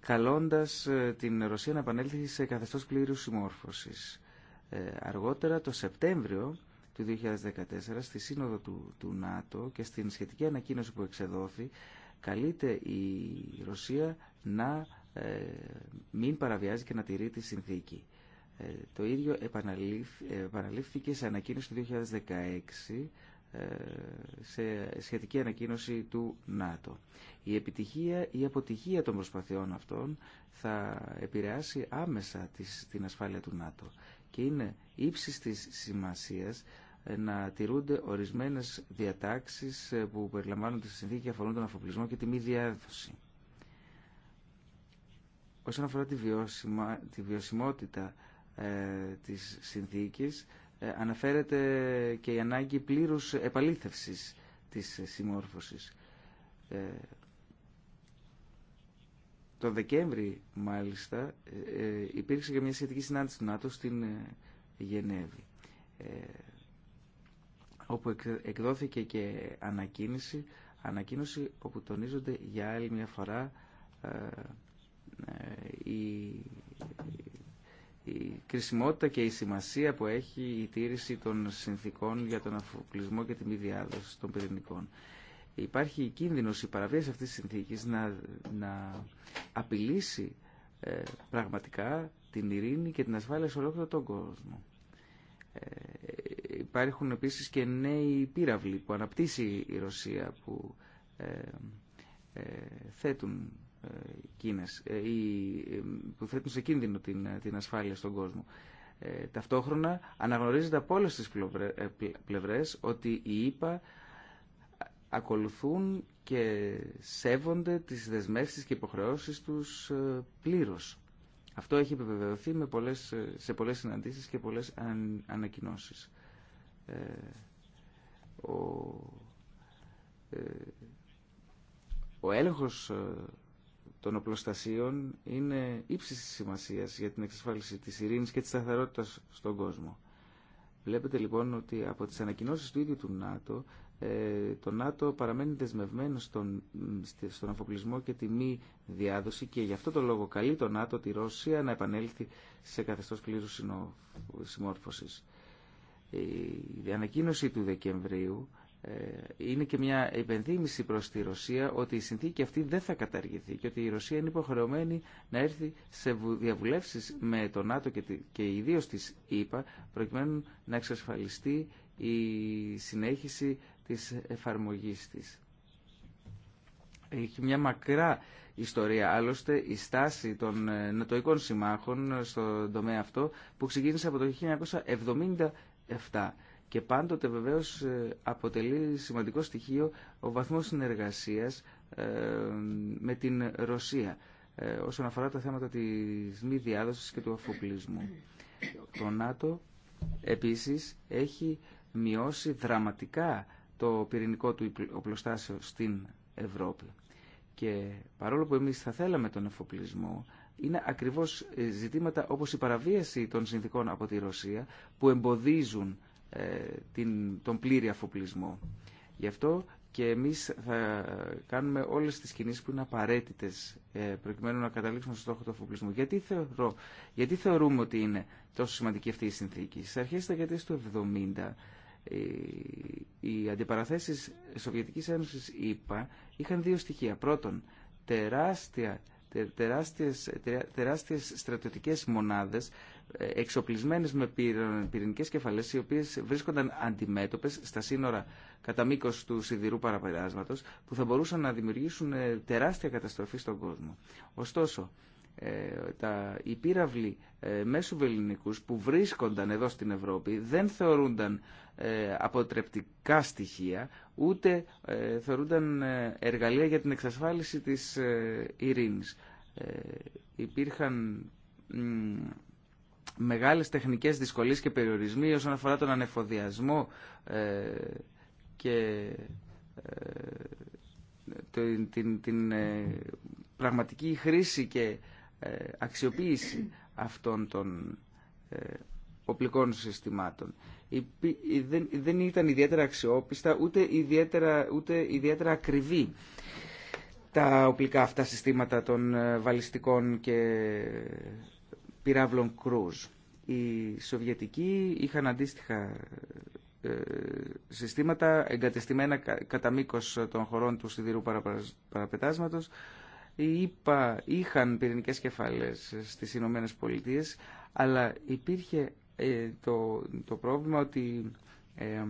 καλώντας ε, την Ρωσία να επανέλθει σε καθεστώς πλήρους συμμόρφωσης. Ε, αργότερα, το Σεπτέμβριο του 2014, στη Σύνοδο του, του ΝΑΤΟ και στην σχετική ανακοίνωση που εξεδόθη, καλείται η Ρωσία να ε, μην παραβιάζει και να τηρεί τη συνθήκη. το ίδιο επαναλήφθηκε σε ανακοίνωση του 2016 σε σχετική ανακοίνωση του ΝΑΤΟ. Η επιτυχία ή αποτυχία των προσπαθειών αυτών θα επηρεάσει άμεσα την ασφάλεια του ΝΑΤΟ και είναι ύψης της σημασίας ε, να τηρούνται ορισμένες διατάξεις ε, που περιλαμβάνονται στη συνθήκη αφορούν τον αφοπλισμό και τη μη διάδοση. Όσον αφορά τη, βιώσιμα, τη βιωσιμότητα ε, της συνθήκης, ε, αναφέρεται και η ανάγκη πλήρους επαλήθευσης της συμμόρφωσης. Ε, το Δεκέμβρη, μάλιστα, ε, υπήρξε και μια σχετική συνάντηση του ΝΑΤΟ στην Γενέβη, όπου εκδόθηκε και ανακίνηση ανακοίνωση όπου τονίζονται για άλλη μια φορά οι η κρισιμότητα και η σημασία που έχει η τήρηση των συνθήκων για τον αφοπλισμό και τη μη διάδοση των πυρηνικών. Υπάρχει κίνδυνος η παραβίαση αυτής της συνθήκης να, να απειλήσει ε, πραγματικά την ειρήνη και την ασφάλεια σε ολόκληρο τον κόσμο. Ε, υπάρχουν επίσης και νέοι πύραυλοι που αναπτύσσει η Ρωσία που ε, ε θέτουν ε, ε, που θέτουν σε κίνδυνο την, ε, την ασφάλεια στον κόσμο. ταυτόχρονα αναγνωρίζεται από όλες τις πλευρές ότι οι ΙΠΑ ακολουθούν και σέβονται τις δεσμεύσεις και υποχρεώσεις τους πλήρως. Αυτό έχει επιβεβαιωθεί με πολλές, σε πολλές συναντήσεις και πολλές ανακοινώσεις. ο, ο έλεγχος των οπλοστασίων είναι ύψης σημασίας για την εξασφάλιση της ειρήνης και της σταθερότητας στον κόσμο. Βλέπετε λοιπόν ότι από τις ανακοινώσεις του ίδιου του ΝΑΤΟ ε, το ΝΑΤΟ παραμένει δεσμευμένο στον, στον αφοπλισμό και τη μη διάδοση και γι' αυτό το λόγο καλεί το ΝΑΤΟ τη Ρωσία να επανέλθει σε καθεστώς πλήρους συμμόρφωσης. Η ανακοίνωση του Δεκεμβρίου ε, είναι και μια υπενθύμηση προς τη Ρωσία ότι η συνθήκη αυτή δεν θα καταργηθεί και ότι η Ρωσία είναι υποχρεωμένη να έρθει σε διαβουλεύσεις με το ΝΑΤΟ και, και ιδίως της ΕΠΑ προκειμένου να εξασφαλιστεί η συνέχιση της εφαρμογής της. Έχει μια μακρά ιστορία. Άλλωστε, η στάση των ε, νατοικών συμμάχων στον τομέα αυτό που ξεκίνησε από το 1977 και πάντοτε βεβαίως ε, αποτελεί σημαντικό στοιχείο ο βαθμός συνεργασίας ε, με την Ρωσία ε, όσον αφορά τα θέματα της μη διάδοσης και του αφοπλισμού. Το ΝΑΤΟ επίσης έχει μειώσει δραματικά το πυρηνικό του οπλοστάσιο στην Ευρώπη. Και παρόλο που εμείς θα θέλαμε τον εφοπλισμό, είναι ακριβώς ζητήματα όπως η παραβίαση των συνθήκων από τη Ρωσία που εμποδίζουν ε, την, τον πλήρη αφοπλισμό. Γι' αυτό και εμείς θα κάνουμε όλες τις κινήσεις που είναι απαραίτητες ε, προκειμένου να καταλήξουμε στο στόχο του αφοπλισμού. Γιατί, θεωρώ, γιατί θεωρούμε ότι είναι τόσο σημαντική αυτή η συνθήκη. Στις αρχές της δεκαετίας του 70 ε, οι αντιπαραθέσεις Σοβιετικής Ένωσης ΗΠΑ είχαν δύο στοιχεία. Πρώτον, τεράστια τεράστιες, τεράστιες στρατιωτικές μονάδες ε, εξοπλισμένες με πυρηνικές κεφαλές οι οποίες βρίσκονταν αντιμέτωπες στα σύνορα κατά μήκος του σιδηρού παραπεράσματος που θα μπορούσαν να δημιουργήσουν ε, τεράστια καταστροφή στον κόσμο. Ωστόσο, ε, τα, οι πύραυλοι ε, μέσου που βρίσκονταν εδώ στην Ευρώπη δεν θεωρούνταν ε, αποτρεπτικά στοιχεία ούτε θεωρούνταν εργαλεία για την εξασφάλιση της ειρήνης. Υπήρχαν μεγάλες τεχνικές δυσκολίες και περιορισμοί όσον αφορά τον ανεφοδιασμό και την, την πραγματική χρήση και ε, αξιοποίηση αυτών των ε, οπλικών συστημάτων. Ε, δεν ήταν ιδιαίτερα αξιόπιστα ούτε ιδιαίτερα, ούτε ιδιαίτερα ακριβή τα οπλικά αυτά συστήματα των βαλιστικών και πυράβλων κρούζ. Οι Σοβιετικοί είχαν αντίστοιχα συστήματα εγκατεστημένα κατά μήκο των χωρών του σιδηρού παραπετάσματος οι είχαν πυρηνικές κεφάλες στις Ηνωμένε Πολιτείε, αλλά υπήρχε ε, το, το πρόβλημα ότι ε,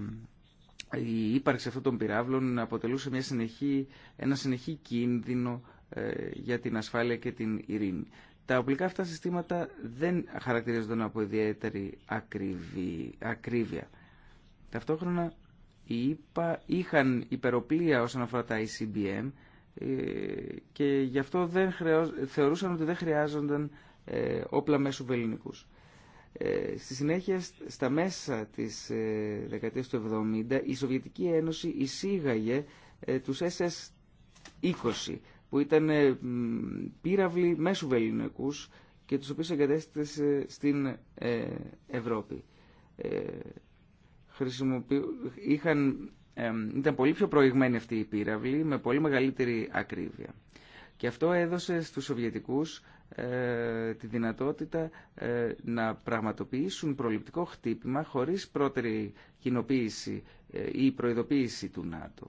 η ύπαρξη αυτών των πυράβλων αποτελούσε μια συνεχή, ένα συνεχή κίνδυνο ε, για την ασφάλεια και την ειρήνη. Τα οπλικά αυτά συστήματα δεν χαρακτηρίζονταν από ιδιαίτερη ακρίβεια. Ταυτόχρονα οι ΙΠΑ είχαν υπεροπλία όσον αφορά τα ICBM, ε, και γι' αυτό δεν χρεώ... θεωρούσαν ότι δεν χρειάζονταν ε, όπλα μέσου Ε, Στη συνέχεια, στα μέσα της ε, δεκαετίας του 70, η Σοβιετική Ένωση εισήγαγε τους SS-20, που ήταν πύραυλοι μέσου βελληνικούς και τους οποίους εγκατέστησε στην Ευρώπη. Είχαν ήταν πολύ πιο προηγμένη αυτή η πύραυλη με πολύ μεγαλύτερη ακρίβεια. Και αυτό έδωσε στους Σοβιετικούς ε, τη δυνατότητα ε, να πραγματοποιήσουν προληπτικό χτύπημα χωρίς πρώτερη κοινοποίηση ε, ή προειδοποίηση του ΝΑΤΟ.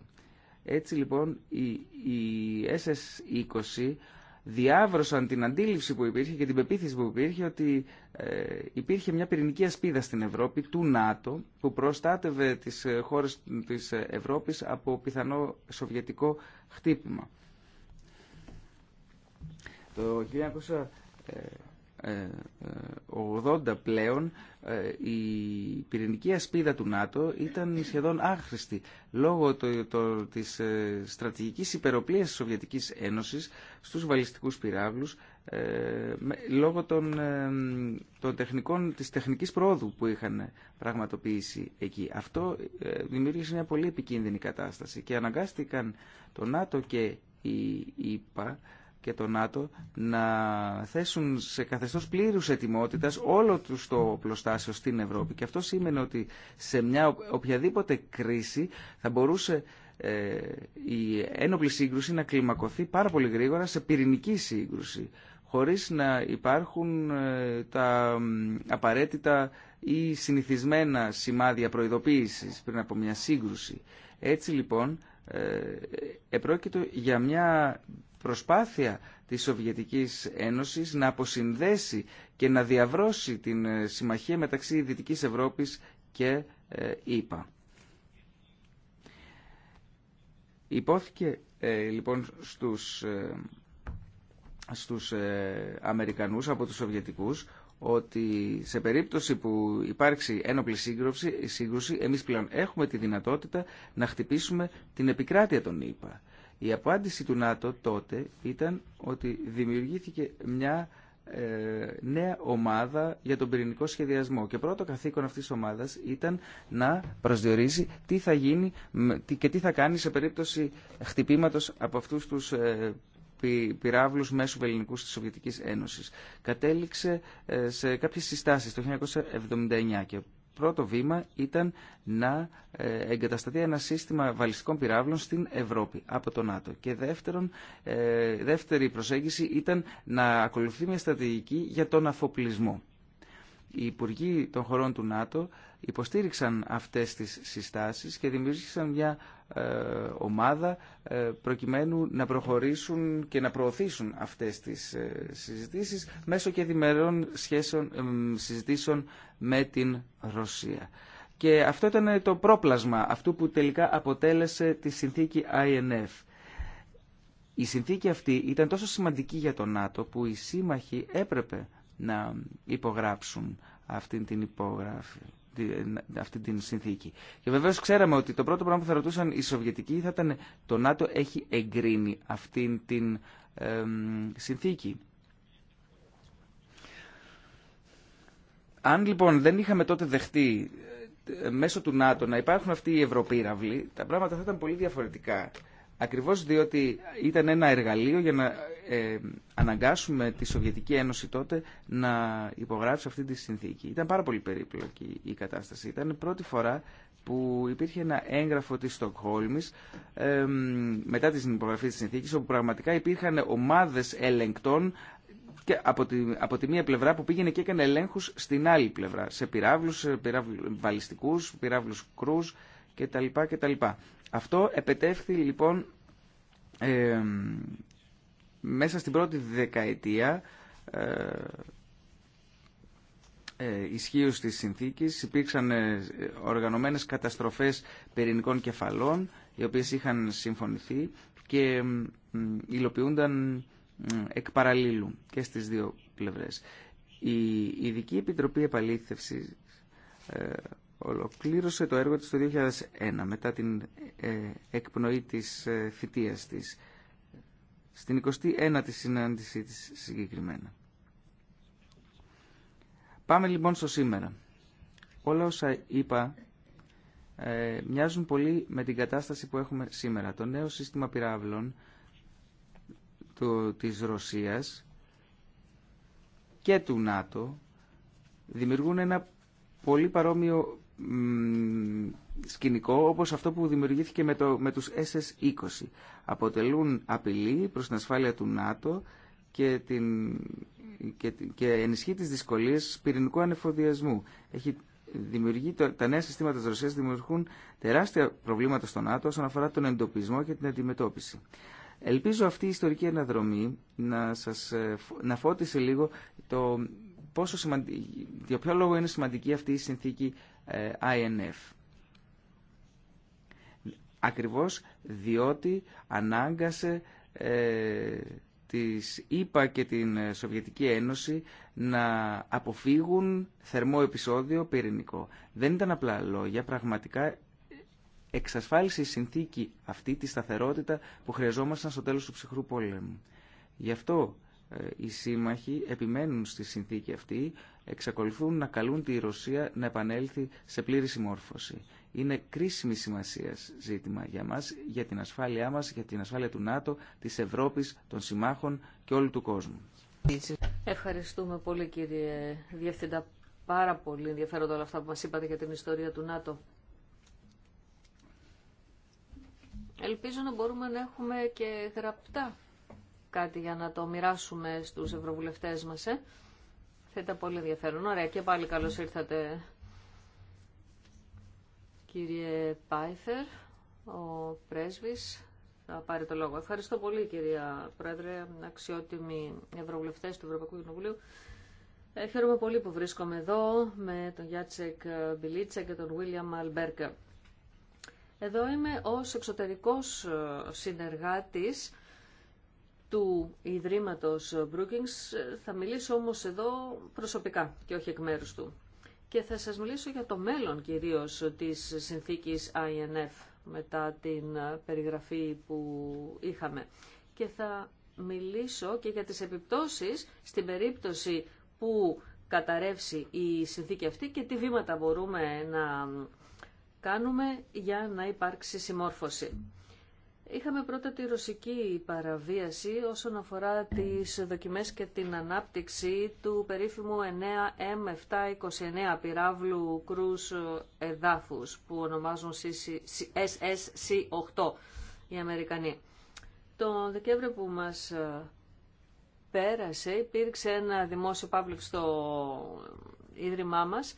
Έτσι λοιπόν η, η SS-20 διάβρωσαν την αντίληψη που υπήρχε και την πεποίθηση που υπήρχε ότι ε, υπήρχε μια πυρηνική ασπίδα στην Ευρώπη του ΝΑΤΟ που προστάτευε τις ε, χώρες της ε, Ευρώπης από πιθανό σοβιετικό χτύπημα. Το 19... 80 ε, ε, πλέον ε, η πυρηνική ασπίδα του ΝΑΤΟ ήταν σχεδόν άχρηστη λόγω το, το, της στρατηγικής υπεροπλίας της Σοβιετικής Ένωσης στους βαλιστικούς πυράβλους λόγω των, των τεχνικών, της τεχνικής πρόοδου που είχαν πραγματοποιήσει εκεί. Αυτό δημιούργησε μια πολύ επικίνδυνη κατάσταση και αναγκάστηκαν το ΝΑΤΟ και η ΙΠΑ και το ΝΑΤΟ να θέσουν σε καθεστώς πλήρους ετοιμότητας όλο τους το πλωστάσιο στην Ευρώπη. Και αυτό σήμαινε ότι σε μια οποιαδήποτε κρίση θα μπορούσε ε, η ένοπλη σύγκρουση να κλιμακωθεί πάρα πολύ γρήγορα σε πυρηνική σύγκρουση χωρίς να υπάρχουν ε, τα απαραίτητα ή συνηθισμένα σημάδια προειδοποίησης πριν από μια σύγκρουση. Έτσι λοιπόν ε, επρόκειτο για μια προσπάθεια της Σοβιετικής Ένωσης να αποσυνδέσει και να διαβρώσει την ε, συμμαχία μεταξύ Δυτικής Ευρώπης και ε, ΗΠΑ. Υπόθηκε ε, λοιπόν στους, ε, Αμερικανούς από τους Σοβιετικούς ότι σε περίπτωση που υπάρξει ένοπλη σύγκρουση, σύγκρουση εμείς πλέον έχουμε τη δυνατότητα να χτυπήσουμε την επικράτεια των ΗΠΑ. Η απάντηση του ΝΑΤΟ τότε ήταν ότι δημιουργήθηκε μια ε, νέα ομάδα για τον πυρηνικό σχεδιασμό. Και πρώτο καθήκον αυτής της ομάδας ήταν να προσδιορίσει τι θα γίνει και τι θα κάνει σε περίπτωση χτυπήματος από αυτούς τους ε, πυράβλους μέσου βελληνικού της Σοβιετικής Ένωσης. Κατέληξε ε, σε κάποιες συστάσεις το 1979 πρώτο βήμα ήταν να ε, εγκατασταθεί ένα σύστημα βαλιστικών πυράβλων στην Ευρώπη από το ΝΑΤΟ. Και δεύτερον, ε, δεύτερη προσέγγιση ήταν να ακολουθεί μια στρατηγική για τον αφοπλισμό. Οι υπουργοί των χωρών του ΝΑΤΟ υποστήριξαν αυτές τις συστάσεις και δημιούργησαν μια ε, ομάδα ε, προκειμένου να προχωρήσουν και να προωθήσουν αυτές τις ε, συζητήσεις μέσω και δημερών σχέσεων, συζητήσεων με την Ρωσία. Και αυτό ήταν το πρόπλασμα αυτού που τελικά αποτέλεσε τη συνθήκη INF. Η συνθήκη αυτή ήταν τόσο σημαντική για το ΝΑΤΟ που οι σύμμαχοι έπρεπε να υπογράψουν αυτήν την υπογράφη αυτή την συνθήκη. Και βεβαίω ξέραμε ότι το πρώτο πράγμα που θα ρωτούσαν οι Σοβιετικοί θα ήταν το ΝΑΤΟ έχει εγκρίνει αυτή την συνθήκη. Αν λοιπόν δεν είχαμε τότε δεχτεί ε, μέσω του ΝΑΤΟ να υπάρχουν αυτοί οι ευρωπύραυλοι, τα πράγματα θα ήταν πολύ διαφορετικά. Ακριβώς διότι ήταν ένα εργαλείο για να ε, αναγκάσουμε τη Σοβιετική Ένωση τότε να υπογράψει αυτή τη συνθήκη. Ήταν πάρα πολύ περίπλοκη η κατάσταση. Ήταν η πρώτη φορά που υπήρχε ένα έγγραφο της Στοκχόλμης μετά την υπογραφή της συνθήκης όπου πραγματικά υπήρχαν ομάδες ελεγκτών και από, τη, από τη μία πλευρά που πήγαινε και έκανε ελέγχους στην άλλη πλευρά σε πυράβλους, πυράβλους βαλιστικούς, πυράβλους κρούς κτλ. Αυτό επετεύχθη λοιπόν μέσα στην πρώτη δεκαετία ε, ε, ισχύως της συνθήκης υπήρξαν ε, οργανωμένες καταστροφές πυρηνικών κεφαλών οι οποίες είχαν συμφωνηθεί και υλοποιούνταν εκ παραλίλου και στις δύο πλευρές. Η Ειδική Επιτροπή Επαλήθευσης ε, ολοκλήρωσε το έργο της το 2001 μετά την ε, εκπνοή της φοιτείας ε, της στην 21η συνάντησή της συγκεκριμένα. Πάμε λοιπόν στο σήμερα. Όλα όσα είπα ε, μοιάζουν πολύ με την κατάσταση που έχουμε σήμερα. Το νέο σύστημα πυράβλων του, της Ρωσίας και του ΝΑΤΟ δημιουργούν ένα πολύ παρόμοιο σκηνικό όπως αυτό που δημιουργήθηκε με, το, με τους SS-20. Αποτελούν απειλή προς την ασφάλεια του ΝΑΤΟ και, την, και, και ενισχύει τις δυσκολίες πυρηνικού ανεφοδιασμού. Έχει δημιουργεί, τα νέα συστήματα της Ρωσίας δημιουργούν τεράστια προβλήματα στο ΝΑΤΟ όσον αφορά τον εντοπισμό και την αντιμετώπιση. Ελπίζω αυτή η ιστορική αναδρομή να, σας, ε, να φώτισε λίγο το, πόσο σημαντική, για ποιο λόγο είναι σημαντική αυτή η συνθήκη ε, INF. Ακριβώς διότι ανάγκασε ε, της ήπα και την Σοβιετική Ένωση να αποφύγουν θερμό επεισόδιο πυρηνικό. Δεν ήταν απλά λόγια, πραγματικά εξασφάλισε η συνθήκη αυτή τη σταθερότητα που χρειαζόμασταν στο τέλος του ψυχρού πολέμου. Γι' αυτό ε, οι σύμμαχοι επιμένουν στη συνθήκη αυτή εξακολουθούν να καλούν τη Ρωσία να επανέλθει σε πλήρη συμμόρφωση. Είναι κρίσιμη σημασία ζήτημα για μας, για την ασφάλειά μας, για την ασφάλεια του ΝΑΤΟ, της Ευρώπης, των συμμάχων και όλου του κόσμου. Ευχαριστούμε πολύ κύριε Διευθυντά. Πάρα πολύ ενδιαφέροντα όλα αυτά που μας είπατε για την ιστορία του ΝΑΤΟ. Ελπίζω να μπορούμε να έχουμε και γραπτά κάτι για να το μοιράσουμε στους ευρωβουλευτές μας. Ε. Θα ήταν πολύ ενδιαφέρον. Ωραία και πάλι καλώ ήρθατε κύριε Πάιφερ, ο πρέσβης. Θα πάρει το λόγο. Ευχαριστώ πολύ κυρία Πρόεδρε, αξιότιμοι ευρωβουλευτές του Ευρωπαϊκού Κοινοβουλίου. Ε, χαίρομαι πολύ που βρίσκομαι εδώ με τον Γιάτσεκ Μπιλίτσα και τον Βίλιαμ Αλμπέρκα. Εδώ είμαι ως εξωτερικός ε, συνεργάτης του Ιδρύματος Brookings, θα μιλήσω όμως εδώ προσωπικά και όχι εκ μέρους του. Και θα σας μιλήσω για το μέλλον κυρίως της συνθήκης INF μετά την περιγραφή που είχαμε. Και θα μιλήσω και για τις επιπτώσεις στην περίπτωση που καταρρεύσει η συνθήκη αυτή και τι βήματα μπορούμε να κάνουμε για να υπάρξει συμμόρφωση. Είχαμε πρώτα τη ρωσική παραβίαση όσον αφορά τις δοκιμές και την ανάπτυξη του περίφημου 9M729 πυράβλου κρούς εδάφους που ονομάζουν SSC8 οι Αμερικανοί. Το Δεκέμβριο που μας ε, πέρασε υπήρξε ένα δημόσιο public στο ε, Ίδρυμά μας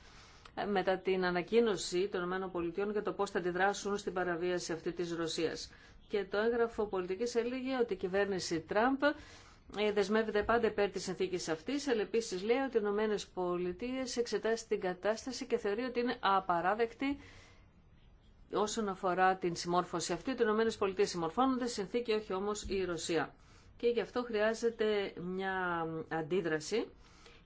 ε, μετά την ανακοίνωση των ΗΠΑ για το πώς θα αντιδράσουν στην παραβίαση αυτή της Ρωσίας και το έγγραφο πολιτική έλεγε ότι η κυβέρνηση Τραμπ ε, δεσμεύεται πάντα υπέρ τη συνθήκη αυτή, αλλά επίση λέει ότι οι Ηνωμένε Πολιτείε εξετάσει την κατάσταση και θεωρεί ότι είναι απαράδεκτη όσον αφορά την συμμόρφωση αυτή. Οι Ηνωμένε Πολιτείε συμμορφώνονται, συνθήκη όχι όμω η Ρωσία. Και γι' αυτό χρειάζεται μια αντίδραση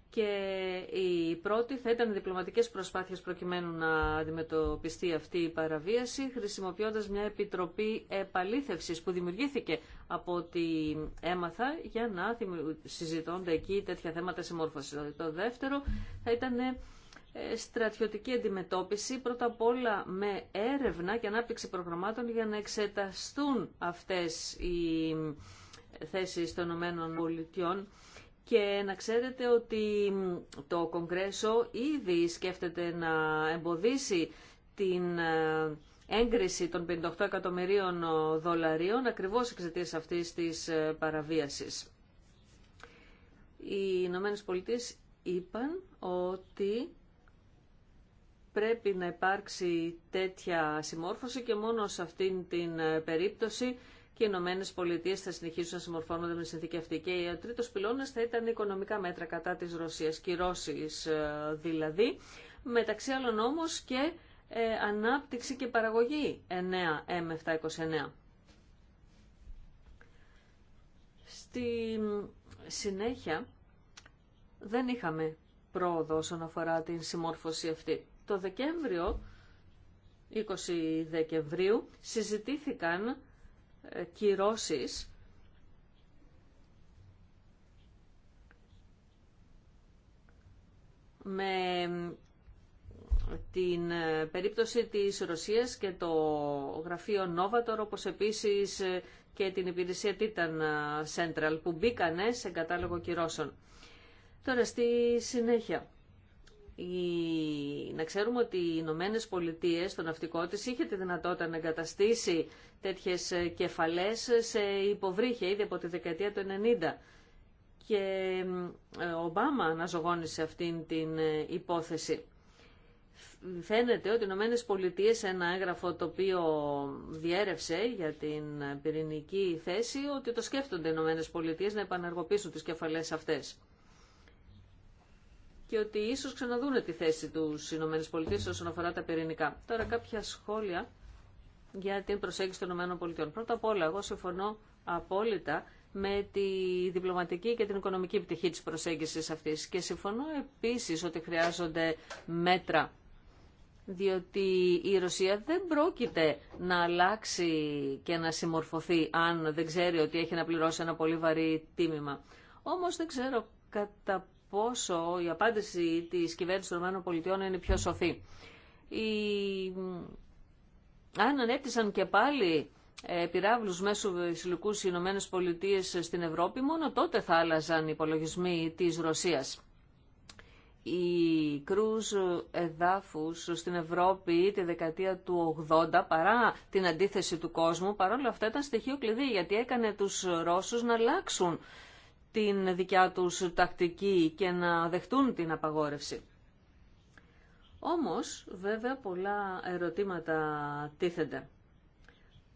και η πρώτη θα ήταν διπλωματικές προσπάθειες προκειμένου να αντιμετωπιστεί αυτή η παραβίαση χρησιμοποιώντας μια επιτροπή επαλήθευσης που δημιουργήθηκε από ό,τι έμαθα για να συζητώνται εκεί τέτοια θέματα συμμόρφωσης. Δηλαδή, το δεύτερο θα ήταν ε, στρατιωτική αντιμετώπιση πρώτα απ' όλα με έρευνα και ανάπτυξη προγραμμάτων για να εξεταστούν αυτές οι ε, θέσεις των ΗΠΑ και να ξέρετε ότι το Κογκρέσο ήδη σκέφτεται να εμποδίσει την ε, έγκριση των 58 εκατομμυρίων δολαρίων ακριβώς εξαιτίας αυτής της ε, παραβίασης. Οι Ηνωμένε Πολιτείε είπαν ότι πρέπει να υπάρξει τέτοια συμμόρφωση και μόνο σε αυτήν την ε, περίπτωση και οι Ηνωμένε Πολιτείε θα συνεχίσουν να συμμορφώνονται με τη συνθήκη αυτή. Και ο τρίτο πυλώνα θα ήταν οικονομικά μέτρα κατά τη Ρωσία, κυρώσει ε, δηλαδή, μεταξύ άλλων όμω και ε, ανάπτυξη και παραγωγή 9M729. Στη συνέχεια δεν είχαμε πρόοδο όσον αφορά την συμμόρφωση αυτή. Το Δεκέμβριο, 20 Δεκεμβρίου, συζητήθηκαν κυρώσεις με την περίπτωση της Ρωσίας και το γραφείο Νόβατορ, όπως επίσης και την υπηρεσία Titan Central, που μπήκανε σε κατάλογο κυρώσεων. Τώρα στη συνέχεια. Να ξέρουμε ότι οι Ηνωμένε Πολιτείε, το ναυτικό τη είχε τη δυνατότητα να εγκαταστήσει τέτοιε ε, κεφαλές σε υποβρύχια ήδη από τη δεκαετία του 90. Και ο ε, Ομπάμα αναζωγόνησε αυτήν την ε, υπόθεση. Φαίνεται ότι οι Ηνωμένε Πολιτείε σε ένα έγγραφο το οποίο διέρευσε για την πυρηνική θέση, ότι το σκέφτονται οι Ηνωμένε Πολιτείε να επαναργοποιήσουν τι κεφαλέ αυτέ και ότι ίσως ξαναδούνε τη θέση του Ηνωμένες Πολιτείες όσον αφορά τα πυρηνικά. Τώρα κάποια σχόλια για την προσέγγιση των Ηνωμένων Πρώτα απ' όλα, εγώ συμφωνώ απόλυτα με τη διπλωματική και την οικονομική πτυχή της προσέγγισης αυτής και συμφωνώ επίσης ότι χρειάζονται μέτρα διότι η Ρωσία δεν πρόκειται να αλλάξει και να συμμορφωθεί αν δεν ξέρει ότι έχει να πληρώσει ένα πολύ βαρύ τίμημα. Όμως δεν ξέρω κατά πόσο η απάντηση της κυβέρνησης των ΗΠΑ είναι πιο σοφή. Η... Αν ανέπτυσαν και πάλι ε, πυράβλους μέσω συλλογικού οι Ηνωμένες στην Ευρώπη, μόνο τότε θα άλλαζαν οι υπολογισμοί της Ρωσίας. Οι κρούς εδάφους στην Ευρώπη τη δεκαετία του 80, παρά την αντίθεση του κόσμου, παρόλα αυτά ήταν στοιχείο κλειδί, γιατί έκανε τους Ρώσους να αλλάξουν την δικιά τους τακτική και να δεχτούν την απαγόρευση. Όμως, βέβαια, πολλά ερωτήματα τίθενται.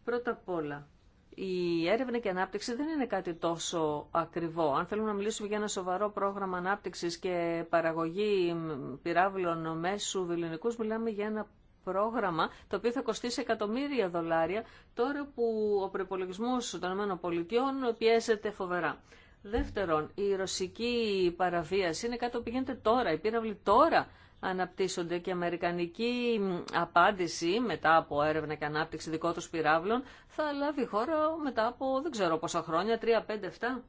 Πρώτα απ' όλα, η έρευνα και ανάπτυξη δεν είναι κάτι τόσο ακριβό. Αν θέλουμε να μιλήσουμε για ένα σοβαρό πρόγραμμα ανάπτυξης και παραγωγή πυράβλων μέσου βιλινικούς, μιλάμε για ένα πρόγραμμα το οποίο θα κοστίσει εκατομμύρια δολάρια τώρα που ο προπολογισμό των ΗΠΑ πιέζεται φοβερά. Δεύτερον, η ρωσική παραβίαση είναι κάτι που γίνεται τώρα. Οι πύραυλοι τώρα αναπτύσσονται και η αμερικανική απάντηση μετά από έρευνα και ανάπτυξη δικών τους πυράβλων θα λάβει χώρα μετά από δεν ξέρω πόσα χρόνια, 3, 5, 7.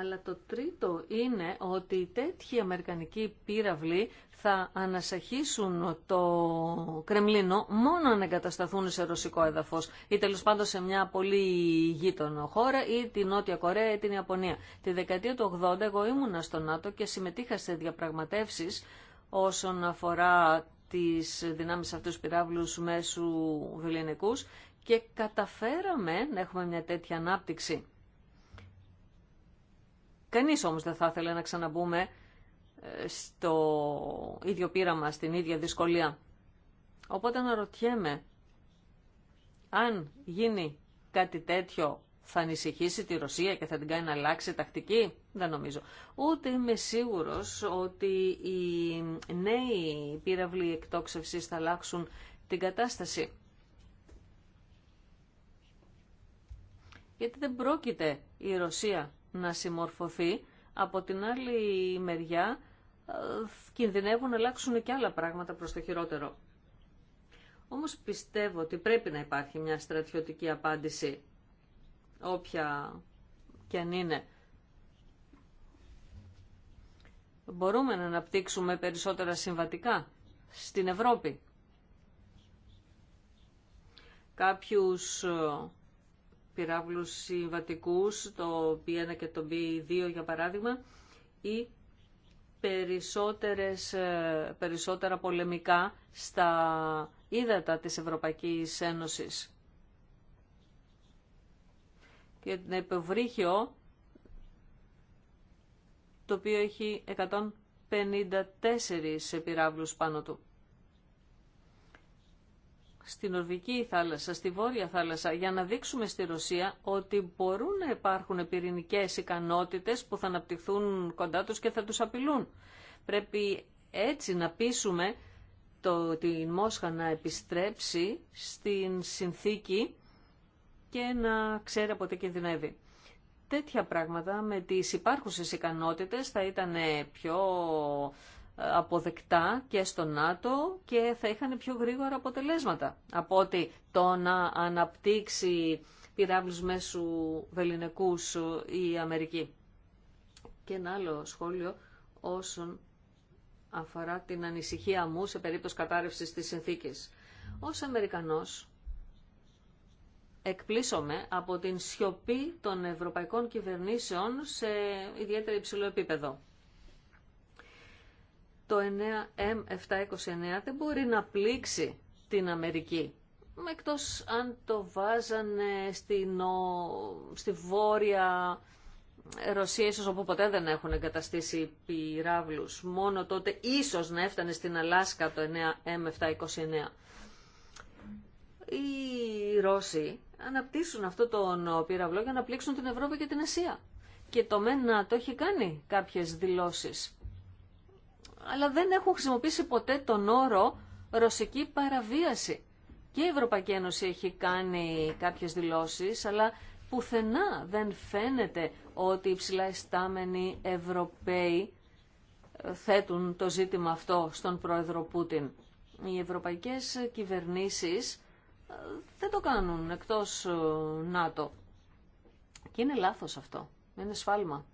Αλλά το τρίτο είναι ότι τέτοιοι αμερικανικοί πύραυλοι θα ανασαχίσουν το Κρεμλίνο μόνο αν εγκατασταθούν σε ρωσικό έδαφος ή τέλο πάντων σε μια πολύ γείτονο χώρα ή την Νότια Κορέα ή την Ιαπωνία. Τη δεκαετία του 80 εγώ ήμουνα στο ΝΑΤΟ και συμμετείχα σε διαπραγματεύσεις όσον αφορά τις δυνάμεις αυτούς πυράβλους μέσου βιλενικούς και καταφέραμε να έχουμε μια τέτοια ανάπτυξη. Κανείς όμως δεν θα ήθελε να ξαναμπούμε ε, στο ίδιο πείραμα, στην ίδια δυσκολία. Οπότε αναρωτιέμαι, αν γίνει κάτι τέτοιο θα ανησυχήσει τη Ρωσία και θα την κάνει να αλλάξει τακτική. Δεν νομίζω. Ούτε είμαι σίγουρος ότι οι νέοι πύραυλοι εκτόξευσης θα αλλάξουν την κατάσταση. Γιατί δεν πρόκειται η Ρωσία να συμμορφωθεί, από την άλλη μεριά ε, κινδυνεύουν να αλλάξουν και άλλα πράγματα προς το χειρότερο. Όμως πιστεύω ότι πρέπει να υπάρχει μια στρατιωτική απάντηση, όποια και αν είναι. Μπορούμε να αναπτύξουμε περισσότερα συμβατικά στην Ευρώπη. Κάποιους ε, πυράβλους συμβατικούς, το B1 και το B2 για παράδειγμα, ή περισσότερες, ε, περισσότερα πολεμικά στα ύδατα της Ευρωπαϊκής Ένωσης. Και ένα υπευρύχιο το οποίο έχει 154 πυράβλους πάνω του στη Νορβική θάλασσα, στη Βόρεια θάλασσα, για να δείξουμε στη Ρωσία ότι μπορούν να υπάρχουν πυρηνικέ ικανότητες που θα αναπτυχθούν κοντά τους και θα τους απειλούν. Πρέπει έτσι να πείσουμε το, την Μόσχα να επιστρέψει στην συνθήκη και να ξέρει από τι κινδυνεύει. Τέτοια πράγματα με τις υπάρχουσες ικανότητες θα ήταν πιο αποδεκτά και στο ΝΑΤΟ και θα είχαν πιο γρήγορα αποτελέσματα από ότι το να αναπτύξει πυράβλους μέσου βεληνικούς η Αμερική. Και ένα άλλο σχόλιο όσον αφορά την ανησυχία μου σε περίπτωση κατάρρευσης της συνθήκης. Ως Αμερικανός εκπλήσωμαι από την σιωπή των ευρωπαϊκών κυβερνήσεων σε ιδιαίτερα υψηλό επίπεδο το 9M729 δεν μπορεί να πλήξει την Αμερική. Εκτός αν το βάζανε στη, στη βόρεια Ρωσία, ίσως όπου ποτέ δεν έχουν εγκαταστήσει πυράβλους. Μόνο τότε ίσως να έφτανε στην Αλάσκα το 9M729. Οι Ρώσοι αναπτύσσουν αυτό τον πυραβλό για να πλήξουν την Ευρώπη και την Ασία. Και το ΜΕΝΑ το έχει κάνει κάποιες δηλώσεις αλλά δεν έχουν χρησιμοποιήσει ποτέ τον όρο ρωσική παραβίαση. Και η Ευρωπαϊκή Ένωση έχει κάνει κάποιες δηλώσεις, αλλά πουθενά δεν φαίνεται ότι οι ψηλά ιστάμενοι Ευρωπαίοι ε, θέτουν το ζήτημα αυτό στον πρόεδρο Πούτιν. Οι ευρωπαϊκές κυβερνήσεις ε, δεν το κάνουν εκτός ε, ΝΑΤΟ. Και είναι λάθος αυτό. Είναι σφάλμα.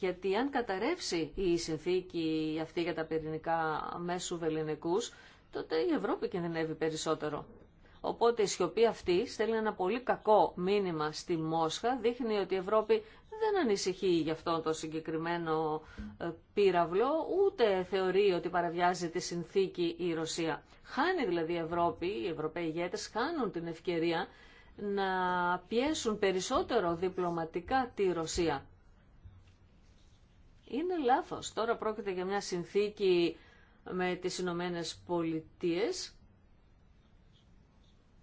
Γιατί αν καταρρεύσει η συνθήκη αυτή για τα πυρηνικά μέσου βεληνικούς, τότε η Ευρώπη κινδυνεύει περισσότερο. Οπότε η σιωπή αυτή στέλνει ένα πολύ κακό μήνυμα στη Μόσχα, δείχνει ότι η Ευρώπη δεν ανησυχεί γι' αυτό το συγκεκριμένο ε, πύραυλο, ούτε θεωρεί ότι παραβιάζει τη συνθήκη η Ρωσία. Χάνει δηλαδή η Ευρώπη, οι Ευρωπαίοι ηγέτες χάνουν την ευκαιρία να πιέσουν περισσότερο διπλωματικά τη Ρωσία είναι λάθος. Τώρα πρόκειται για μια συνθήκη με τις Ηνωμένε Πολιτείε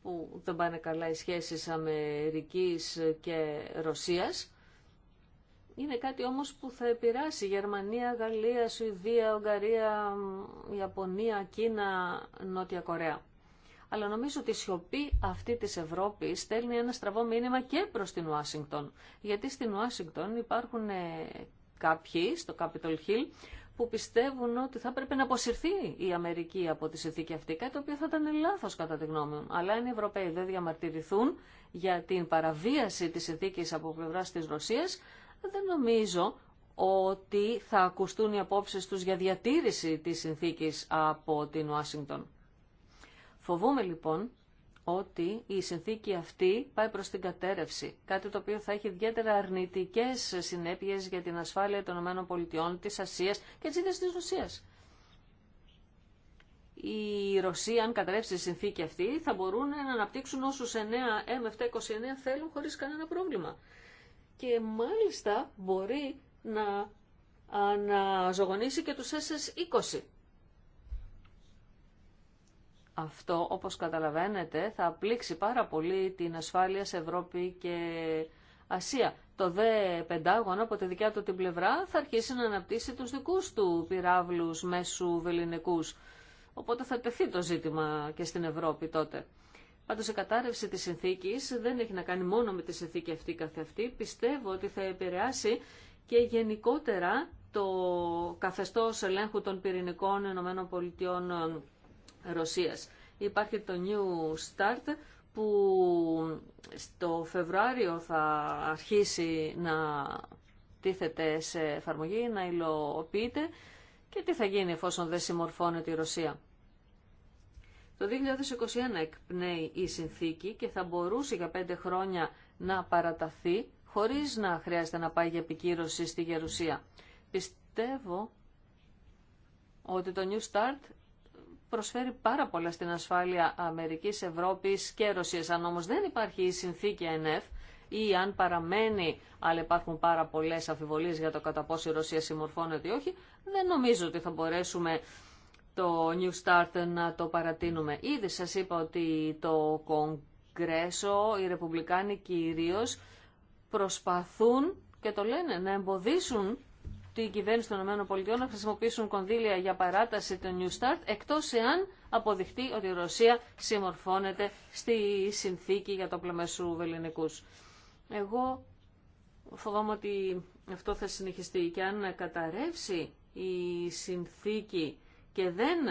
που δεν πάνε καλά οι σχέσεις Αμερικής και Ρωσίας. Είναι κάτι όμως που θα επηρεάσει Γερμανία, Γαλλία, Σουηδία, Ουγγαρία, Ιαπωνία, Κίνα, Νότια Κορέα. Αλλά νομίζω ότι η σιωπή αυτή της Ευρώπης στέλνει ένα στραβό μήνυμα και προς την Ουάσιγκτον. Γιατί στην Ουάσιγκτον υπάρχουν κάποιοι στο Capitol Hill που πιστεύουν ότι θα πρέπει να αποσυρθεί η Αμερική από τη συνθήκη αυτή, κάτι το οποίο θα ήταν λάθος κατά τη γνώμη μου. Αλλά αν οι Ευρωπαίοι δεν διαμαρτυρηθούν για την παραβίαση της συνθήκη από πλευρά τη Ρωσία, δεν νομίζω ότι θα ακουστούν οι απόψεις τους για διατήρηση της συνθήκης από την Ουάσιγκτον. Φοβούμε λοιπόν ότι η συνθήκη αυτή πάει προς την κατέρευση, κάτι το οποίο θα έχει ιδιαίτερα αρνητικές συνέπειες για την ασφάλεια των ΗΠΑ, της Ασίας και της ίδιας της Ρωσίας. Η Ρωσία, αν κατέρευσει τη συνθήκη αυτή, θα μπορούν να αναπτύξουν όσους 9 M729 θέλουν χωρίς κανένα πρόβλημα. Και μάλιστα μπορεί να αναζωογονήσει και τους SS20 αυτό, όπως καταλαβαίνετε, θα πλήξει πάρα πολύ την ασφάλεια σε Ευρώπη και Ασία. Το δε πεντάγωνο από τη δικιά του την πλευρά θα αρχίσει να αναπτύσσει τους δικούς του πυράβλους μέσου βεληνικούς. Οπότε θα τεθεί το ζήτημα και στην Ευρώπη τότε. Πάντω η κατάρρευση τη συνθήκη δεν έχει να κάνει μόνο με τη συνθήκη αυτή καθευτεί. Πιστεύω ότι θα επηρεάσει και γενικότερα το καθεστώ ελέγχου των πυρηνικών ΗΠΑ Ρωσίας. Υπάρχει το New Start που στο Φεβρουάριο θα αρχίσει να τίθεται σε εφαρμογή, να υλοποιείται και τι θα γίνει εφόσον δεν συμμορφώνεται η Ρωσία. Το 2021 εκπνέει η συνθήκη και θα μπορούσε για πέντε χρόνια να παραταθεί χωρίς να χρειάζεται να πάει για επικύρωση στη Γερουσία. Πιστεύω ότι το New Start προσφέρει πάρα πολλά στην ασφάλεια Αμερικής, Ευρώπης και Ρωσίας. Αν όμως δεν υπάρχει η συνθήκη ΕΝΕΦ ή αν παραμένει, αλλά υπάρχουν πάρα πολλές αμφιβολίες για το κατά πόσο η Ρωσία συμμορφώνεται ή όχι, δεν νομίζω ότι θα μπορέσουμε το New Start να το παρατείνουμε. Ήδη σας είπα ότι το Κογκρέσο, οι Ρεπουμπλικάνοι κυρίως, προσπαθούν και το λένε να εμποδίσουν την κυβέρνηση των ΗΠΑ να χρησιμοποιήσουν κονδύλια για παράταση του New Start, εκτός εάν αποδειχτεί ότι η Ρωσία συμμορφώνεται στη συνθήκη για το πλεμέσου βεληνικούς. Εγώ φοβάμαι ότι αυτό θα συνεχιστεί και αν καταρρεύσει η συνθήκη και δεν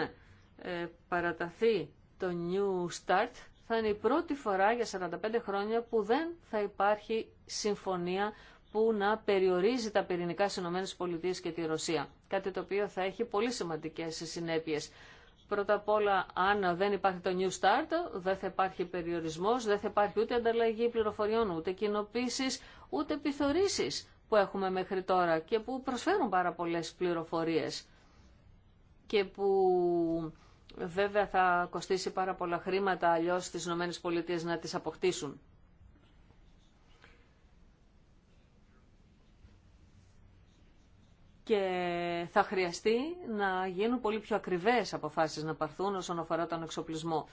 ε, παραταθεί το New Start, θα είναι η πρώτη φορά για 45 χρόνια που δεν θα υπάρχει συμφωνία που να περιορίζει τα πυρηνικά στι ΗΠΑ και τη Ρωσία. Κάτι το οποίο θα έχει πολύ σημαντικέ συνέπειε. Πρώτα απ' όλα, αν δεν υπάρχει το New Start, δεν θα υπάρχει περιορισμό, δεν θα υπάρχει ούτε ανταλλαγή πληροφοριών, ούτε κοινοποίηση, ούτε επιθεωρήσει που έχουμε μέχρι τώρα και που προσφέρουν πάρα πολλέ πληροφορίε και που βέβαια θα κοστίσει πάρα πολλά χρήματα αλλιώς στις ΗΠΑ να τις αποκτήσουν. και θα χρειαστεί να γίνουν πολύ πιο ακριβές αποφάσεις να παρθούν όσον αφορά τον εξοπλισμό.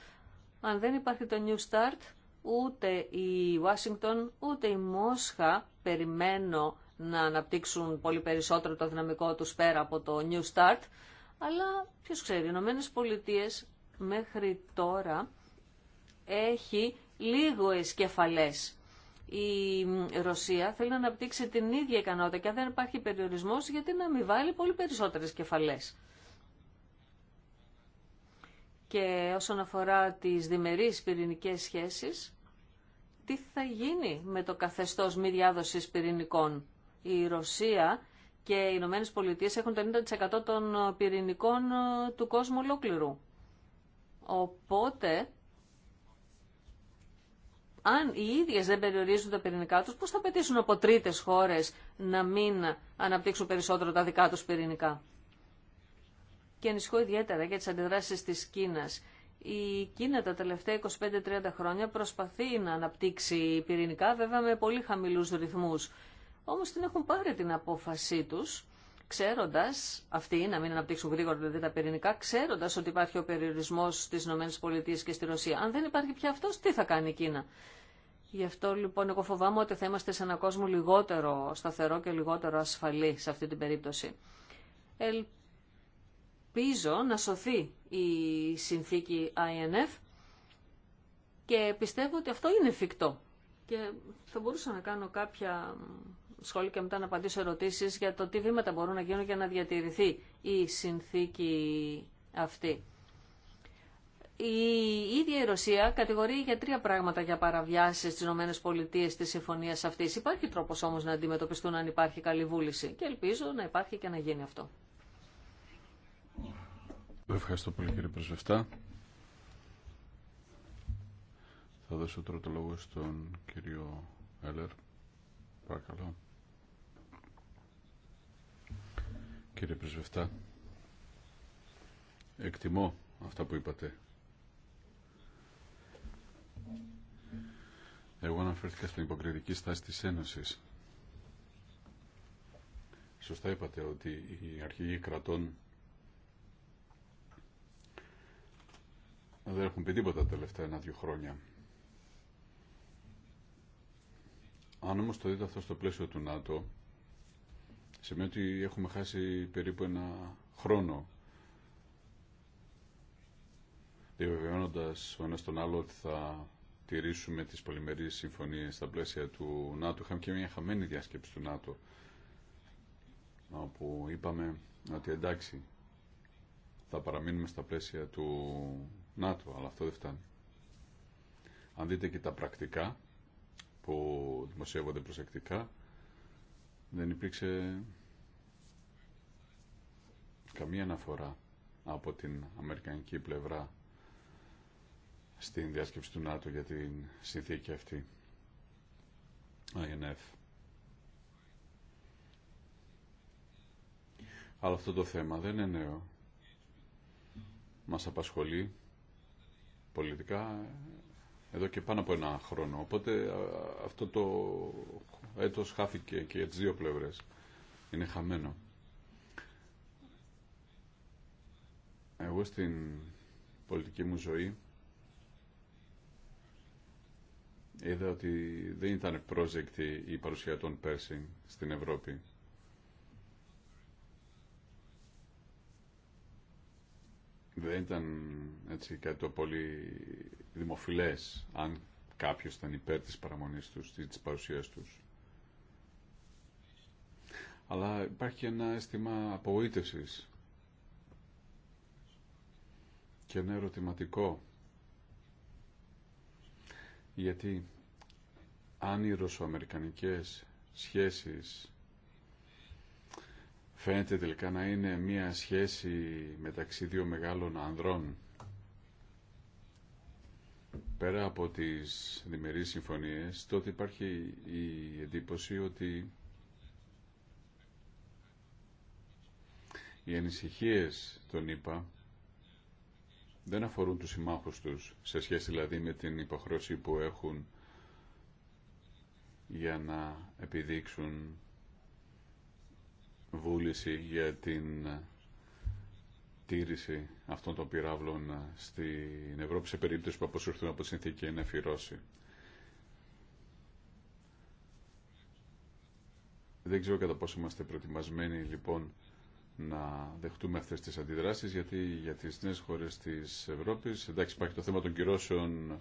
Αν δεν υπάρχει το New Start, ούτε η Washington ούτε η Μόσχα περιμένω να αναπτύξουν πολύ περισσότερο το δυναμικό τους πέρα από το New Start, αλλά ποιος ξέρει, οι Ηνωμένες Πολιτείες μέχρι τώρα έχει λίγο κεφαλές η Ρωσία θέλει να αναπτύξει την ίδια ικανότητα και αν δεν υπάρχει περιορισμός γιατί να μην βάλει πολύ περισσότερες κεφαλές. Και όσον αφορά τις διμερείς πυρηνικές σχέσεις, τι θα γίνει με το καθεστώς μη διάδοσης πυρηνικών. Η Ρωσία και οι Ηνωμένε Πολιτείε έχουν το 90% των πυρηνικών ε, του κόσμου ολόκληρου. Οπότε αν οι ίδιε δεν περιορίζουν τα πυρηνικά του, πώς θα πετήσουν από τρίτε χώρες να μην αναπτύξουν περισσότερο τα δικά τους πυρηνικά. Και ανησυχώ ιδιαίτερα για τις αντιδράσεις τη Κίνας. Η Κίνα τα τελευταία 25-30 χρόνια προσπαθεί να αναπτύξει πυρηνικά, βέβαια με πολύ χαμηλούς ρυθμούς. Όμω την έχουν πάρει την απόφασή του. Ξέροντα, αυτή να μην αναπτύξουν γρήγορα δηλαδή τα πυρηνικά, ξέροντα ότι υπάρχει ο περιορισμός στις ΗΠΑ και στη Ρωσία. Αν δεν υπάρχει πια αυτό, τι θα κάνει η Κίνα. Γι' αυτό λοιπόν εγώ φοβάμαι ότι θα είμαστε σε έναν κόσμο λιγότερο σταθερό και λιγότερο ασφαλή σε αυτή την περίπτωση. Ελπίζω να σωθεί η συνθήκη INF και πιστεύω ότι αυτό είναι εφικτό. Και θα μπορούσα να κάνω κάποια σχόλιο και μετά να απαντήσω ερωτήσεις για το τι βήματα μπορούν να γίνουν για να διατηρηθεί η συνθήκη αυτή. Η ίδια η Ρωσία κατηγορεί για τρία πράγματα για παραβιάσει στι ΗΠΑ τη συμφωνία αυτή. Υπάρχει τρόπο όμω να αντιμετωπιστούν αν υπάρχει καλή βούληση. Και ελπίζω να υπάρχει και να γίνει αυτό. Ευχαριστώ πολύ κύριε Πρεσβευτά. Θα δώσω τώρα το λόγο στον κύριο Έλερ. Παρακαλώ. κύριε Πρεσβευτά. Εκτιμώ αυτά που είπατε. Εγώ αναφέρθηκα στην υποκριτική στάση της Ένωσης. Σωστά είπατε ότι οι αρχηγοί κρατών δεν έχουν πει τίποτα τα τελευταία ένα-δυο χρόνια. Αν όμως το δείτε αυτό στο πλαίσιο του ΝΑΤΟ, Σημαίνει ότι έχουμε χάσει περίπου ένα χρόνο διαβεβαιώνοντα ο ένα τον άλλο ότι θα τηρήσουμε τι πολυμερεί συμφωνίε στα πλαίσια του ΝΑΤΟ. Είχαμε και μια χαμένη διάσκεψη του ΝΑΤΟ, όπου είπαμε ότι εντάξει, θα παραμείνουμε στα πλαίσια του ΝΑΤΟ, αλλά αυτό δεν φτάνει. Αν δείτε και τα πρακτικά που δημοσιεύονται προσεκτικά, δεν υπήρξε καμία αναφορά από την Αμερικανική πλευρά στην διάσκεψη του ΝΑΤΟ για την συνθήκη αυτή. INF. Αλλά αυτό το θέμα δεν είναι νέο. Μας απασχολεί πολιτικά εδώ και πάνω από ένα χρόνο. Οπότε αυτό το έτος χάθηκε και για τις δύο πλευρές. Είναι χαμένο. Εγώ στην πολιτική μου ζωή είδα ότι δεν ήταν project η παρουσία των Πέρσιν στην Ευρώπη. Δεν ήταν έτσι κάτι το πολύ δημοφιλές, αν κάποιος ήταν υπέρ της παραμονής τους ή της παρουσίας τους αλλά υπάρχει ένα αίσθημα απογοήτευσης και ένα ερωτηματικό. Γιατί αν οι ρωσοαμερικανικές σχέσεις φαίνεται τελικά να είναι μία σχέση μεταξύ δύο μεγάλων ανδρών, πέρα από τις διμερείς συμφωνίες, τότε υπάρχει η εντύπωση ότι Οι ανησυχίες των ΗΠΑ δεν αφορούν τους συμμάχους τους, σε σχέση δηλαδή με την υποχρέωση που έχουν για να επιδείξουν βούληση για την τήρηση αυτών των πυράβλων στην Ευρώπη σε περίπτωση που αποσυρθούν από τη συνθήκη να φυρώσει. Δεν ξέρω κατά πόσο είμαστε προετοιμασμένοι λοιπόν να δεχτούμε αυτές τις αντιδράσεις γιατί για τις νέες χώρες της Ευρώπης εντάξει υπάρχει το θέμα των κυρώσεων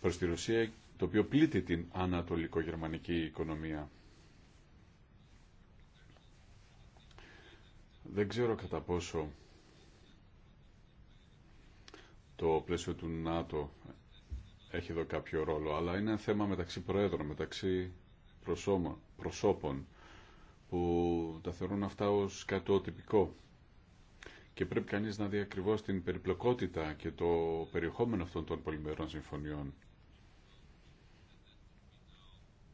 προς τη Ρωσία το οποίο πλήττει την ανατολικογερμανική οικονομία. Δεν ξέρω κατά πόσο το πλαίσιο του ΝΑΤΟ έχει εδώ κάποιο ρόλο, αλλά είναι θέμα μεταξύ προέδρων, μεταξύ προσώμα, προσώπων που τα θεωρούν αυτά ως κατωτυπικό. Και πρέπει κανείς να δει ακριβώ την περιπλοκότητα και το περιεχόμενο αυτών των πολυμερών συμφωνιών.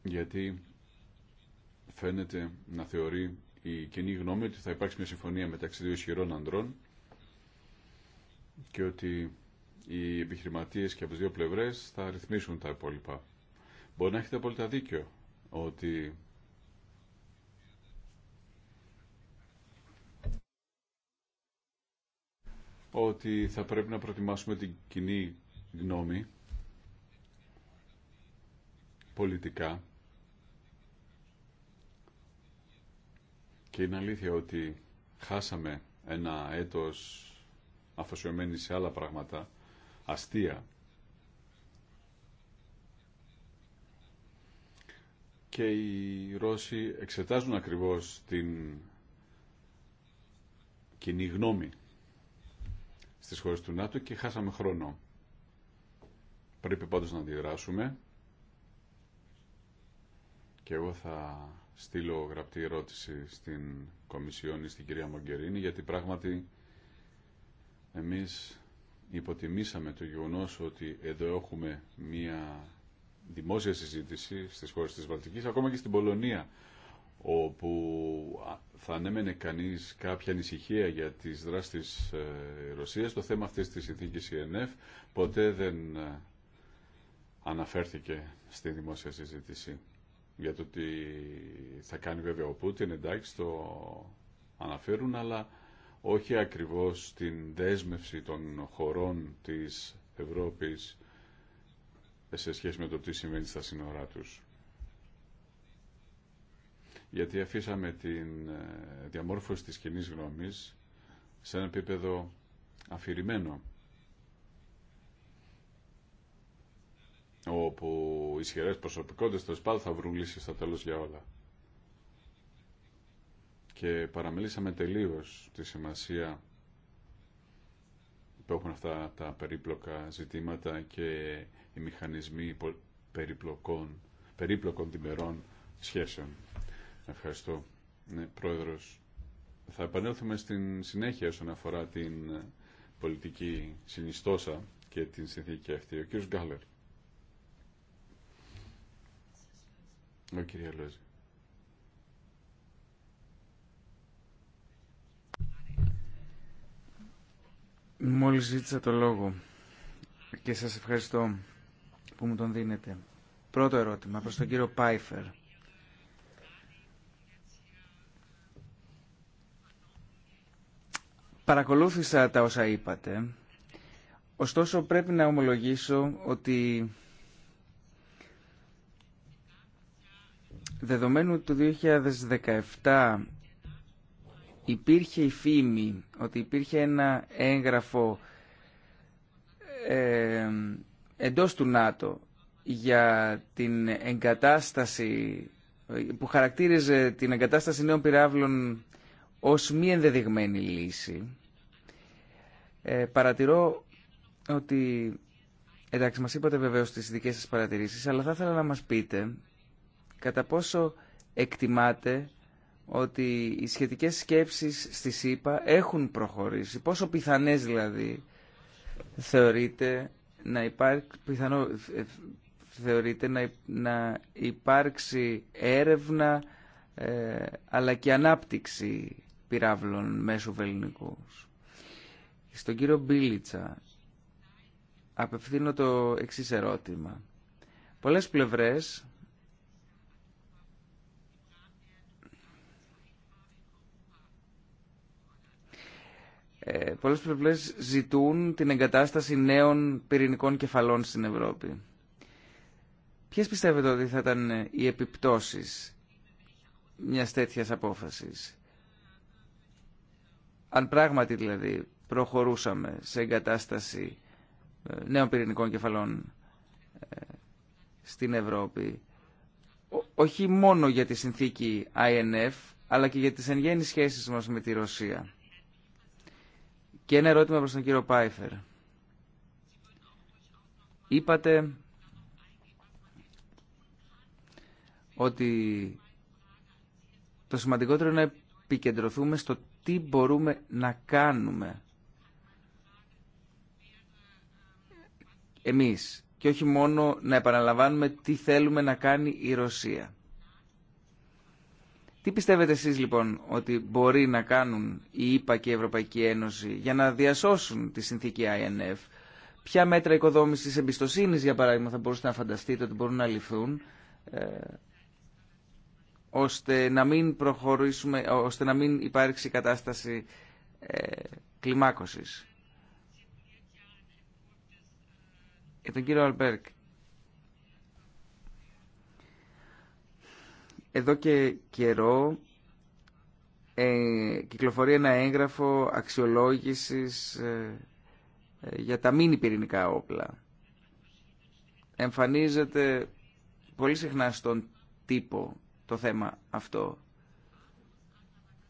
Γιατί φαίνεται να θεωρεί η κοινή γνώμη ότι θα υπάρξει μια συμφωνία μεταξύ δύο ισχυρών ανδρών και ότι οι επιχειρηματίες και από τις δύο πλευρές θα ρυθμίσουν τα υπόλοιπα. Μπορεί να έχετε απόλυτα δίκιο ότι ότι θα πρέπει να προετοιμάσουμε την κοινή γνώμη πολιτικά και είναι αλήθεια ότι χάσαμε ένα έτος αφοσιωμένοι σε άλλα πράγματα, αστεία. Και οι Ρώσοι εξετάζουν ακριβώς την κοινή γνώμη στις χώρες του ΝΑΤΟ και χάσαμε χρόνο. Πρέπει πάντως να αντιδράσουμε και εγώ θα στείλω γραπτή ερώτηση στην Κομισιόν ή στην κυρία Μογκερίνη γιατί πράγματι εμείς υποτιμήσαμε το γεγονός ότι εδώ έχουμε μία δημόσια συζήτηση στις χώρες της Βαλτικής, ακόμα και στην Πολωνία όπου θα ανέμενε κανείς κάποια ανησυχία για τις δράσεις της ε, Ρωσίας. Το θέμα αυτής της συνθήκης ΕΝΕΦ ποτέ δεν ε, αναφέρθηκε στη δημόσια συζήτηση για το ότι θα κάνει βέβαια ο Πούτιν, εντάξει το αναφέρουν, αλλά όχι ακριβώς την δέσμευση των χωρών της Ευρώπης ε, σε σχέση με το τι σημαίνει στα σύνορά τους γιατί αφήσαμε την ε, διαμόρφωση της κοινή γνώμης σε ένα επίπεδο αφηρημένο όπου οι ισχυρές προσωπικότητες το πάλι θα βρουν λύσεις στα τέλος για όλα. Και παραμελήσαμε τελείως τη σημασία που έχουν αυτά τα περίπλοκα ζητήματα και οι μηχανισμοί περιπλοκών, περίπλοκων σχέσεων. Ευχαριστώ, ναι, Πρόεδρος. Θα επανέλθουμε στην συνέχεια όσον αφορά την ε, πολιτική συνιστόσα και την συνθήκη αυτή. Ο κύριος Γκάλερ. Ο κύριε Λόζη. Μόλις ζήτησα το λόγο και σας ευχαριστώ που μου τον δίνετε. Πρώτο ερώτημα προς τον κύριο Πάιφερ. Παρακολούθησα τα όσα είπατε. Ωστόσο πρέπει να ομολογήσω ότι δεδομένου του 2017 υπήρχε η φήμη ότι υπήρχε ένα έγγραφο ε, εντός του ΝΑΤΟ για την εγκατάσταση που χαρακτήριζε την εγκατάσταση νέων πυράβλων ως μη ενδεδειγμένη λύση. Ε, παρατηρώ ότι... Εντάξει, μας είπατε βεβαίως τις δικές σας παρατηρήσεις, αλλά θα ήθελα να μας πείτε κατά πόσο εκτιμάτε ότι οι σχετικές σκέψεις στη ΣΥΠΑ έχουν προχωρήσει. Πόσο πιθανές δηλαδή θεωρείτε να, υπάρξει, πιθανό, θεωρείτε να, να έρευνα ε, αλλά και ανάπτυξη πυράβλων μέσω Στον κύριο Μπίλιτσα απευθύνω το εξής ερώτημα. Πολλές πλευρές ε, πολλές πλευρές ζητούν την εγκατάσταση νέων πυρηνικών κεφαλών στην Ευρώπη. Ποιες πιστεύετε ότι θα ήταν οι επιπτώσεις μιας τέτοιας απόφασης αν πράγματι δηλαδή προχωρούσαμε σε εγκατάσταση ε, νέων πυρηνικών κεφαλών ε, στην Ευρώπη, όχι μόνο για τη συνθήκη INF, αλλά και για τις εν σχέσεις μας με τη Ρωσία. Και ένα ερώτημα προς τον κύριο Πάιφερ. Είπατε ότι το σημαντικότερο είναι να επικεντρωθούμε στο τι μπορούμε να κάνουμε εμείς και όχι μόνο να επαναλαμβάνουμε τι θέλουμε να κάνει η Ρωσία. Τι πιστεύετε εσείς λοιπόν ότι μπορεί να κάνουν η ΕΠΑ και η Ευρωπαϊκή Ένωση για να διασώσουν τη συνθήκη INF. Ποια μέτρα οικοδόμησης εμπιστοσύνης για παράδειγμα θα μπορούσατε να φανταστείτε ότι μπορούν να ληφθούν ε, ώστε να μην προχωρήσουμε, ώστε να μην υπάρξει κατάσταση ε, κλιμάκωσης. Για τον κύριο Αλμπέρκ. Εδώ και καιρό ε, κυκλοφορεί ένα έγγραφο αξιολόγησης ε, για τα μήνυ πυρηνικά όπλα. Εμφανίζεται πολύ συχνά στον τύπο το θέμα αυτό.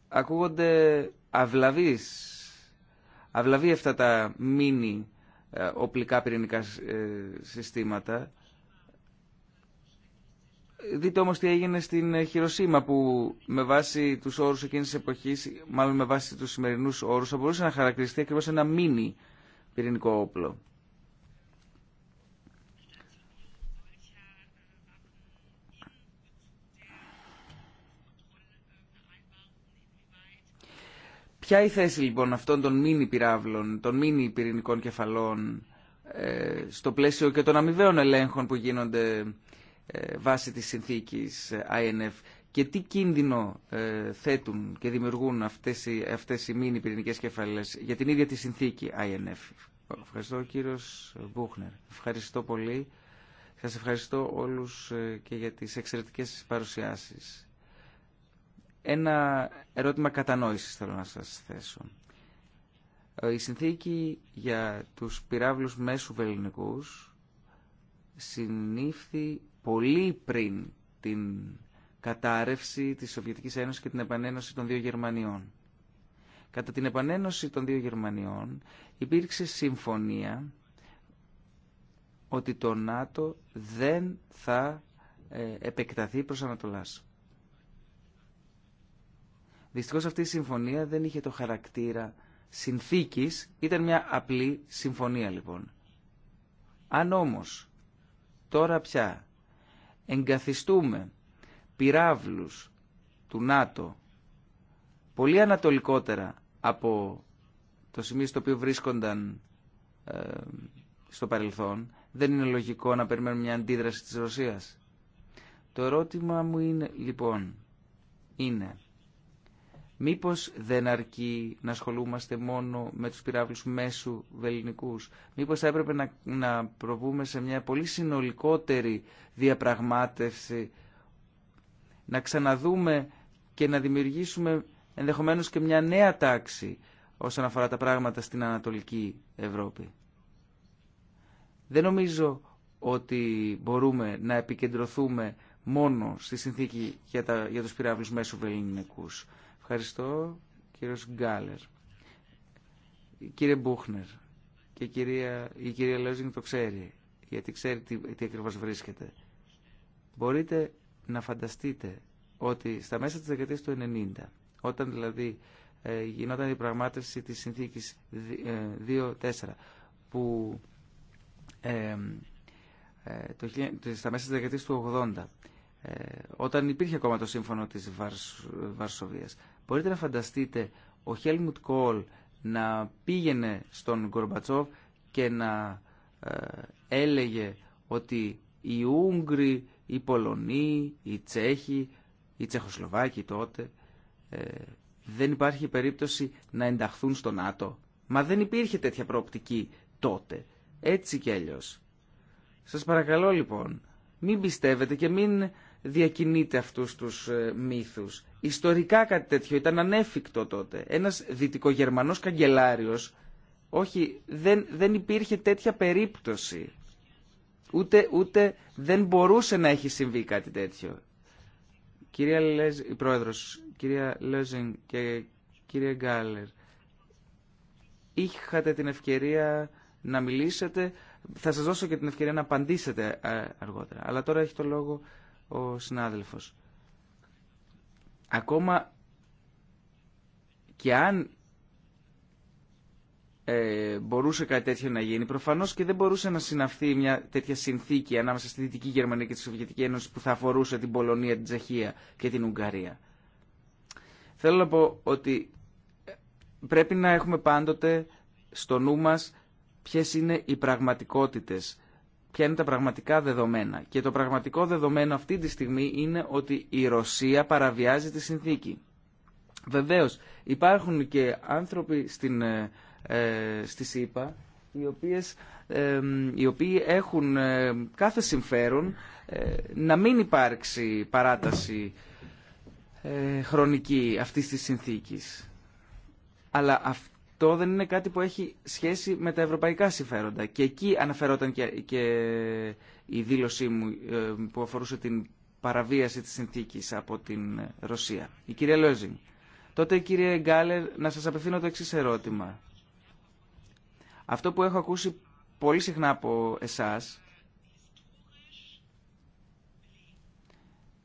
Ακούγονται αυλαβείς, αυλαβεί αυτά τα μίνι ε, οπλικά πυρηνικά ε, συστήματα. Δείτε όμως τι έγινε στην ε, Χειροσύμα που με βάση τους όρους εκείνης της εποχής, μάλλον με βάση τους σημερινούς όρους, θα μπορούσε να χαρακτηριστεί ακριβώς ένα μίνι πυρηνικό όπλο. Ποια η θέση λοιπόν αυτών των μήνυ πυράβλων, των μήνυ πυρηνικών κεφαλών ε, στο πλαίσιο και των αμοιβαίων ελέγχων που γίνονται ε, βάσει της συνθήκης ε, INF και τι κίνδυνο θέτουν και δημιουργούν αυτές οι, αυτές οι μήνυ πυρηνικές κεφαλές για την ίδια τη συνθήκη INF. Ευχαριστώ κύριος Μπούχνερ. Ευχαριστώ πολύ. Σας ευχαριστώ όλους και για τις εξαιρετικές παρουσιάσεις. Ένα ερώτημα κατανόησης θέλω να σας θέσω. Ε, η συνθήκη για τους πυράβλους μέσου βελληνικούς συνήφθη πολύ πριν την κατάρρευση της Σοβιετικής Ένωσης και την επανένωση των δύο Γερμανιών. Κατά την επανένωση των δύο Γερμανιών υπήρξε συμφωνία ότι το ΝΑΤΟ δεν θα ε, επεκταθεί προς Ανατολάς. Δυστυχώ αυτή η συμφωνία δεν είχε το χαρακτήρα συνθήκης, ήταν μια απλή συμφωνία λοιπόν. Αν όμως τώρα πια εγκαθιστούμε πυράβλους του ΝΑΤΟ πολύ ανατολικότερα από το σημείο στο οποίο βρίσκονταν ε, στο παρελθόν, δεν είναι λογικό να περιμένουμε μια αντίδραση της Ρωσίας. Το ερώτημα μου είναι, λοιπόν, είναι Μήπως δεν αρκεί να ασχολούμαστε μόνο με τους πυράβλους μέσου βελληνικούς. Μήπως θα έπρεπε να, να προβούμε σε μια πολύ συνολικότερη διαπραγμάτευση, να ξαναδούμε και να δημιουργήσουμε ενδεχομένως και μια νέα τάξη όσον αφορά τα πράγματα στην Ανατολική Ευρώπη. Δεν νομίζω ότι μπορούμε να επικεντρωθούμε μόνο στη συνθήκη για, τα, για τους πυράβλους μέσου βελληνικούς. Ευχαριστώ κύριος Γκάλερ. Κύριε Μπούχνερ και η κυρία, η κυρία Λέζινγκ το ξέρει, γιατί ξέρει τι, τι ακριβώς βρίσκεται. Μπορείτε να φανταστείτε ότι στα μέσα της δεκαετίας του 90, όταν δηλαδή ε, γινόταν η πραγμάτευση της συνθήκης 2-4, ε, που ε, το, στα μέσα της δεκαετίας του 80, ε, όταν υπήρχε ακόμα το σύμφωνο της Μπορείτε να φανταστείτε ο Χέλμουτ Κόλ να πήγαινε στον Γκορμπατσόφ και να ε, έλεγε ότι οι Ούγγροι, οι Πολωνοί, οι Τσέχοι, οι Τσεχοσλοβάκοι τότε ε, δεν υπάρχει περίπτωση να ενταχθούν στο Άτο. Μα δεν υπήρχε τέτοια προοπτική τότε. Έτσι κι αλλιώς. Σας παρακαλώ λοιπόν, μην πιστεύετε και μην διακινείται αυτούς τους ε, μύθους. Ιστορικά κάτι τέτοιο ήταν ανέφικτο τότε. Ένας δυτικογερμανός καγκελάριος, όχι, δεν, δεν υπήρχε τέτοια περίπτωση. Ούτε, ούτε δεν μπορούσε να έχει συμβεί κάτι τέτοιο. Κυρία Λέζ, η πρόεδρος, κυρία Λέζιν και κύριε Γκάλερ, είχατε την ευκαιρία να μιλήσετε. Θα σας δώσω και την ευκαιρία να απαντήσετε ε, αργότερα. Αλλά τώρα έχει το λόγο ο συνάδελφος. Ακόμα και αν ε, μπορούσε κάτι τέτοιο να γίνει, προφανώς και δεν μπορούσε να συναυθεί μια τέτοια συνθήκη ανάμεσα στη Δυτική Γερμανία και τη Σοβιετική Ένωση που θα αφορούσε την Πολωνία, την Τσεχία και την Ουγγαρία. Θέλω να πω ότι ε, πρέπει να έχουμε πάντοτε στο νου μας ποιες είναι οι πραγματικότητες ποια είναι τα πραγματικά δεδομένα. Και το πραγματικό δεδομένο αυτή τη στιγμή είναι ότι η Ρωσία παραβιάζει τη συνθήκη. Βεβαίως υπάρχουν και άνθρωποι στην, ε, ε στη ΣΥΠΑ οι, οποίες, ε, οι οποίοι έχουν ε, κάθε συμφέρον να μην υπάρξει παράταση χρονική αυτής της συνθήκης. Αλλά αυτή αυτό δεν είναι κάτι που έχει σχέση με τα ευρωπαϊκά συμφέροντα. Και εκεί αναφερόταν και, η δήλωσή μου ε, που αφορούσε την παραβίαση της συνθήκης από την Ρωσία. Η κυρία Λόζιν. Τότε κύριε Γκάλερ να σας απευθύνω το εξής ερώτημα. Αυτό που έχω ακούσει πολύ συχνά από εσάς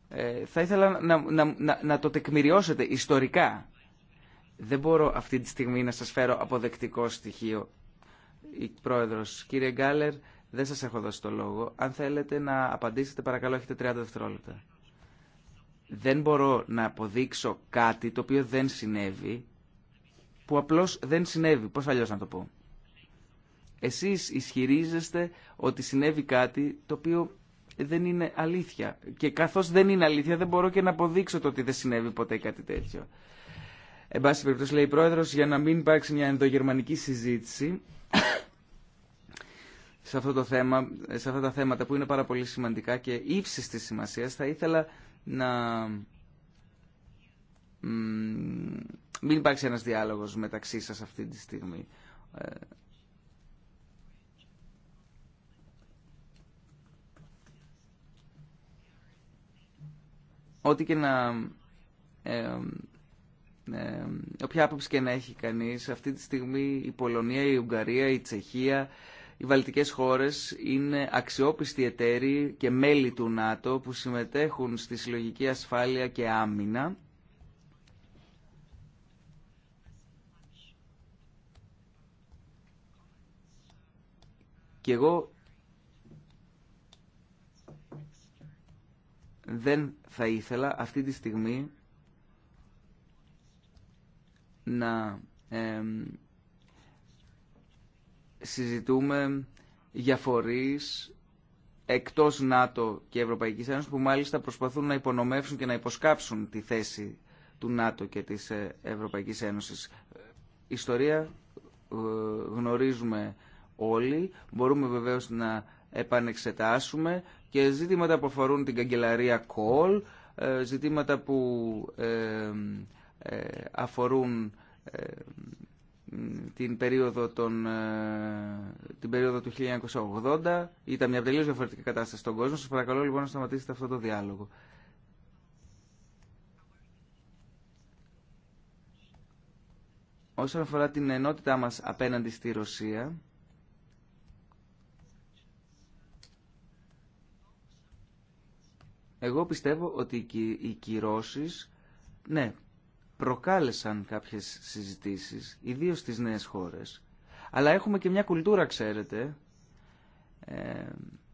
ε, θα ήθελα να, να το τεκμηριώσετε ιστορικά δεν μπορώ αυτή τη στιγμή να σας φέρω αποδεκτικό στοιχείο. Η πρόεδρος, κύριε Γκάλερ, δεν σας έχω δώσει το λόγο. Αν θέλετε να απαντήσετε, παρακαλώ, έχετε 30 δευτερόλεπτα. Δεν μπορώ να αποδείξω κάτι το οποίο δεν συνέβη, που απλώς δεν συνέβη. Πώς αλλιώς να το πω. Εσείς ισχυρίζεστε ότι συνέβη κάτι το οποίο δεν είναι αλήθεια. Και καθώς δεν είναι αλήθεια δεν μπορώ και να αποδείξω το ότι δεν συνέβη ποτέ κάτι τέτοιο. Εν πάση περιπτώσει λέει η πρόεδρο για να μην υπάρξει μια ενδογερμανική συζήτηση σε, αυτό το θέμα, σε αυτά τα θέματα που είναι πάρα πολύ σημαντικά και ύψιστης τη σημασίας, θα ήθελα να μην υπάρξει ένας διάλογος μεταξύ σας αυτή τη στιγμή. Ε, ό,τι και να ε, ε, όποια άποψη και να έχει κανείς, αυτή τη στιγμή η Πολωνία, η Ουγγαρία, η Τσεχία, οι βαλτικές χώρες είναι αξιόπιστοι εταίροι και μέλη του ΝΑΤΟ που συμμετέχουν στη συλλογική ασφάλεια και άμυνα. Και εγώ δεν θα ήθελα αυτή τη στιγμή να συζητούμε για φορείς εκτός ΝΑΤΟ και Ευρωπαϊκής Ένωσης που μάλιστα προσπαθούν να υπονομεύσουν και να υποσκάψουν τη θέση του ΝΑΤΟ και της ε, Ευρωπαϊκής Ένωσης. Ιστορία ε, γνωρίζουμε όλοι, μπορούμε βεβαίως να επανεξετάσουμε και ζητήματα που αφορούν την καγκελαρία Κόλ, ε, ζητήματα που αφορούν ε, την περίοδο, των, ε, την περίοδο του 1980. Ήταν μια τελείως διαφορετική κατάσταση στον κόσμο. Σας παρακαλώ λοιπόν να σταματήσετε αυτό το διάλογο. Όσον αφορά την ενότητά μας απέναντι στη Ρωσία, εγώ πιστεύω ότι οι κυρώσεις, ναι, προκάλεσαν κάποιες συζητήσεις, ιδίως στις νέες χώρες. Αλλά έχουμε και μια κουλτούρα, ξέρετε, ε,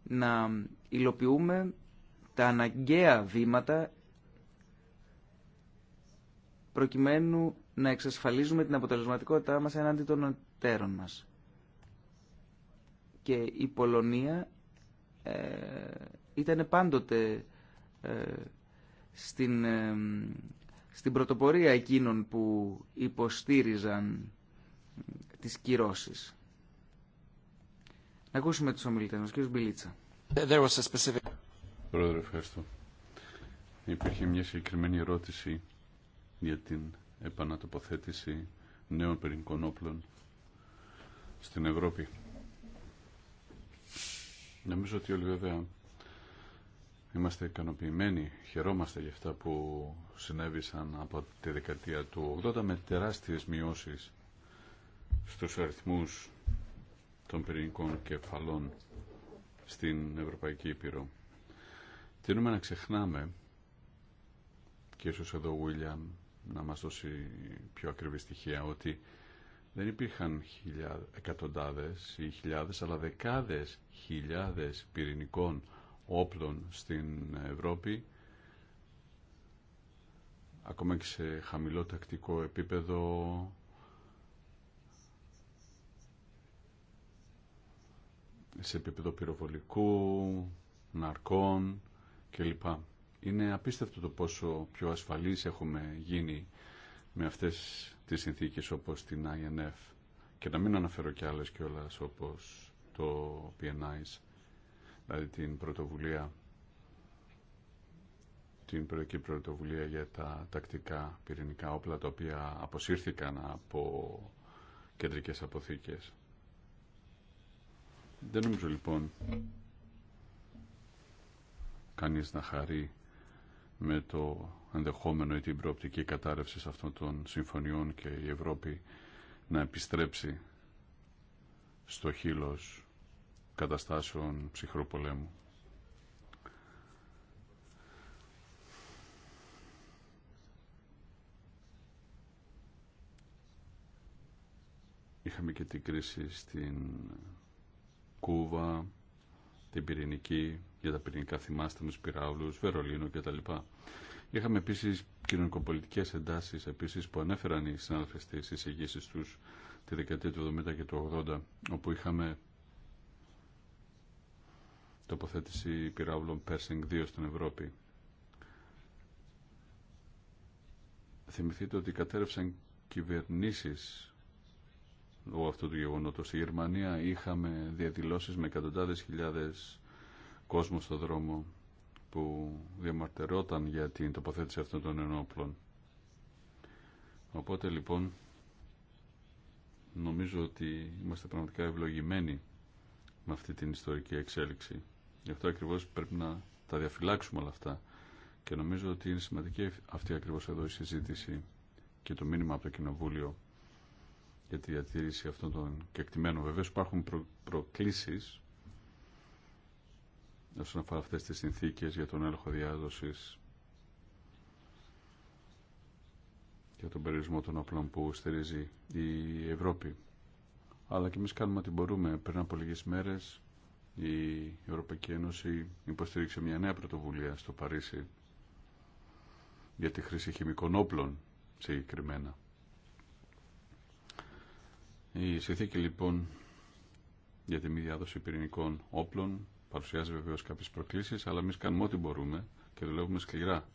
να υλοποιούμε τα αναγκαία βήματα προκειμένου να εξασφαλίζουμε την αποτελεσματικότητά μας έναντι των εταίρων μας. Και η Πολωνία ε, ήταν πάντοτε ε, στην, ε, στην πρωτοπορία εκείνων που υποστήριζαν τις κυρώσεις. Να ακούσουμε τους ομιλητές μας. Κύριος Μπιλίτσα. specific... Πρόεδρε, ευχαριστώ. Υπήρχε μια συγκεκριμένη ερώτηση για την επανατοποθέτηση νέων πυρηνικών όπλων στην Ευρώπη. Νομίζω ότι όλοι βέβαια Είμαστε ικανοποιημένοι, χαιρόμαστε για αυτά που συνέβησαν από τη δεκαετία του 80 με τεράστιες μειώσεις στους αριθμούς των πυρηνικών κεφαλών στην Ευρωπαϊκή Ήπειρο. Τινούμε να ξεχνάμε και ίσως εδώ ο Βίλιαμ να μας δώσει πιο ακριβή στοιχεία ότι δεν υπήρχαν εκατοντάδες ή χιλιάδες αλλά δεκάδες χιλιάδες πυρηνικών όπλων στην Ευρώπη ακόμα και σε χαμηλό τακτικό επίπεδο σε επίπεδο πυροβολικού, ναρκών κλπ. Είναι απίστευτο το πόσο πιο ασφαλείς έχουμε γίνει με αυτές τις συνθήκες όπως την INF και να μην αναφέρω κι άλλες κιόλας όπως το PNIS δηλαδή την πρωτοβουλία την προεκή πρωτοβουλία για τα τακτικά πυρηνικά όπλα τα οποία αποσύρθηκαν από κεντρικές αποθήκες. Δεν νομίζω λοιπόν κανείς να χαρεί με το ενδεχόμενο ή την προοπτική κατάρρευση αυτών των συμφωνιών και η Ευρώπη να επιστρέψει στο χείλος καταστάσεων ψυχρού πολέμου. Είχαμε και την κρίση στην Κούβα, την πυρηνική, για τα πυρηνικά θυμάστε με τους πυράβλους, Βερολίνο κτλ. Είχαμε επίσης κοινωνικοπολιτικές εντάσεις επίσης που ανέφεραν οι συνάδελφες στις εισηγήσεις τους τη δεκαετία του 70 και του 80, όπου είχαμε τοποθέτηση πυράβλων Pershing 2 στην Ευρώπη. Θυμηθείτε ότι κατέρευσαν κυβερνήσεις λόγω αυτού του γεγονότος. Στη Γερμανία είχαμε διαδηλώσεις με εκατοντάδες χιλιάδες κόσμο στο δρόμο που διαμαρτυρόταν για την τοποθέτηση αυτών των ενόπλων. Οπότε λοιπόν νομίζω ότι είμαστε πραγματικά ευλογημένοι με αυτή την ιστορική εξέλιξη. Γι' αυτό ακριβώς πρέπει να τα διαφυλάξουμε όλα αυτά. Και νομίζω ότι είναι σημαντική αυτή ακριβώς εδώ η συζήτηση και το μήνυμα από το Κοινοβούλιο για τη διατήρηση αυτών των κεκτημένων. Βεβαίως υπάρχουν προ, προκλήσεις όσον αφορά αυτές τις συνθήκες για τον έλεγχο διάδοσης και τον περιορισμό των όπλων που στηρίζει η Ευρώπη. Αλλά και εμεί κάνουμε ό,τι μπορούμε. Πριν από λίγες μέρες η Ευρωπαϊκή Ένωση υποστήριξε μια νέα πρωτοβουλία στο Παρίσι για τη χρήση χημικών όπλων συγκεκριμένα. Η συνθήκη λοιπόν για τη μη διάδοση πυρηνικών όπλων παρουσιάζει βεβαίως κάποιες προκλήσεις, αλλά εμεί κάνουμε ό,τι μπορούμε και δουλεύουμε σκληρά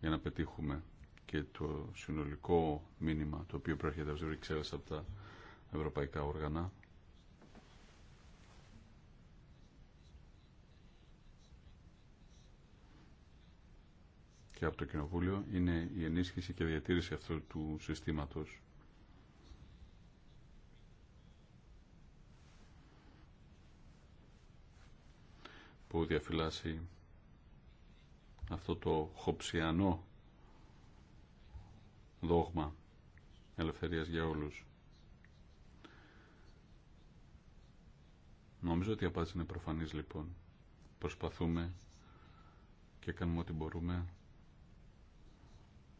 για να πετύχουμε και το συνολικό μήνυμα το οποίο προέρχεται από τα ευρωπαϊκά όργανα και από το Κοινοβούλιο είναι η ενίσχυση και διατήρηση αυτού του συστήματος. που διαφυλάσσει αυτό το χοψιανό δόγμα ελευθερίας για όλους. Νομίζω ότι η απάντηση είναι προφανής λοιπόν. Προσπαθούμε και κάνουμε ό,τι μπορούμε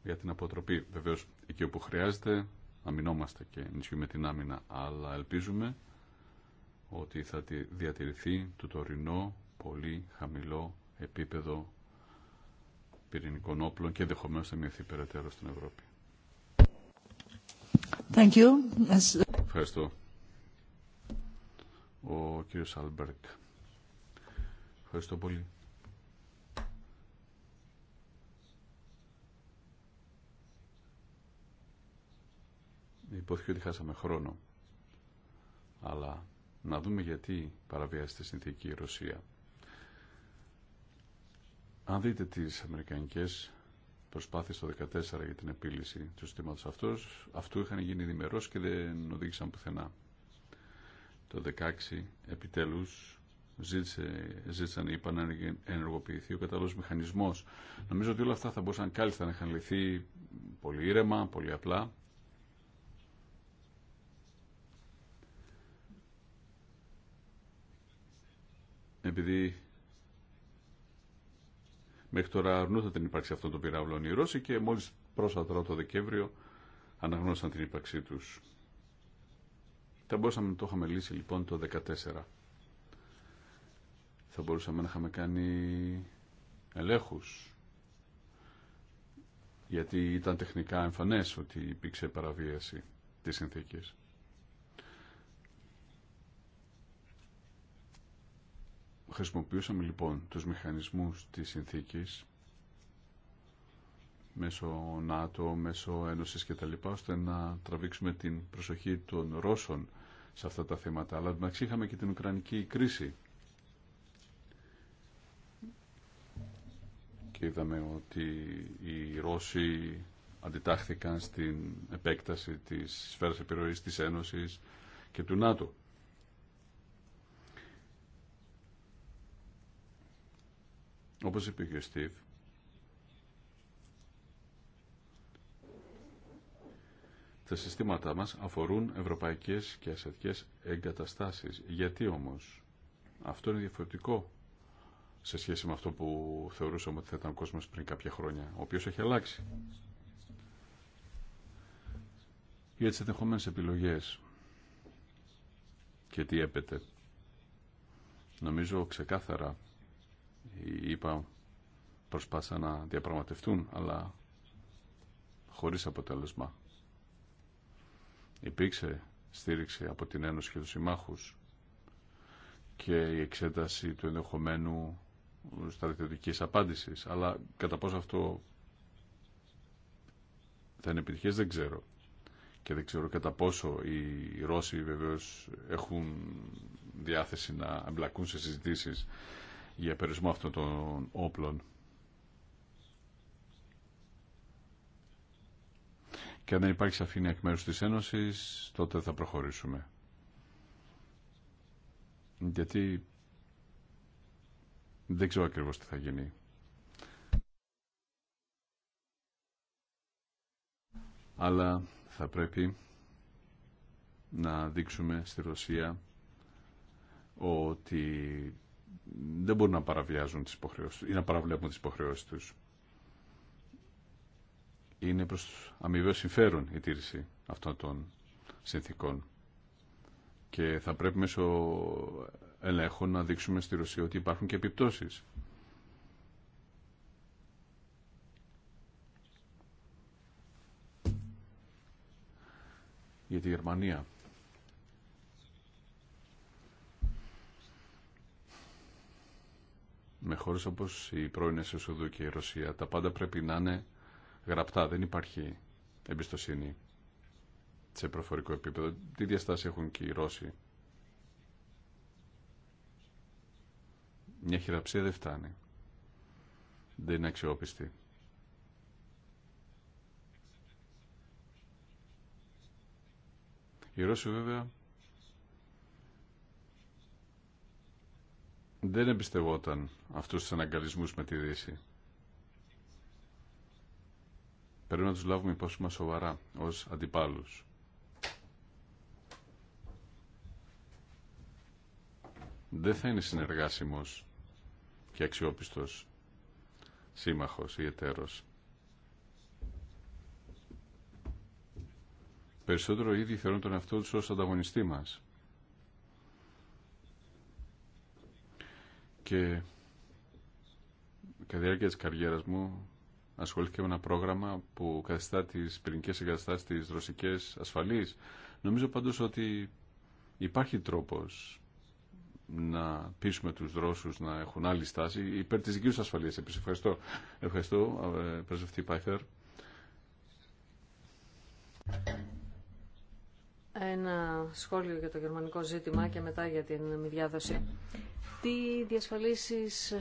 για την αποτροπή. Βεβαίως εκεί όπου χρειάζεται αμυνόμαστε και ενισχύουμε την άμυνα, αλλά ελπίζουμε ότι θα διατηρηθεί το τωρινό πολύ χαμηλό επίπεδο πυρηνικών όπλων και ενδεχομένω θα μειωθεί περαιτέρω στην Ευρώπη. Thank you. Ευχαριστώ. Ο κύριος Αλμπερκ. Ευχαριστώ πολύ. υπόθηκε ότι χάσαμε χρόνο. Αλλά να δούμε γιατί παραβιάζεται συνθήκη η Ρωσία. Αν δείτε τις αμερικανικές προσπάθειες το 2014 για την επίλυση του συστήματος αυτός, αυτού είχαν γίνει διμερός και δεν οδήγησαν πουθενά. Το 2016 επιτέλους ζήτησε, ζήτησαν, είπαν να ενεργοποιηθεί ο κατάλληλος μηχανισμός. Νομίζω ότι όλα αυτά θα μπορούσαν κάλλιστα να είχαν λυθεί πολύ ήρεμα, πολύ απλά επειδή μέχρι τώρα αρνούνται την ύπαρξη αυτών των πυράβλων οι Ρώσοι και μόλις πρόσφατα το Δεκέμβριο αναγνώρισαν την ύπαρξή τους. Θα μπορούσαμε να το είχαμε λύσει λοιπόν το 2014. Θα μπορούσαμε να είχαμε κάνει ελέγχους γιατί ήταν τεχνικά εμφανές ότι υπήρξε παραβίαση της συνθήκης. Χρησιμοποιούσαμε λοιπόν τους μηχανισμούς της συνθήκης μέσω ΝΑΤΟ, μέσω Ένωσης και τα λοιπά, ώστε να τραβήξουμε την προσοχή των Ρώσων σε αυτά τα θέματα. Αλλά να είχαμε και την Ουκρανική κρίση. Και είδαμε ότι οι Ρώσοι αντιτάχθηκαν στην επέκταση της σφαίρας επιρροής της Ένωσης και του ΝΑΤΟ. Όπως είπε και ο Στίβ, τα συστήματά μας αφορούν ευρωπαϊκές και ασιατικές εγκαταστάσεις. Γιατί όμως αυτό είναι διαφορετικό σε σχέση με αυτό που θεωρούσαμε ότι θα ήταν ο κόσμος πριν κάποια χρόνια, ο οποίος έχει αλλάξει. Για τις ενδεχόμενε επιλογές και τι έπεται. Νομίζω ξεκάθαρα είπα προσπάσαν να διαπραγματευτούν αλλά χωρίς αποτέλεσμα. Υπήρξε στήριξη από την Ένωση και τους συμμάχους και η εξέταση του ενδεχομένου στρατιωτικής απάντησης αλλά κατά πόσο αυτό θα είναι επιτυχές δεν ξέρω και δεν ξέρω κατά πόσο οι Ρώσοι βεβαίως έχουν διάθεση να εμπλακούν σε συζητήσεις για περιορισμό αυτών των όπλων. Και αν δεν υπάρχει σαφήνεια εκ μέρους της Ένωσης, τότε θα προχωρήσουμε. Γιατί δεν ξέρω ακριβώς τι θα γίνει. Αλλά θα πρέπει να δείξουμε στη Ρωσία ότι δεν μπορούν να παραβιάζουν τις υποχρεώσεις ή να παραβλέπουν τις υποχρεώσεις τους. Είναι προς αμοιβαίο συμφέρον η τήρηση αυτών των συνθήκων. Και θα πρέπει μέσω ελέγχων να δείξουμε στη Ρωσία ότι υπάρχουν και επιπτώσεις. Για τη Γερμανία με χώρες όπως η πρώην Σουσουδού και η Ρωσία. Τα πάντα πρέπει να είναι γραπτά. Δεν υπάρχει εμπιστοσύνη σε προφορικό επίπεδο. Τι διαστάσει έχουν και οι Ρώσοι. Μια χειραψία δεν φτάνει. Δεν είναι αξιόπιστη. Οι Ρώσοι βέβαια δεν εμπιστευόταν αυτούς τους αναγκαλισμούς με τη Δύση. Πρέπει να τους λάβουμε υπόψη μας σοβαρά ως αντιπάλους. Δεν θα είναι συνεργάσιμος και αξιόπιστος σύμμαχος ή εταίρος. Περισσότερο ήδη θεωρούν τον εαυτό τους ως ανταγωνιστή μας. και κατά τη διάρκεια της καριέρας μου ασχολήθηκε με ένα πρόγραμμα που καθιστά τις πυρηνικές εγκαταστάσεις της ρωσικές ασφαλής. Νομίζω πάντως ότι υπάρχει τρόπος να πείσουμε τους Ρώσους να έχουν άλλη στάση υπέρ της δικής ασφαλείας. Επίσης, ευχαριστώ. Ευχαριστώ, ε, πρεσβευτή Πάιθερ. Ένα σχόλιο για το γερμανικό ζήτημα και μετά για την μη διάδοση. Τι διασφαλίσεις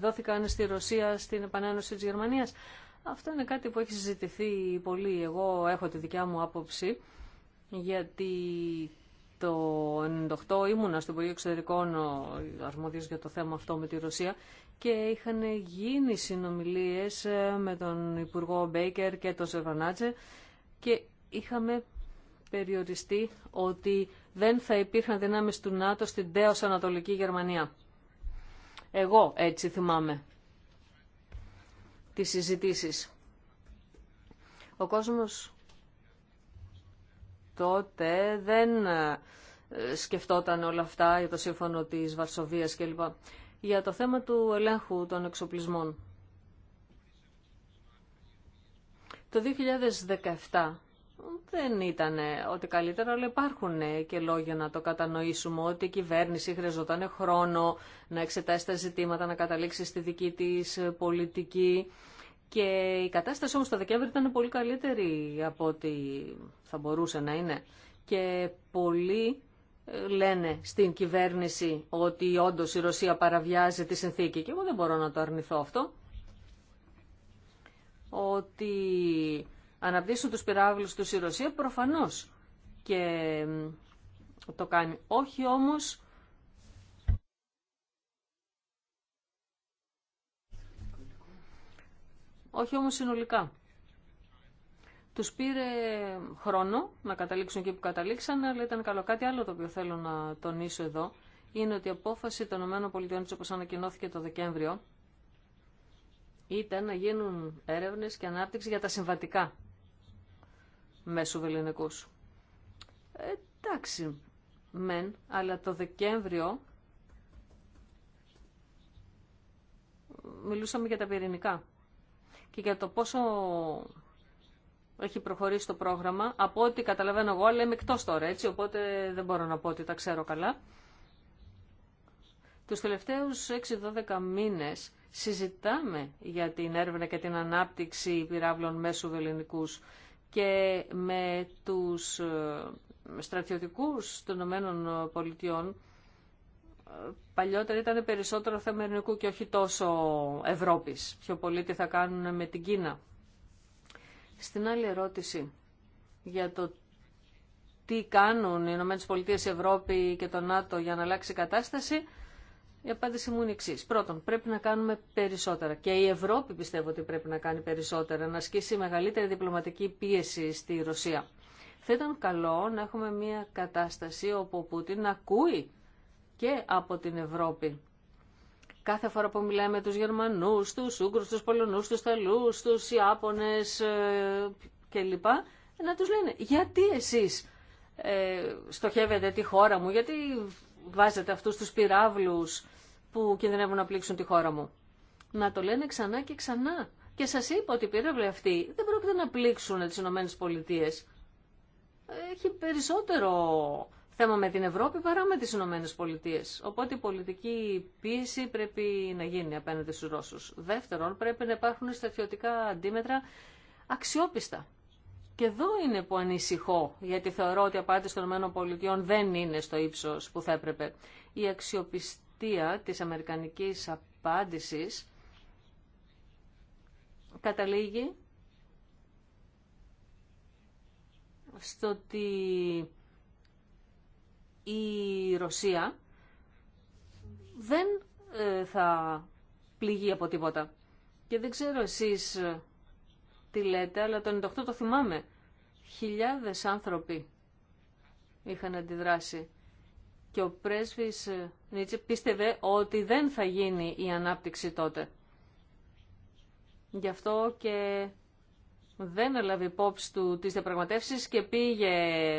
δόθηκαν στη Ρωσία στην επανένωση της Γερμανίας. Αυτό είναι κάτι που έχει συζητηθεί πολύ. Εγώ έχω τη δικιά μου άποψη γιατί το 1998 ήμουνα στο Υπουργείο Εξωτερικών αρμόδιος για το θέμα αυτό με τη Ρωσία και είχαν γίνει συνομιλίες ε, με τον Υπουργό Μπέικερ και τον Σεβανάτζε και είχαμε περιοριστεί ότι δεν θα υπήρχαν δυνάμεις του ΝΑΤΟ στην τέως Ανατολική Γερμανία. Εγώ έτσι θυμάμαι τις συζητήσεις. Ο κόσμος τότε δεν ε, σκεφτόταν όλα αυτά για το σύμφωνο της Βαρσοβίας κλπ. Για το θέμα του ελέγχου των εξοπλισμών. Το 2017 δεν ήταν ότι καλύτερο, αλλά υπάρχουν και λόγια να το κατανοήσουμε ότι η κυβέρνηση χρειαζόταν χρόνο να εξετάσει τα ζητήματα, να καταλήξει στη δική της πολιτική. Και η κατάσταση όμως το Δεκέμβρη ήταν πολύ καλύτερη από ό,τι θα μπορούσε να είναι. Και πολλοί ε, λένε στην κυβέρνηση ότι όντω η Ρωσία παραβιάζει τη συνθήκη. Και εγώ δεν μπορώ να το αρνηθώ αυτό. Ότι αναπτύσσουν τους πυράβλους του η Ρωσία προφανώς και το κάνει. Όχι όμως όχι όμως συνολικά. Τους πήρε χρόνο να καταλήξουν εκεί που καταλήξαν, αλλά ήταν καλό. Κάτι άλλο το οποίο θέλω να τονίσω εδώ είναι ότι η απόφαση των ΗΠΑ, όπως ανακοινώθηκε το Δεκέμβριο, ήταν να γίνουν έρευνες και ανάπτυξη για τα συμβατικά μέσω Ε, εντάξει, μεν, αλλά το Δεκέμβριο μιλούσαμε για τα πυρηνικά και για το πόσο έχει προχωρήσει το πρόγραμμα. Από ό,τι καταλαβαίνω εγώ, αλλά είμαι εκτό τώρα, έτσι, οπότε δεν μπορώ να πω ότι τα ξέρω καλά. Τους τελευταίους 6-12 μήνες συζητάμε για την έρευνα και την ανάπτυξη πυράβλων μέσου βεληνικούς και με τους ε, στρατιωτικούς των Ηνωμένων Πολιτειών ε, παλιότερα ήταν περισσότερο θέμα και όχι τόσο Ευρώπης. Πιο πολίτη θα κάνουν με την Κίνα. Στην άλλη ερώτηση για το τι κάνουν οι Ηνωμένες Πολιτείες, Ευρώπη και το ΝΑΤΟ για να αλλάξει η κατάσταση, η απάντηση μου είναι εξή. Πρώτον, πρέπει να κάνουμε περισσότερα. Και η Ευρώπη πιστεύω ότι πρέπει να κάνει περισσότερα, να ασκήσει μεγαλύτερη διπλωματική πίεση στη Ρωσία. Θα ήταν καλό να έχουμε μια κατάσταση όπου ο Πούτιν ακούει και από την Ευρώπη. Κάθε φορά που μιλάμε με τους Γερμανούς, τους Ούγκρους, τους Πολωνούς, τους Ταλούς, τους Ιάπωνες ε, κλπ. Να τους λένε γιατί εσείς ε, στοχεύετε τη χώρα μου, γιατί βάζετε αυτούς τους πυράβλους που κινδυνεύουν να πλήξουν τη χώρα μου. Να το λένε ξανά και ξανά. Και σας είπα ότι οι πυράβλοι αυτοί δεν πρόκειται να πλήξουν τις Ηνωμένες Πολιτείες. Έχει περισσότερο θέμα με την Ευρώπη παρά με τις Ηνωμένες Πολιτείες. Οπότε η πολιτική πίεση πρέπει να γίνει απέναντι στους Ρώσους. Δεύτερον, πρέπει να υπάρχουν στρατιωτικά αντίμετρα αξιόπιστα. Και εδώ είναι που ανησυχώ, γιατί θεωρώ ότι η απάντηση των ΗΠΑ δεν είναι στο ύψο που θα έπρεπε. Η αξιοπιστία της αμερικανικής απάντηση καταλήγει στο ότι η Ρωσία δεν ε, θα πληγεί από τίποτα. Και δεν ξέρω εσείς ε, τι λέτε, αλλά το 98 το θυμάμαι. Χιλιάδες άνθρωποι είχαν αντιδράσει. Και ο πρέσβης ε, Νίτσε πίστευε ότι δεν θα γίνει η ανάπτυξη τότε. Γι' αυτό και δεν έλαβε υπόψη του τις διαπραγματεύσεις και πήγε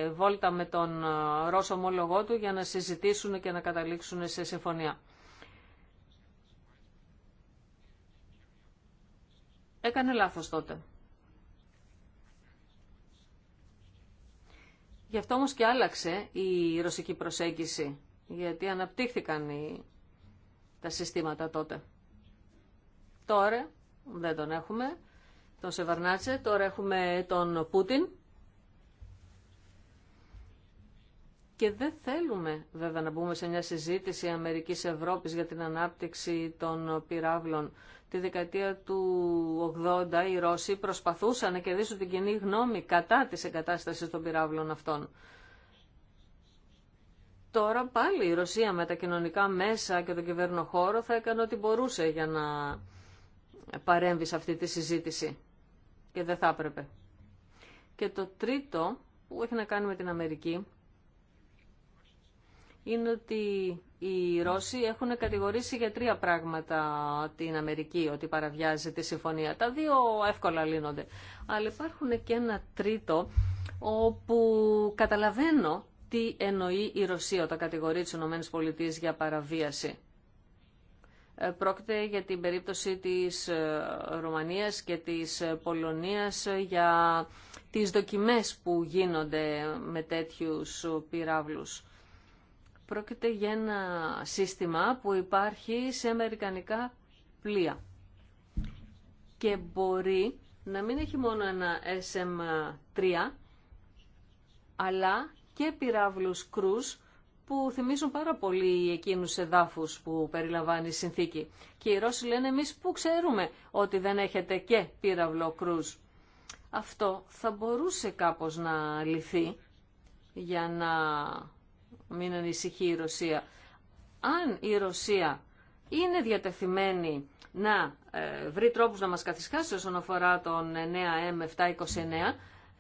βόλτα με τον ε, Ρώσο ομόλογό του για να συζητήσουν και να καταλήξουν σε συμφωνία. Έκανε λάθος τότε. Γι' αυτό όμως και άλλαξε η ρωσική προσέγγιση, γιατί αναπτύχθηκαν τα συστήματα τότε. Τώρα δεν τον έχουμε, τον Σεβαρνάτσε, τώρα έχουμε τον Πούτιν. Και δεν θέλουμε βέβαια να μπούμε σε μια συζήτηση Αμερικής Ευρώπης για την ανάπτυξη των πυράβλων. Τη δεκαετία του 80 οι Ρώσοι προσπαθούσαν να κερδίσουν την κοινή γνώμη κατά της εγκατάστασης των πυράβλων αυτών. Τώρα πάλι η Ρωσία με τα κοινωνικά μέσα και τον χώρο θα έκανε ό,τι μπορούσε για να παρέμβει σε αυτή τη συζήτηση. Και δεν θα έπρεπε. Και το τρίτο που έχει να κάνει με την Αμερική είναι ότι οι Ρώσοι έχουν κατηγορήσει για τρία πράγματα την Αμερική, ότι παραβιάζει τη συμφωνία. Τα δύο εύκολα λύνονται. Αλλά υπάρχουν και ένα τρίτο όπου καταλαβαίνω τι εννοεί η Ρωσία όταν κατηγορεί τις ΗΠΑ για παραβίαση. Ε, πρόκειται για την περίπτωση της ε, Ρουμανίας και της ε, Πολωνίας για τις δοκιμές που γίνονται με τέτοιους πυράβλους. Πρόκειται για ένα σύστημα που υπάρχει σε αμερικανικά πλοία και μπορεί να μην έχει μόνο ένα SM3 αλλά και πυράβλους κρούς που θυμίζουν πάρα πολύ εκείνους εδάφους που περιλαμβάνει η συνθήκη. Και οι Ρώσοι λένε εμείς που ξέρουμε ότι δεν έχετε και πύραυλο κρούς. Αυτό θα μπορούσε κάπως να λυθεί για να μην ανησυχεί η Ρωσία. Αν η Ρωσία είναι διατεθειμένη να ε, βρει τρόπους να μας καθισκάσει όσον αφορά τον 9M729,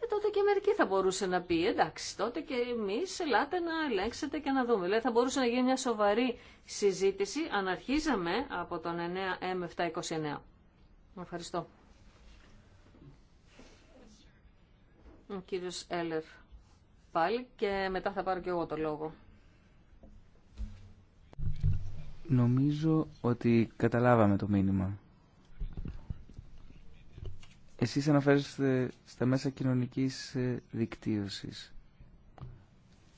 ε, τότε και η Αμερική θα μπορούσε να πει εντάξει, τότε και εμείς ελάτε να ελέγξετε και να δούμε. Δηλαδή θα μπορούσε να γίνει μια σοβαρή συζήτηση αν αρχίζαμε από τον 9M729. Ευχαριστώ. κύριος πάλι και μετά θα πάρω και εγώ το λόγο. Νομίζω ότι καταλάβαμε το μήνυμα. Εσείς αναφέρεστε στα μέσα κοινωνικής ε, δικτύωσης.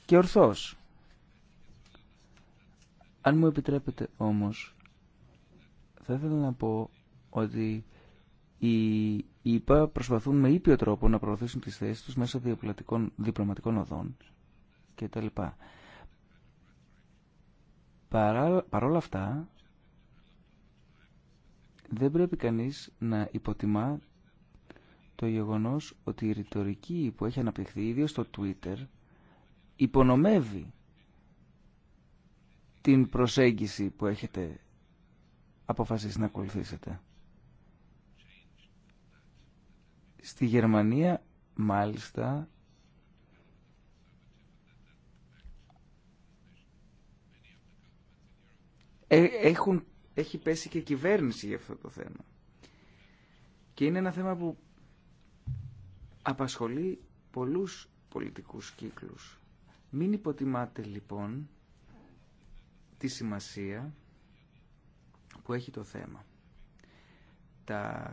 Και ορθώς. Αν μου επιτρέπετε όμως, θα ήθελα να πω ότι οι ΙΠΑ προσπαθούν με ήπιο τρόπο να προωθήσουν τις θέσεις τους μέσω διπλωματικών οδών κτλ. Παρά, όλα αυτά, δεν πρέπει κανείς να υποτιμά το γεγονός ότι η ρητορική που έχει αναπτυχθεί ιδίω στο Twitter υπονομεύει την προσέγγιση που έχετε αποφασίσει να ακολουθήσετε. Στη Γερμανία, μάλιστα, ε, έχουν, έχει πέσει και κυβέρνηση για αυτό το θέμα. Και είναι ένα θέμα που απασχολεί πολλούς πολιτικούς κύκλους. Μην υποτιμάτε λοιπόν τη σημασία που έχει το θέμα. Τα,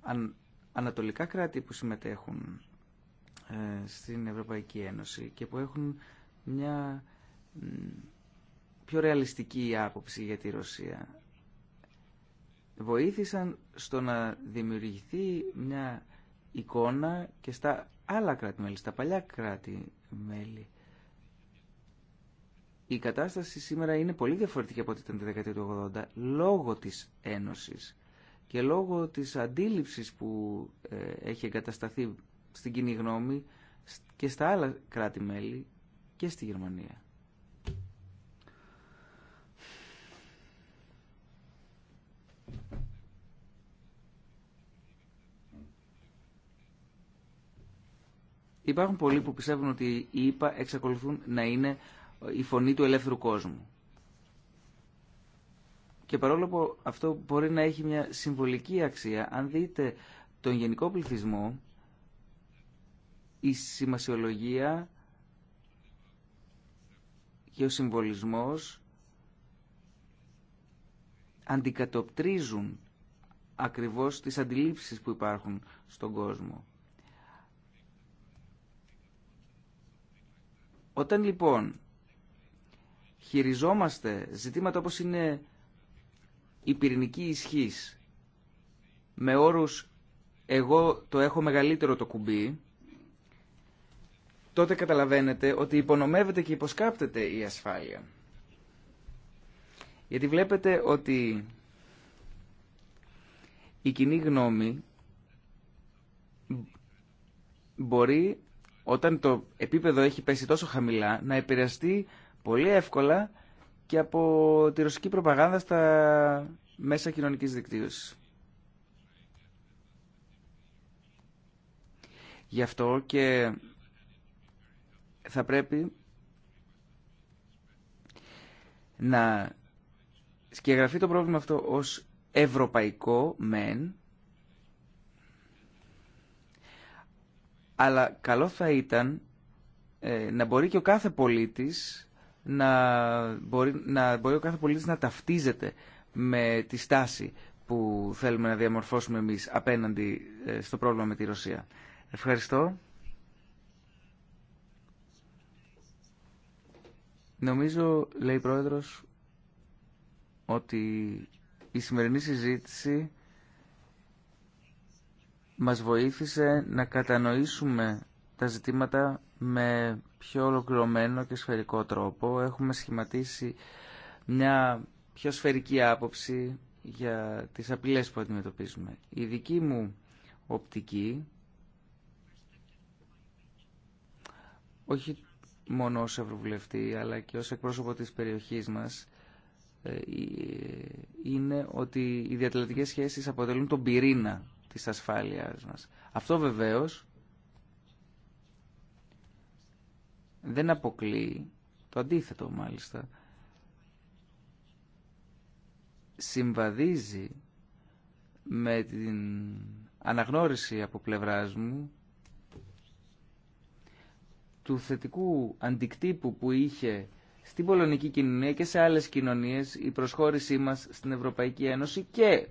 αν ανατολικά κράτη που συμμετέχουν ε, στην Ευρωπαϊκή Ένωση και που έχουν μια πιο ρεαλιστική άποψη για τη Ρωσία βοήθησαν στο να δημιουργηθεί μια εικόνα και στα άλλα κράτη-μέλη, στα παλιά κράτη-μέλη. Η κατάσταση σήμερα είναι πολύ διαφορετική από ό,τι ήταν τη δεκαετία του 80 λόγω της Ένωσης και λόγω της αντίληψης που ε, έχει εγκατασταθεί στην κοινή γνώμη και στα άλλα κράτη-μέλη και στη Γερμανία. Υπάρχουν πολλοί που πιστεύουν ότι οι ΙΠΑ εξακολουθούν να είναι η φωνή του ελεύθερου κόσμου. Και παρόλο που αυτό μπορεί να έχει μια συμβολική αξία, αν δείτε τον γενικό πληθυσμό, η σημασιολογία και ο συμβολισμός αντικατοπτρίζουν ακριβώς τις αντιλήψεις που υπάρχουν στον κόσμο. Όταν λοιπόν χειριζόμαστε ζητήματα όπως είναι η πυρηνική ισχύς με όρους εγώ το έχω μεγαλύτερο το κουμπί, τότε καταλαβαίνετε ότι υπονομεύεται και υποσκάπτεται η ασφάλεια. Γιατί βλέπετε ότι η κοινή γνώμη μπορεί όταν το επίπεδο έχει πέσει τόσο χαμηλά να επηρεαστεί πολύ εύκολα και από τη ρωσική προπαγάνδα στα μέσα κοινωνικής δικτύωσης. Γι' αυτό και θα πρέπει να σκιαγραφεί το πρόβλημα αυτό ως ευρωπαϊκό μεν, αλλά καλό θα ήταν ε, να μπορεί και ο κάθε πολίτης να μπορεί, να μπορεί ο κάθε πολίτης να ταυτίζεται με τη στάση που θέλουμε να διαμορφώσουμε εμείς απέναντι ε, στο πρόβλημα με τη Ρωσία. Ευχαριστώ. Νομίζω, λέει η Πρόεδρος, ότι η σημερινή συζήτηση μας βοήθησε να κατανοήσουμε τα ζητήματα με πιο ολοκληρωμένο και σφαιρικό τρόπο. Έχουμε σχηματίσει μια πιο σφαιρική άποψη για τις απειλές που αντιμετωπίζουμε. Η δική μου οπτική, όχι μόνο ως Ευρωβουλευτή, αλλά και ως εκπρόσωπο της περιοχής μας, ε, είναι ότι οι διατελετικές σχέσεις αποτελούν τον πυρήνα της ασφάλειας μας. Αυτό βεβαίως δεν αποκλεί, το αντίθετο μάλιστα, συμβαδίζει με την αναγνώριση από πλευράς μου του θετικού αντικτύπου που είχε στην πολωνική κοινωνία και σε άλλες κοινωνίες η προσχώρησή μας στην Ευρωπαϊκή Ένωση και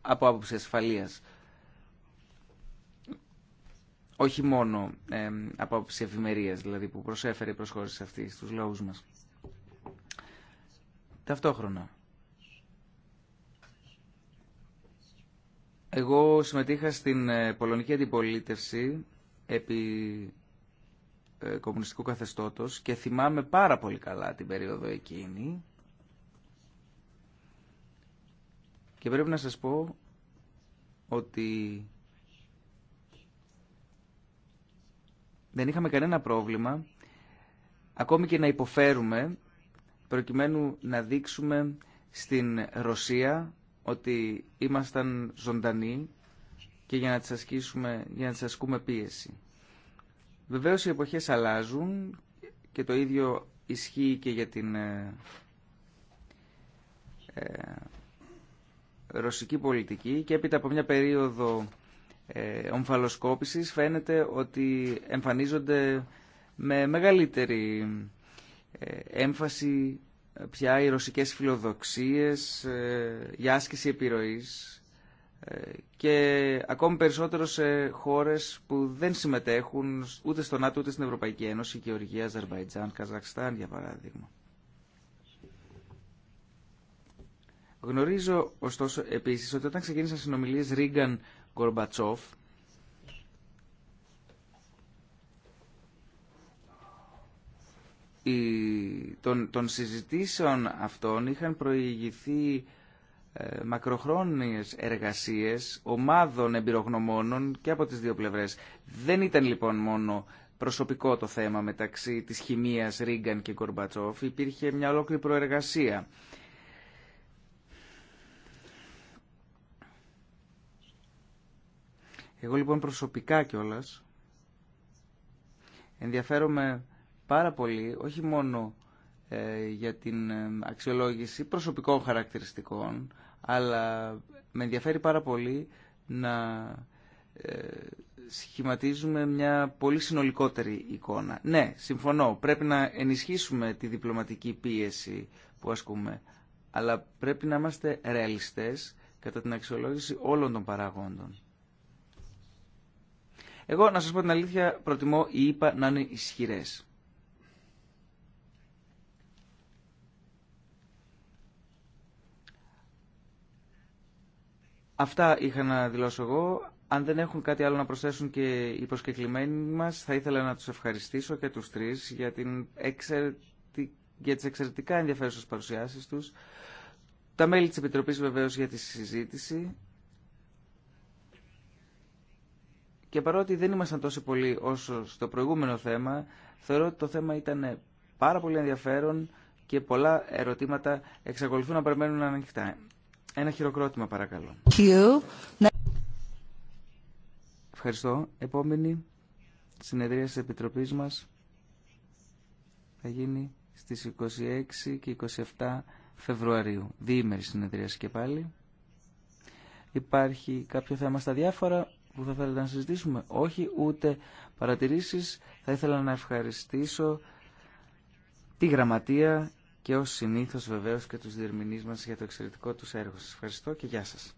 από άποψη ασφαλείας όχι μόνο από άποψη ευημερία, δηλαδή που προσέφερε η προσχώρηση αυτή στους λαούς μας. Ταυτόχρονα, εγώ συμμετείχα στην ε, πολωνική αντιπολίτευση επί ε, κομμουνιστικού καθεστώτος και θυμάμαι πάρα πολύ καλά την περίοδο εκείνη και πρέπει να σας πω ότι δεν είχαμε κανένα πρόβλημα ακόμη και να υποφέρουμε προκειμένου να δείξουμε στην Ρωσία ότι ήμασταν ζωντανοί και για να τις, ασκήσουμε, για να τις ασκούμε πίεση. Βεβαίως οι εποχές αλλάζουν και το ίδιο ισχύει και για την ε, ε, ρωσική πολιτική και έπειτα από μια περίοδο ε, ομφαλοσκόπησης φαίνεται ότι εμφανίζονται με μεγαλύτερη ε, έμφαση πια οι ρωσικές φιλοδοξίες για ε, άσκηση επιρροής και ακόμη περισσότερο σε χώρες που δεν συμμετέχουν ούτε στο ΝΑΤΟ ούτε στην Ευρωπαϊκή Ένωση, Γεωργία, Αζερβαϊτζάν, Καζακστάν για παράδειγμα. Γνωρίζω ωστόσο επίσης ότι όταν ξεκίνησαν συνομιλίες Ρίγκαν Γκορμπατσόφ η, των, των συζητήσεων αυτών είχαν προηγηθεί ε, μακροχρόνιες εργασίες ομάδων εμπειρογνωμόνων και από τις δύο πλευρές. Δεν ήταν λοιπόν μόνο προσωπικό το θέμα μεταξύ της χημίας Ρίγκαν και Κορμπατσόφ, υπήρχε μια ολόκληρη προεργασία Εγώ λοιπόν προσωπικά κιόλα, ενδιαφέρομαι πάρα πολύ όχι μόνο ε, για την ε, αξιολόγηση προσωπικών χαρακτηριστικών αλλά με ενδιαφέρει πάρα πολύ να ε, σχηματίζουμε μια πολύ συνολικότερη εικόνα. Ναι, συμφωνώ, πρέπει να ενισχύσουμε τη διπλωματική πίεση που ασκούμε αλλά πρέπει να είμαστε ρεαλιστές κατά την αξιολόγηση όλων των παραγόντων. Εγώ, να σας πω την αλήθεια, προτιμώ οι ΙΠΑ να είναι ισχυρές. Αυτά είχα να δηλώσω εγώ. Αν δεν έχουν κάτι άλλο να προσθέσουν και οι προσκεκλημένοι μας, θα ήθελα να τους ευχαριστήσω και τους τρεις για, την για τις εξαιρετικά ενδιαφέρουσες παρουσιάσεις τους. Τα μέλη της Επιτροπής βεβαίως για τη συζήτηση. Και παρότι δεν ήμασταν τόσο πολύ όσο στο προηγούμενο θέμα, θεωρώ ότι το θέμα ήταν πάρα πολύ ενδιαφέρον και πολλά ερωτήματα εξακολουθούν να παραμένουν ανοιχτά. Ένα χειροκρότημα παρακαλώ. Ευχαριστώ. Επόμενη συνεδρία της Επιτροπής μας θα γίνει στις 26 και 27 Φεβρουαρίου. Διήμερη συνεδρίαση και πάλι. Υπάρχει κάποιο θέμα στα διάφορα που θα θέλετε να συζητήσουμε. Όχι ούτε παρατηρήσεις. Θα ήθελα να ευχαριστήσω τη Γραμματεία και ως συνήθως βεβαίως και τους διερμηνείς μας για το εξαιρετικό τους έργο. Σας ευχαριστώ και γεια σας.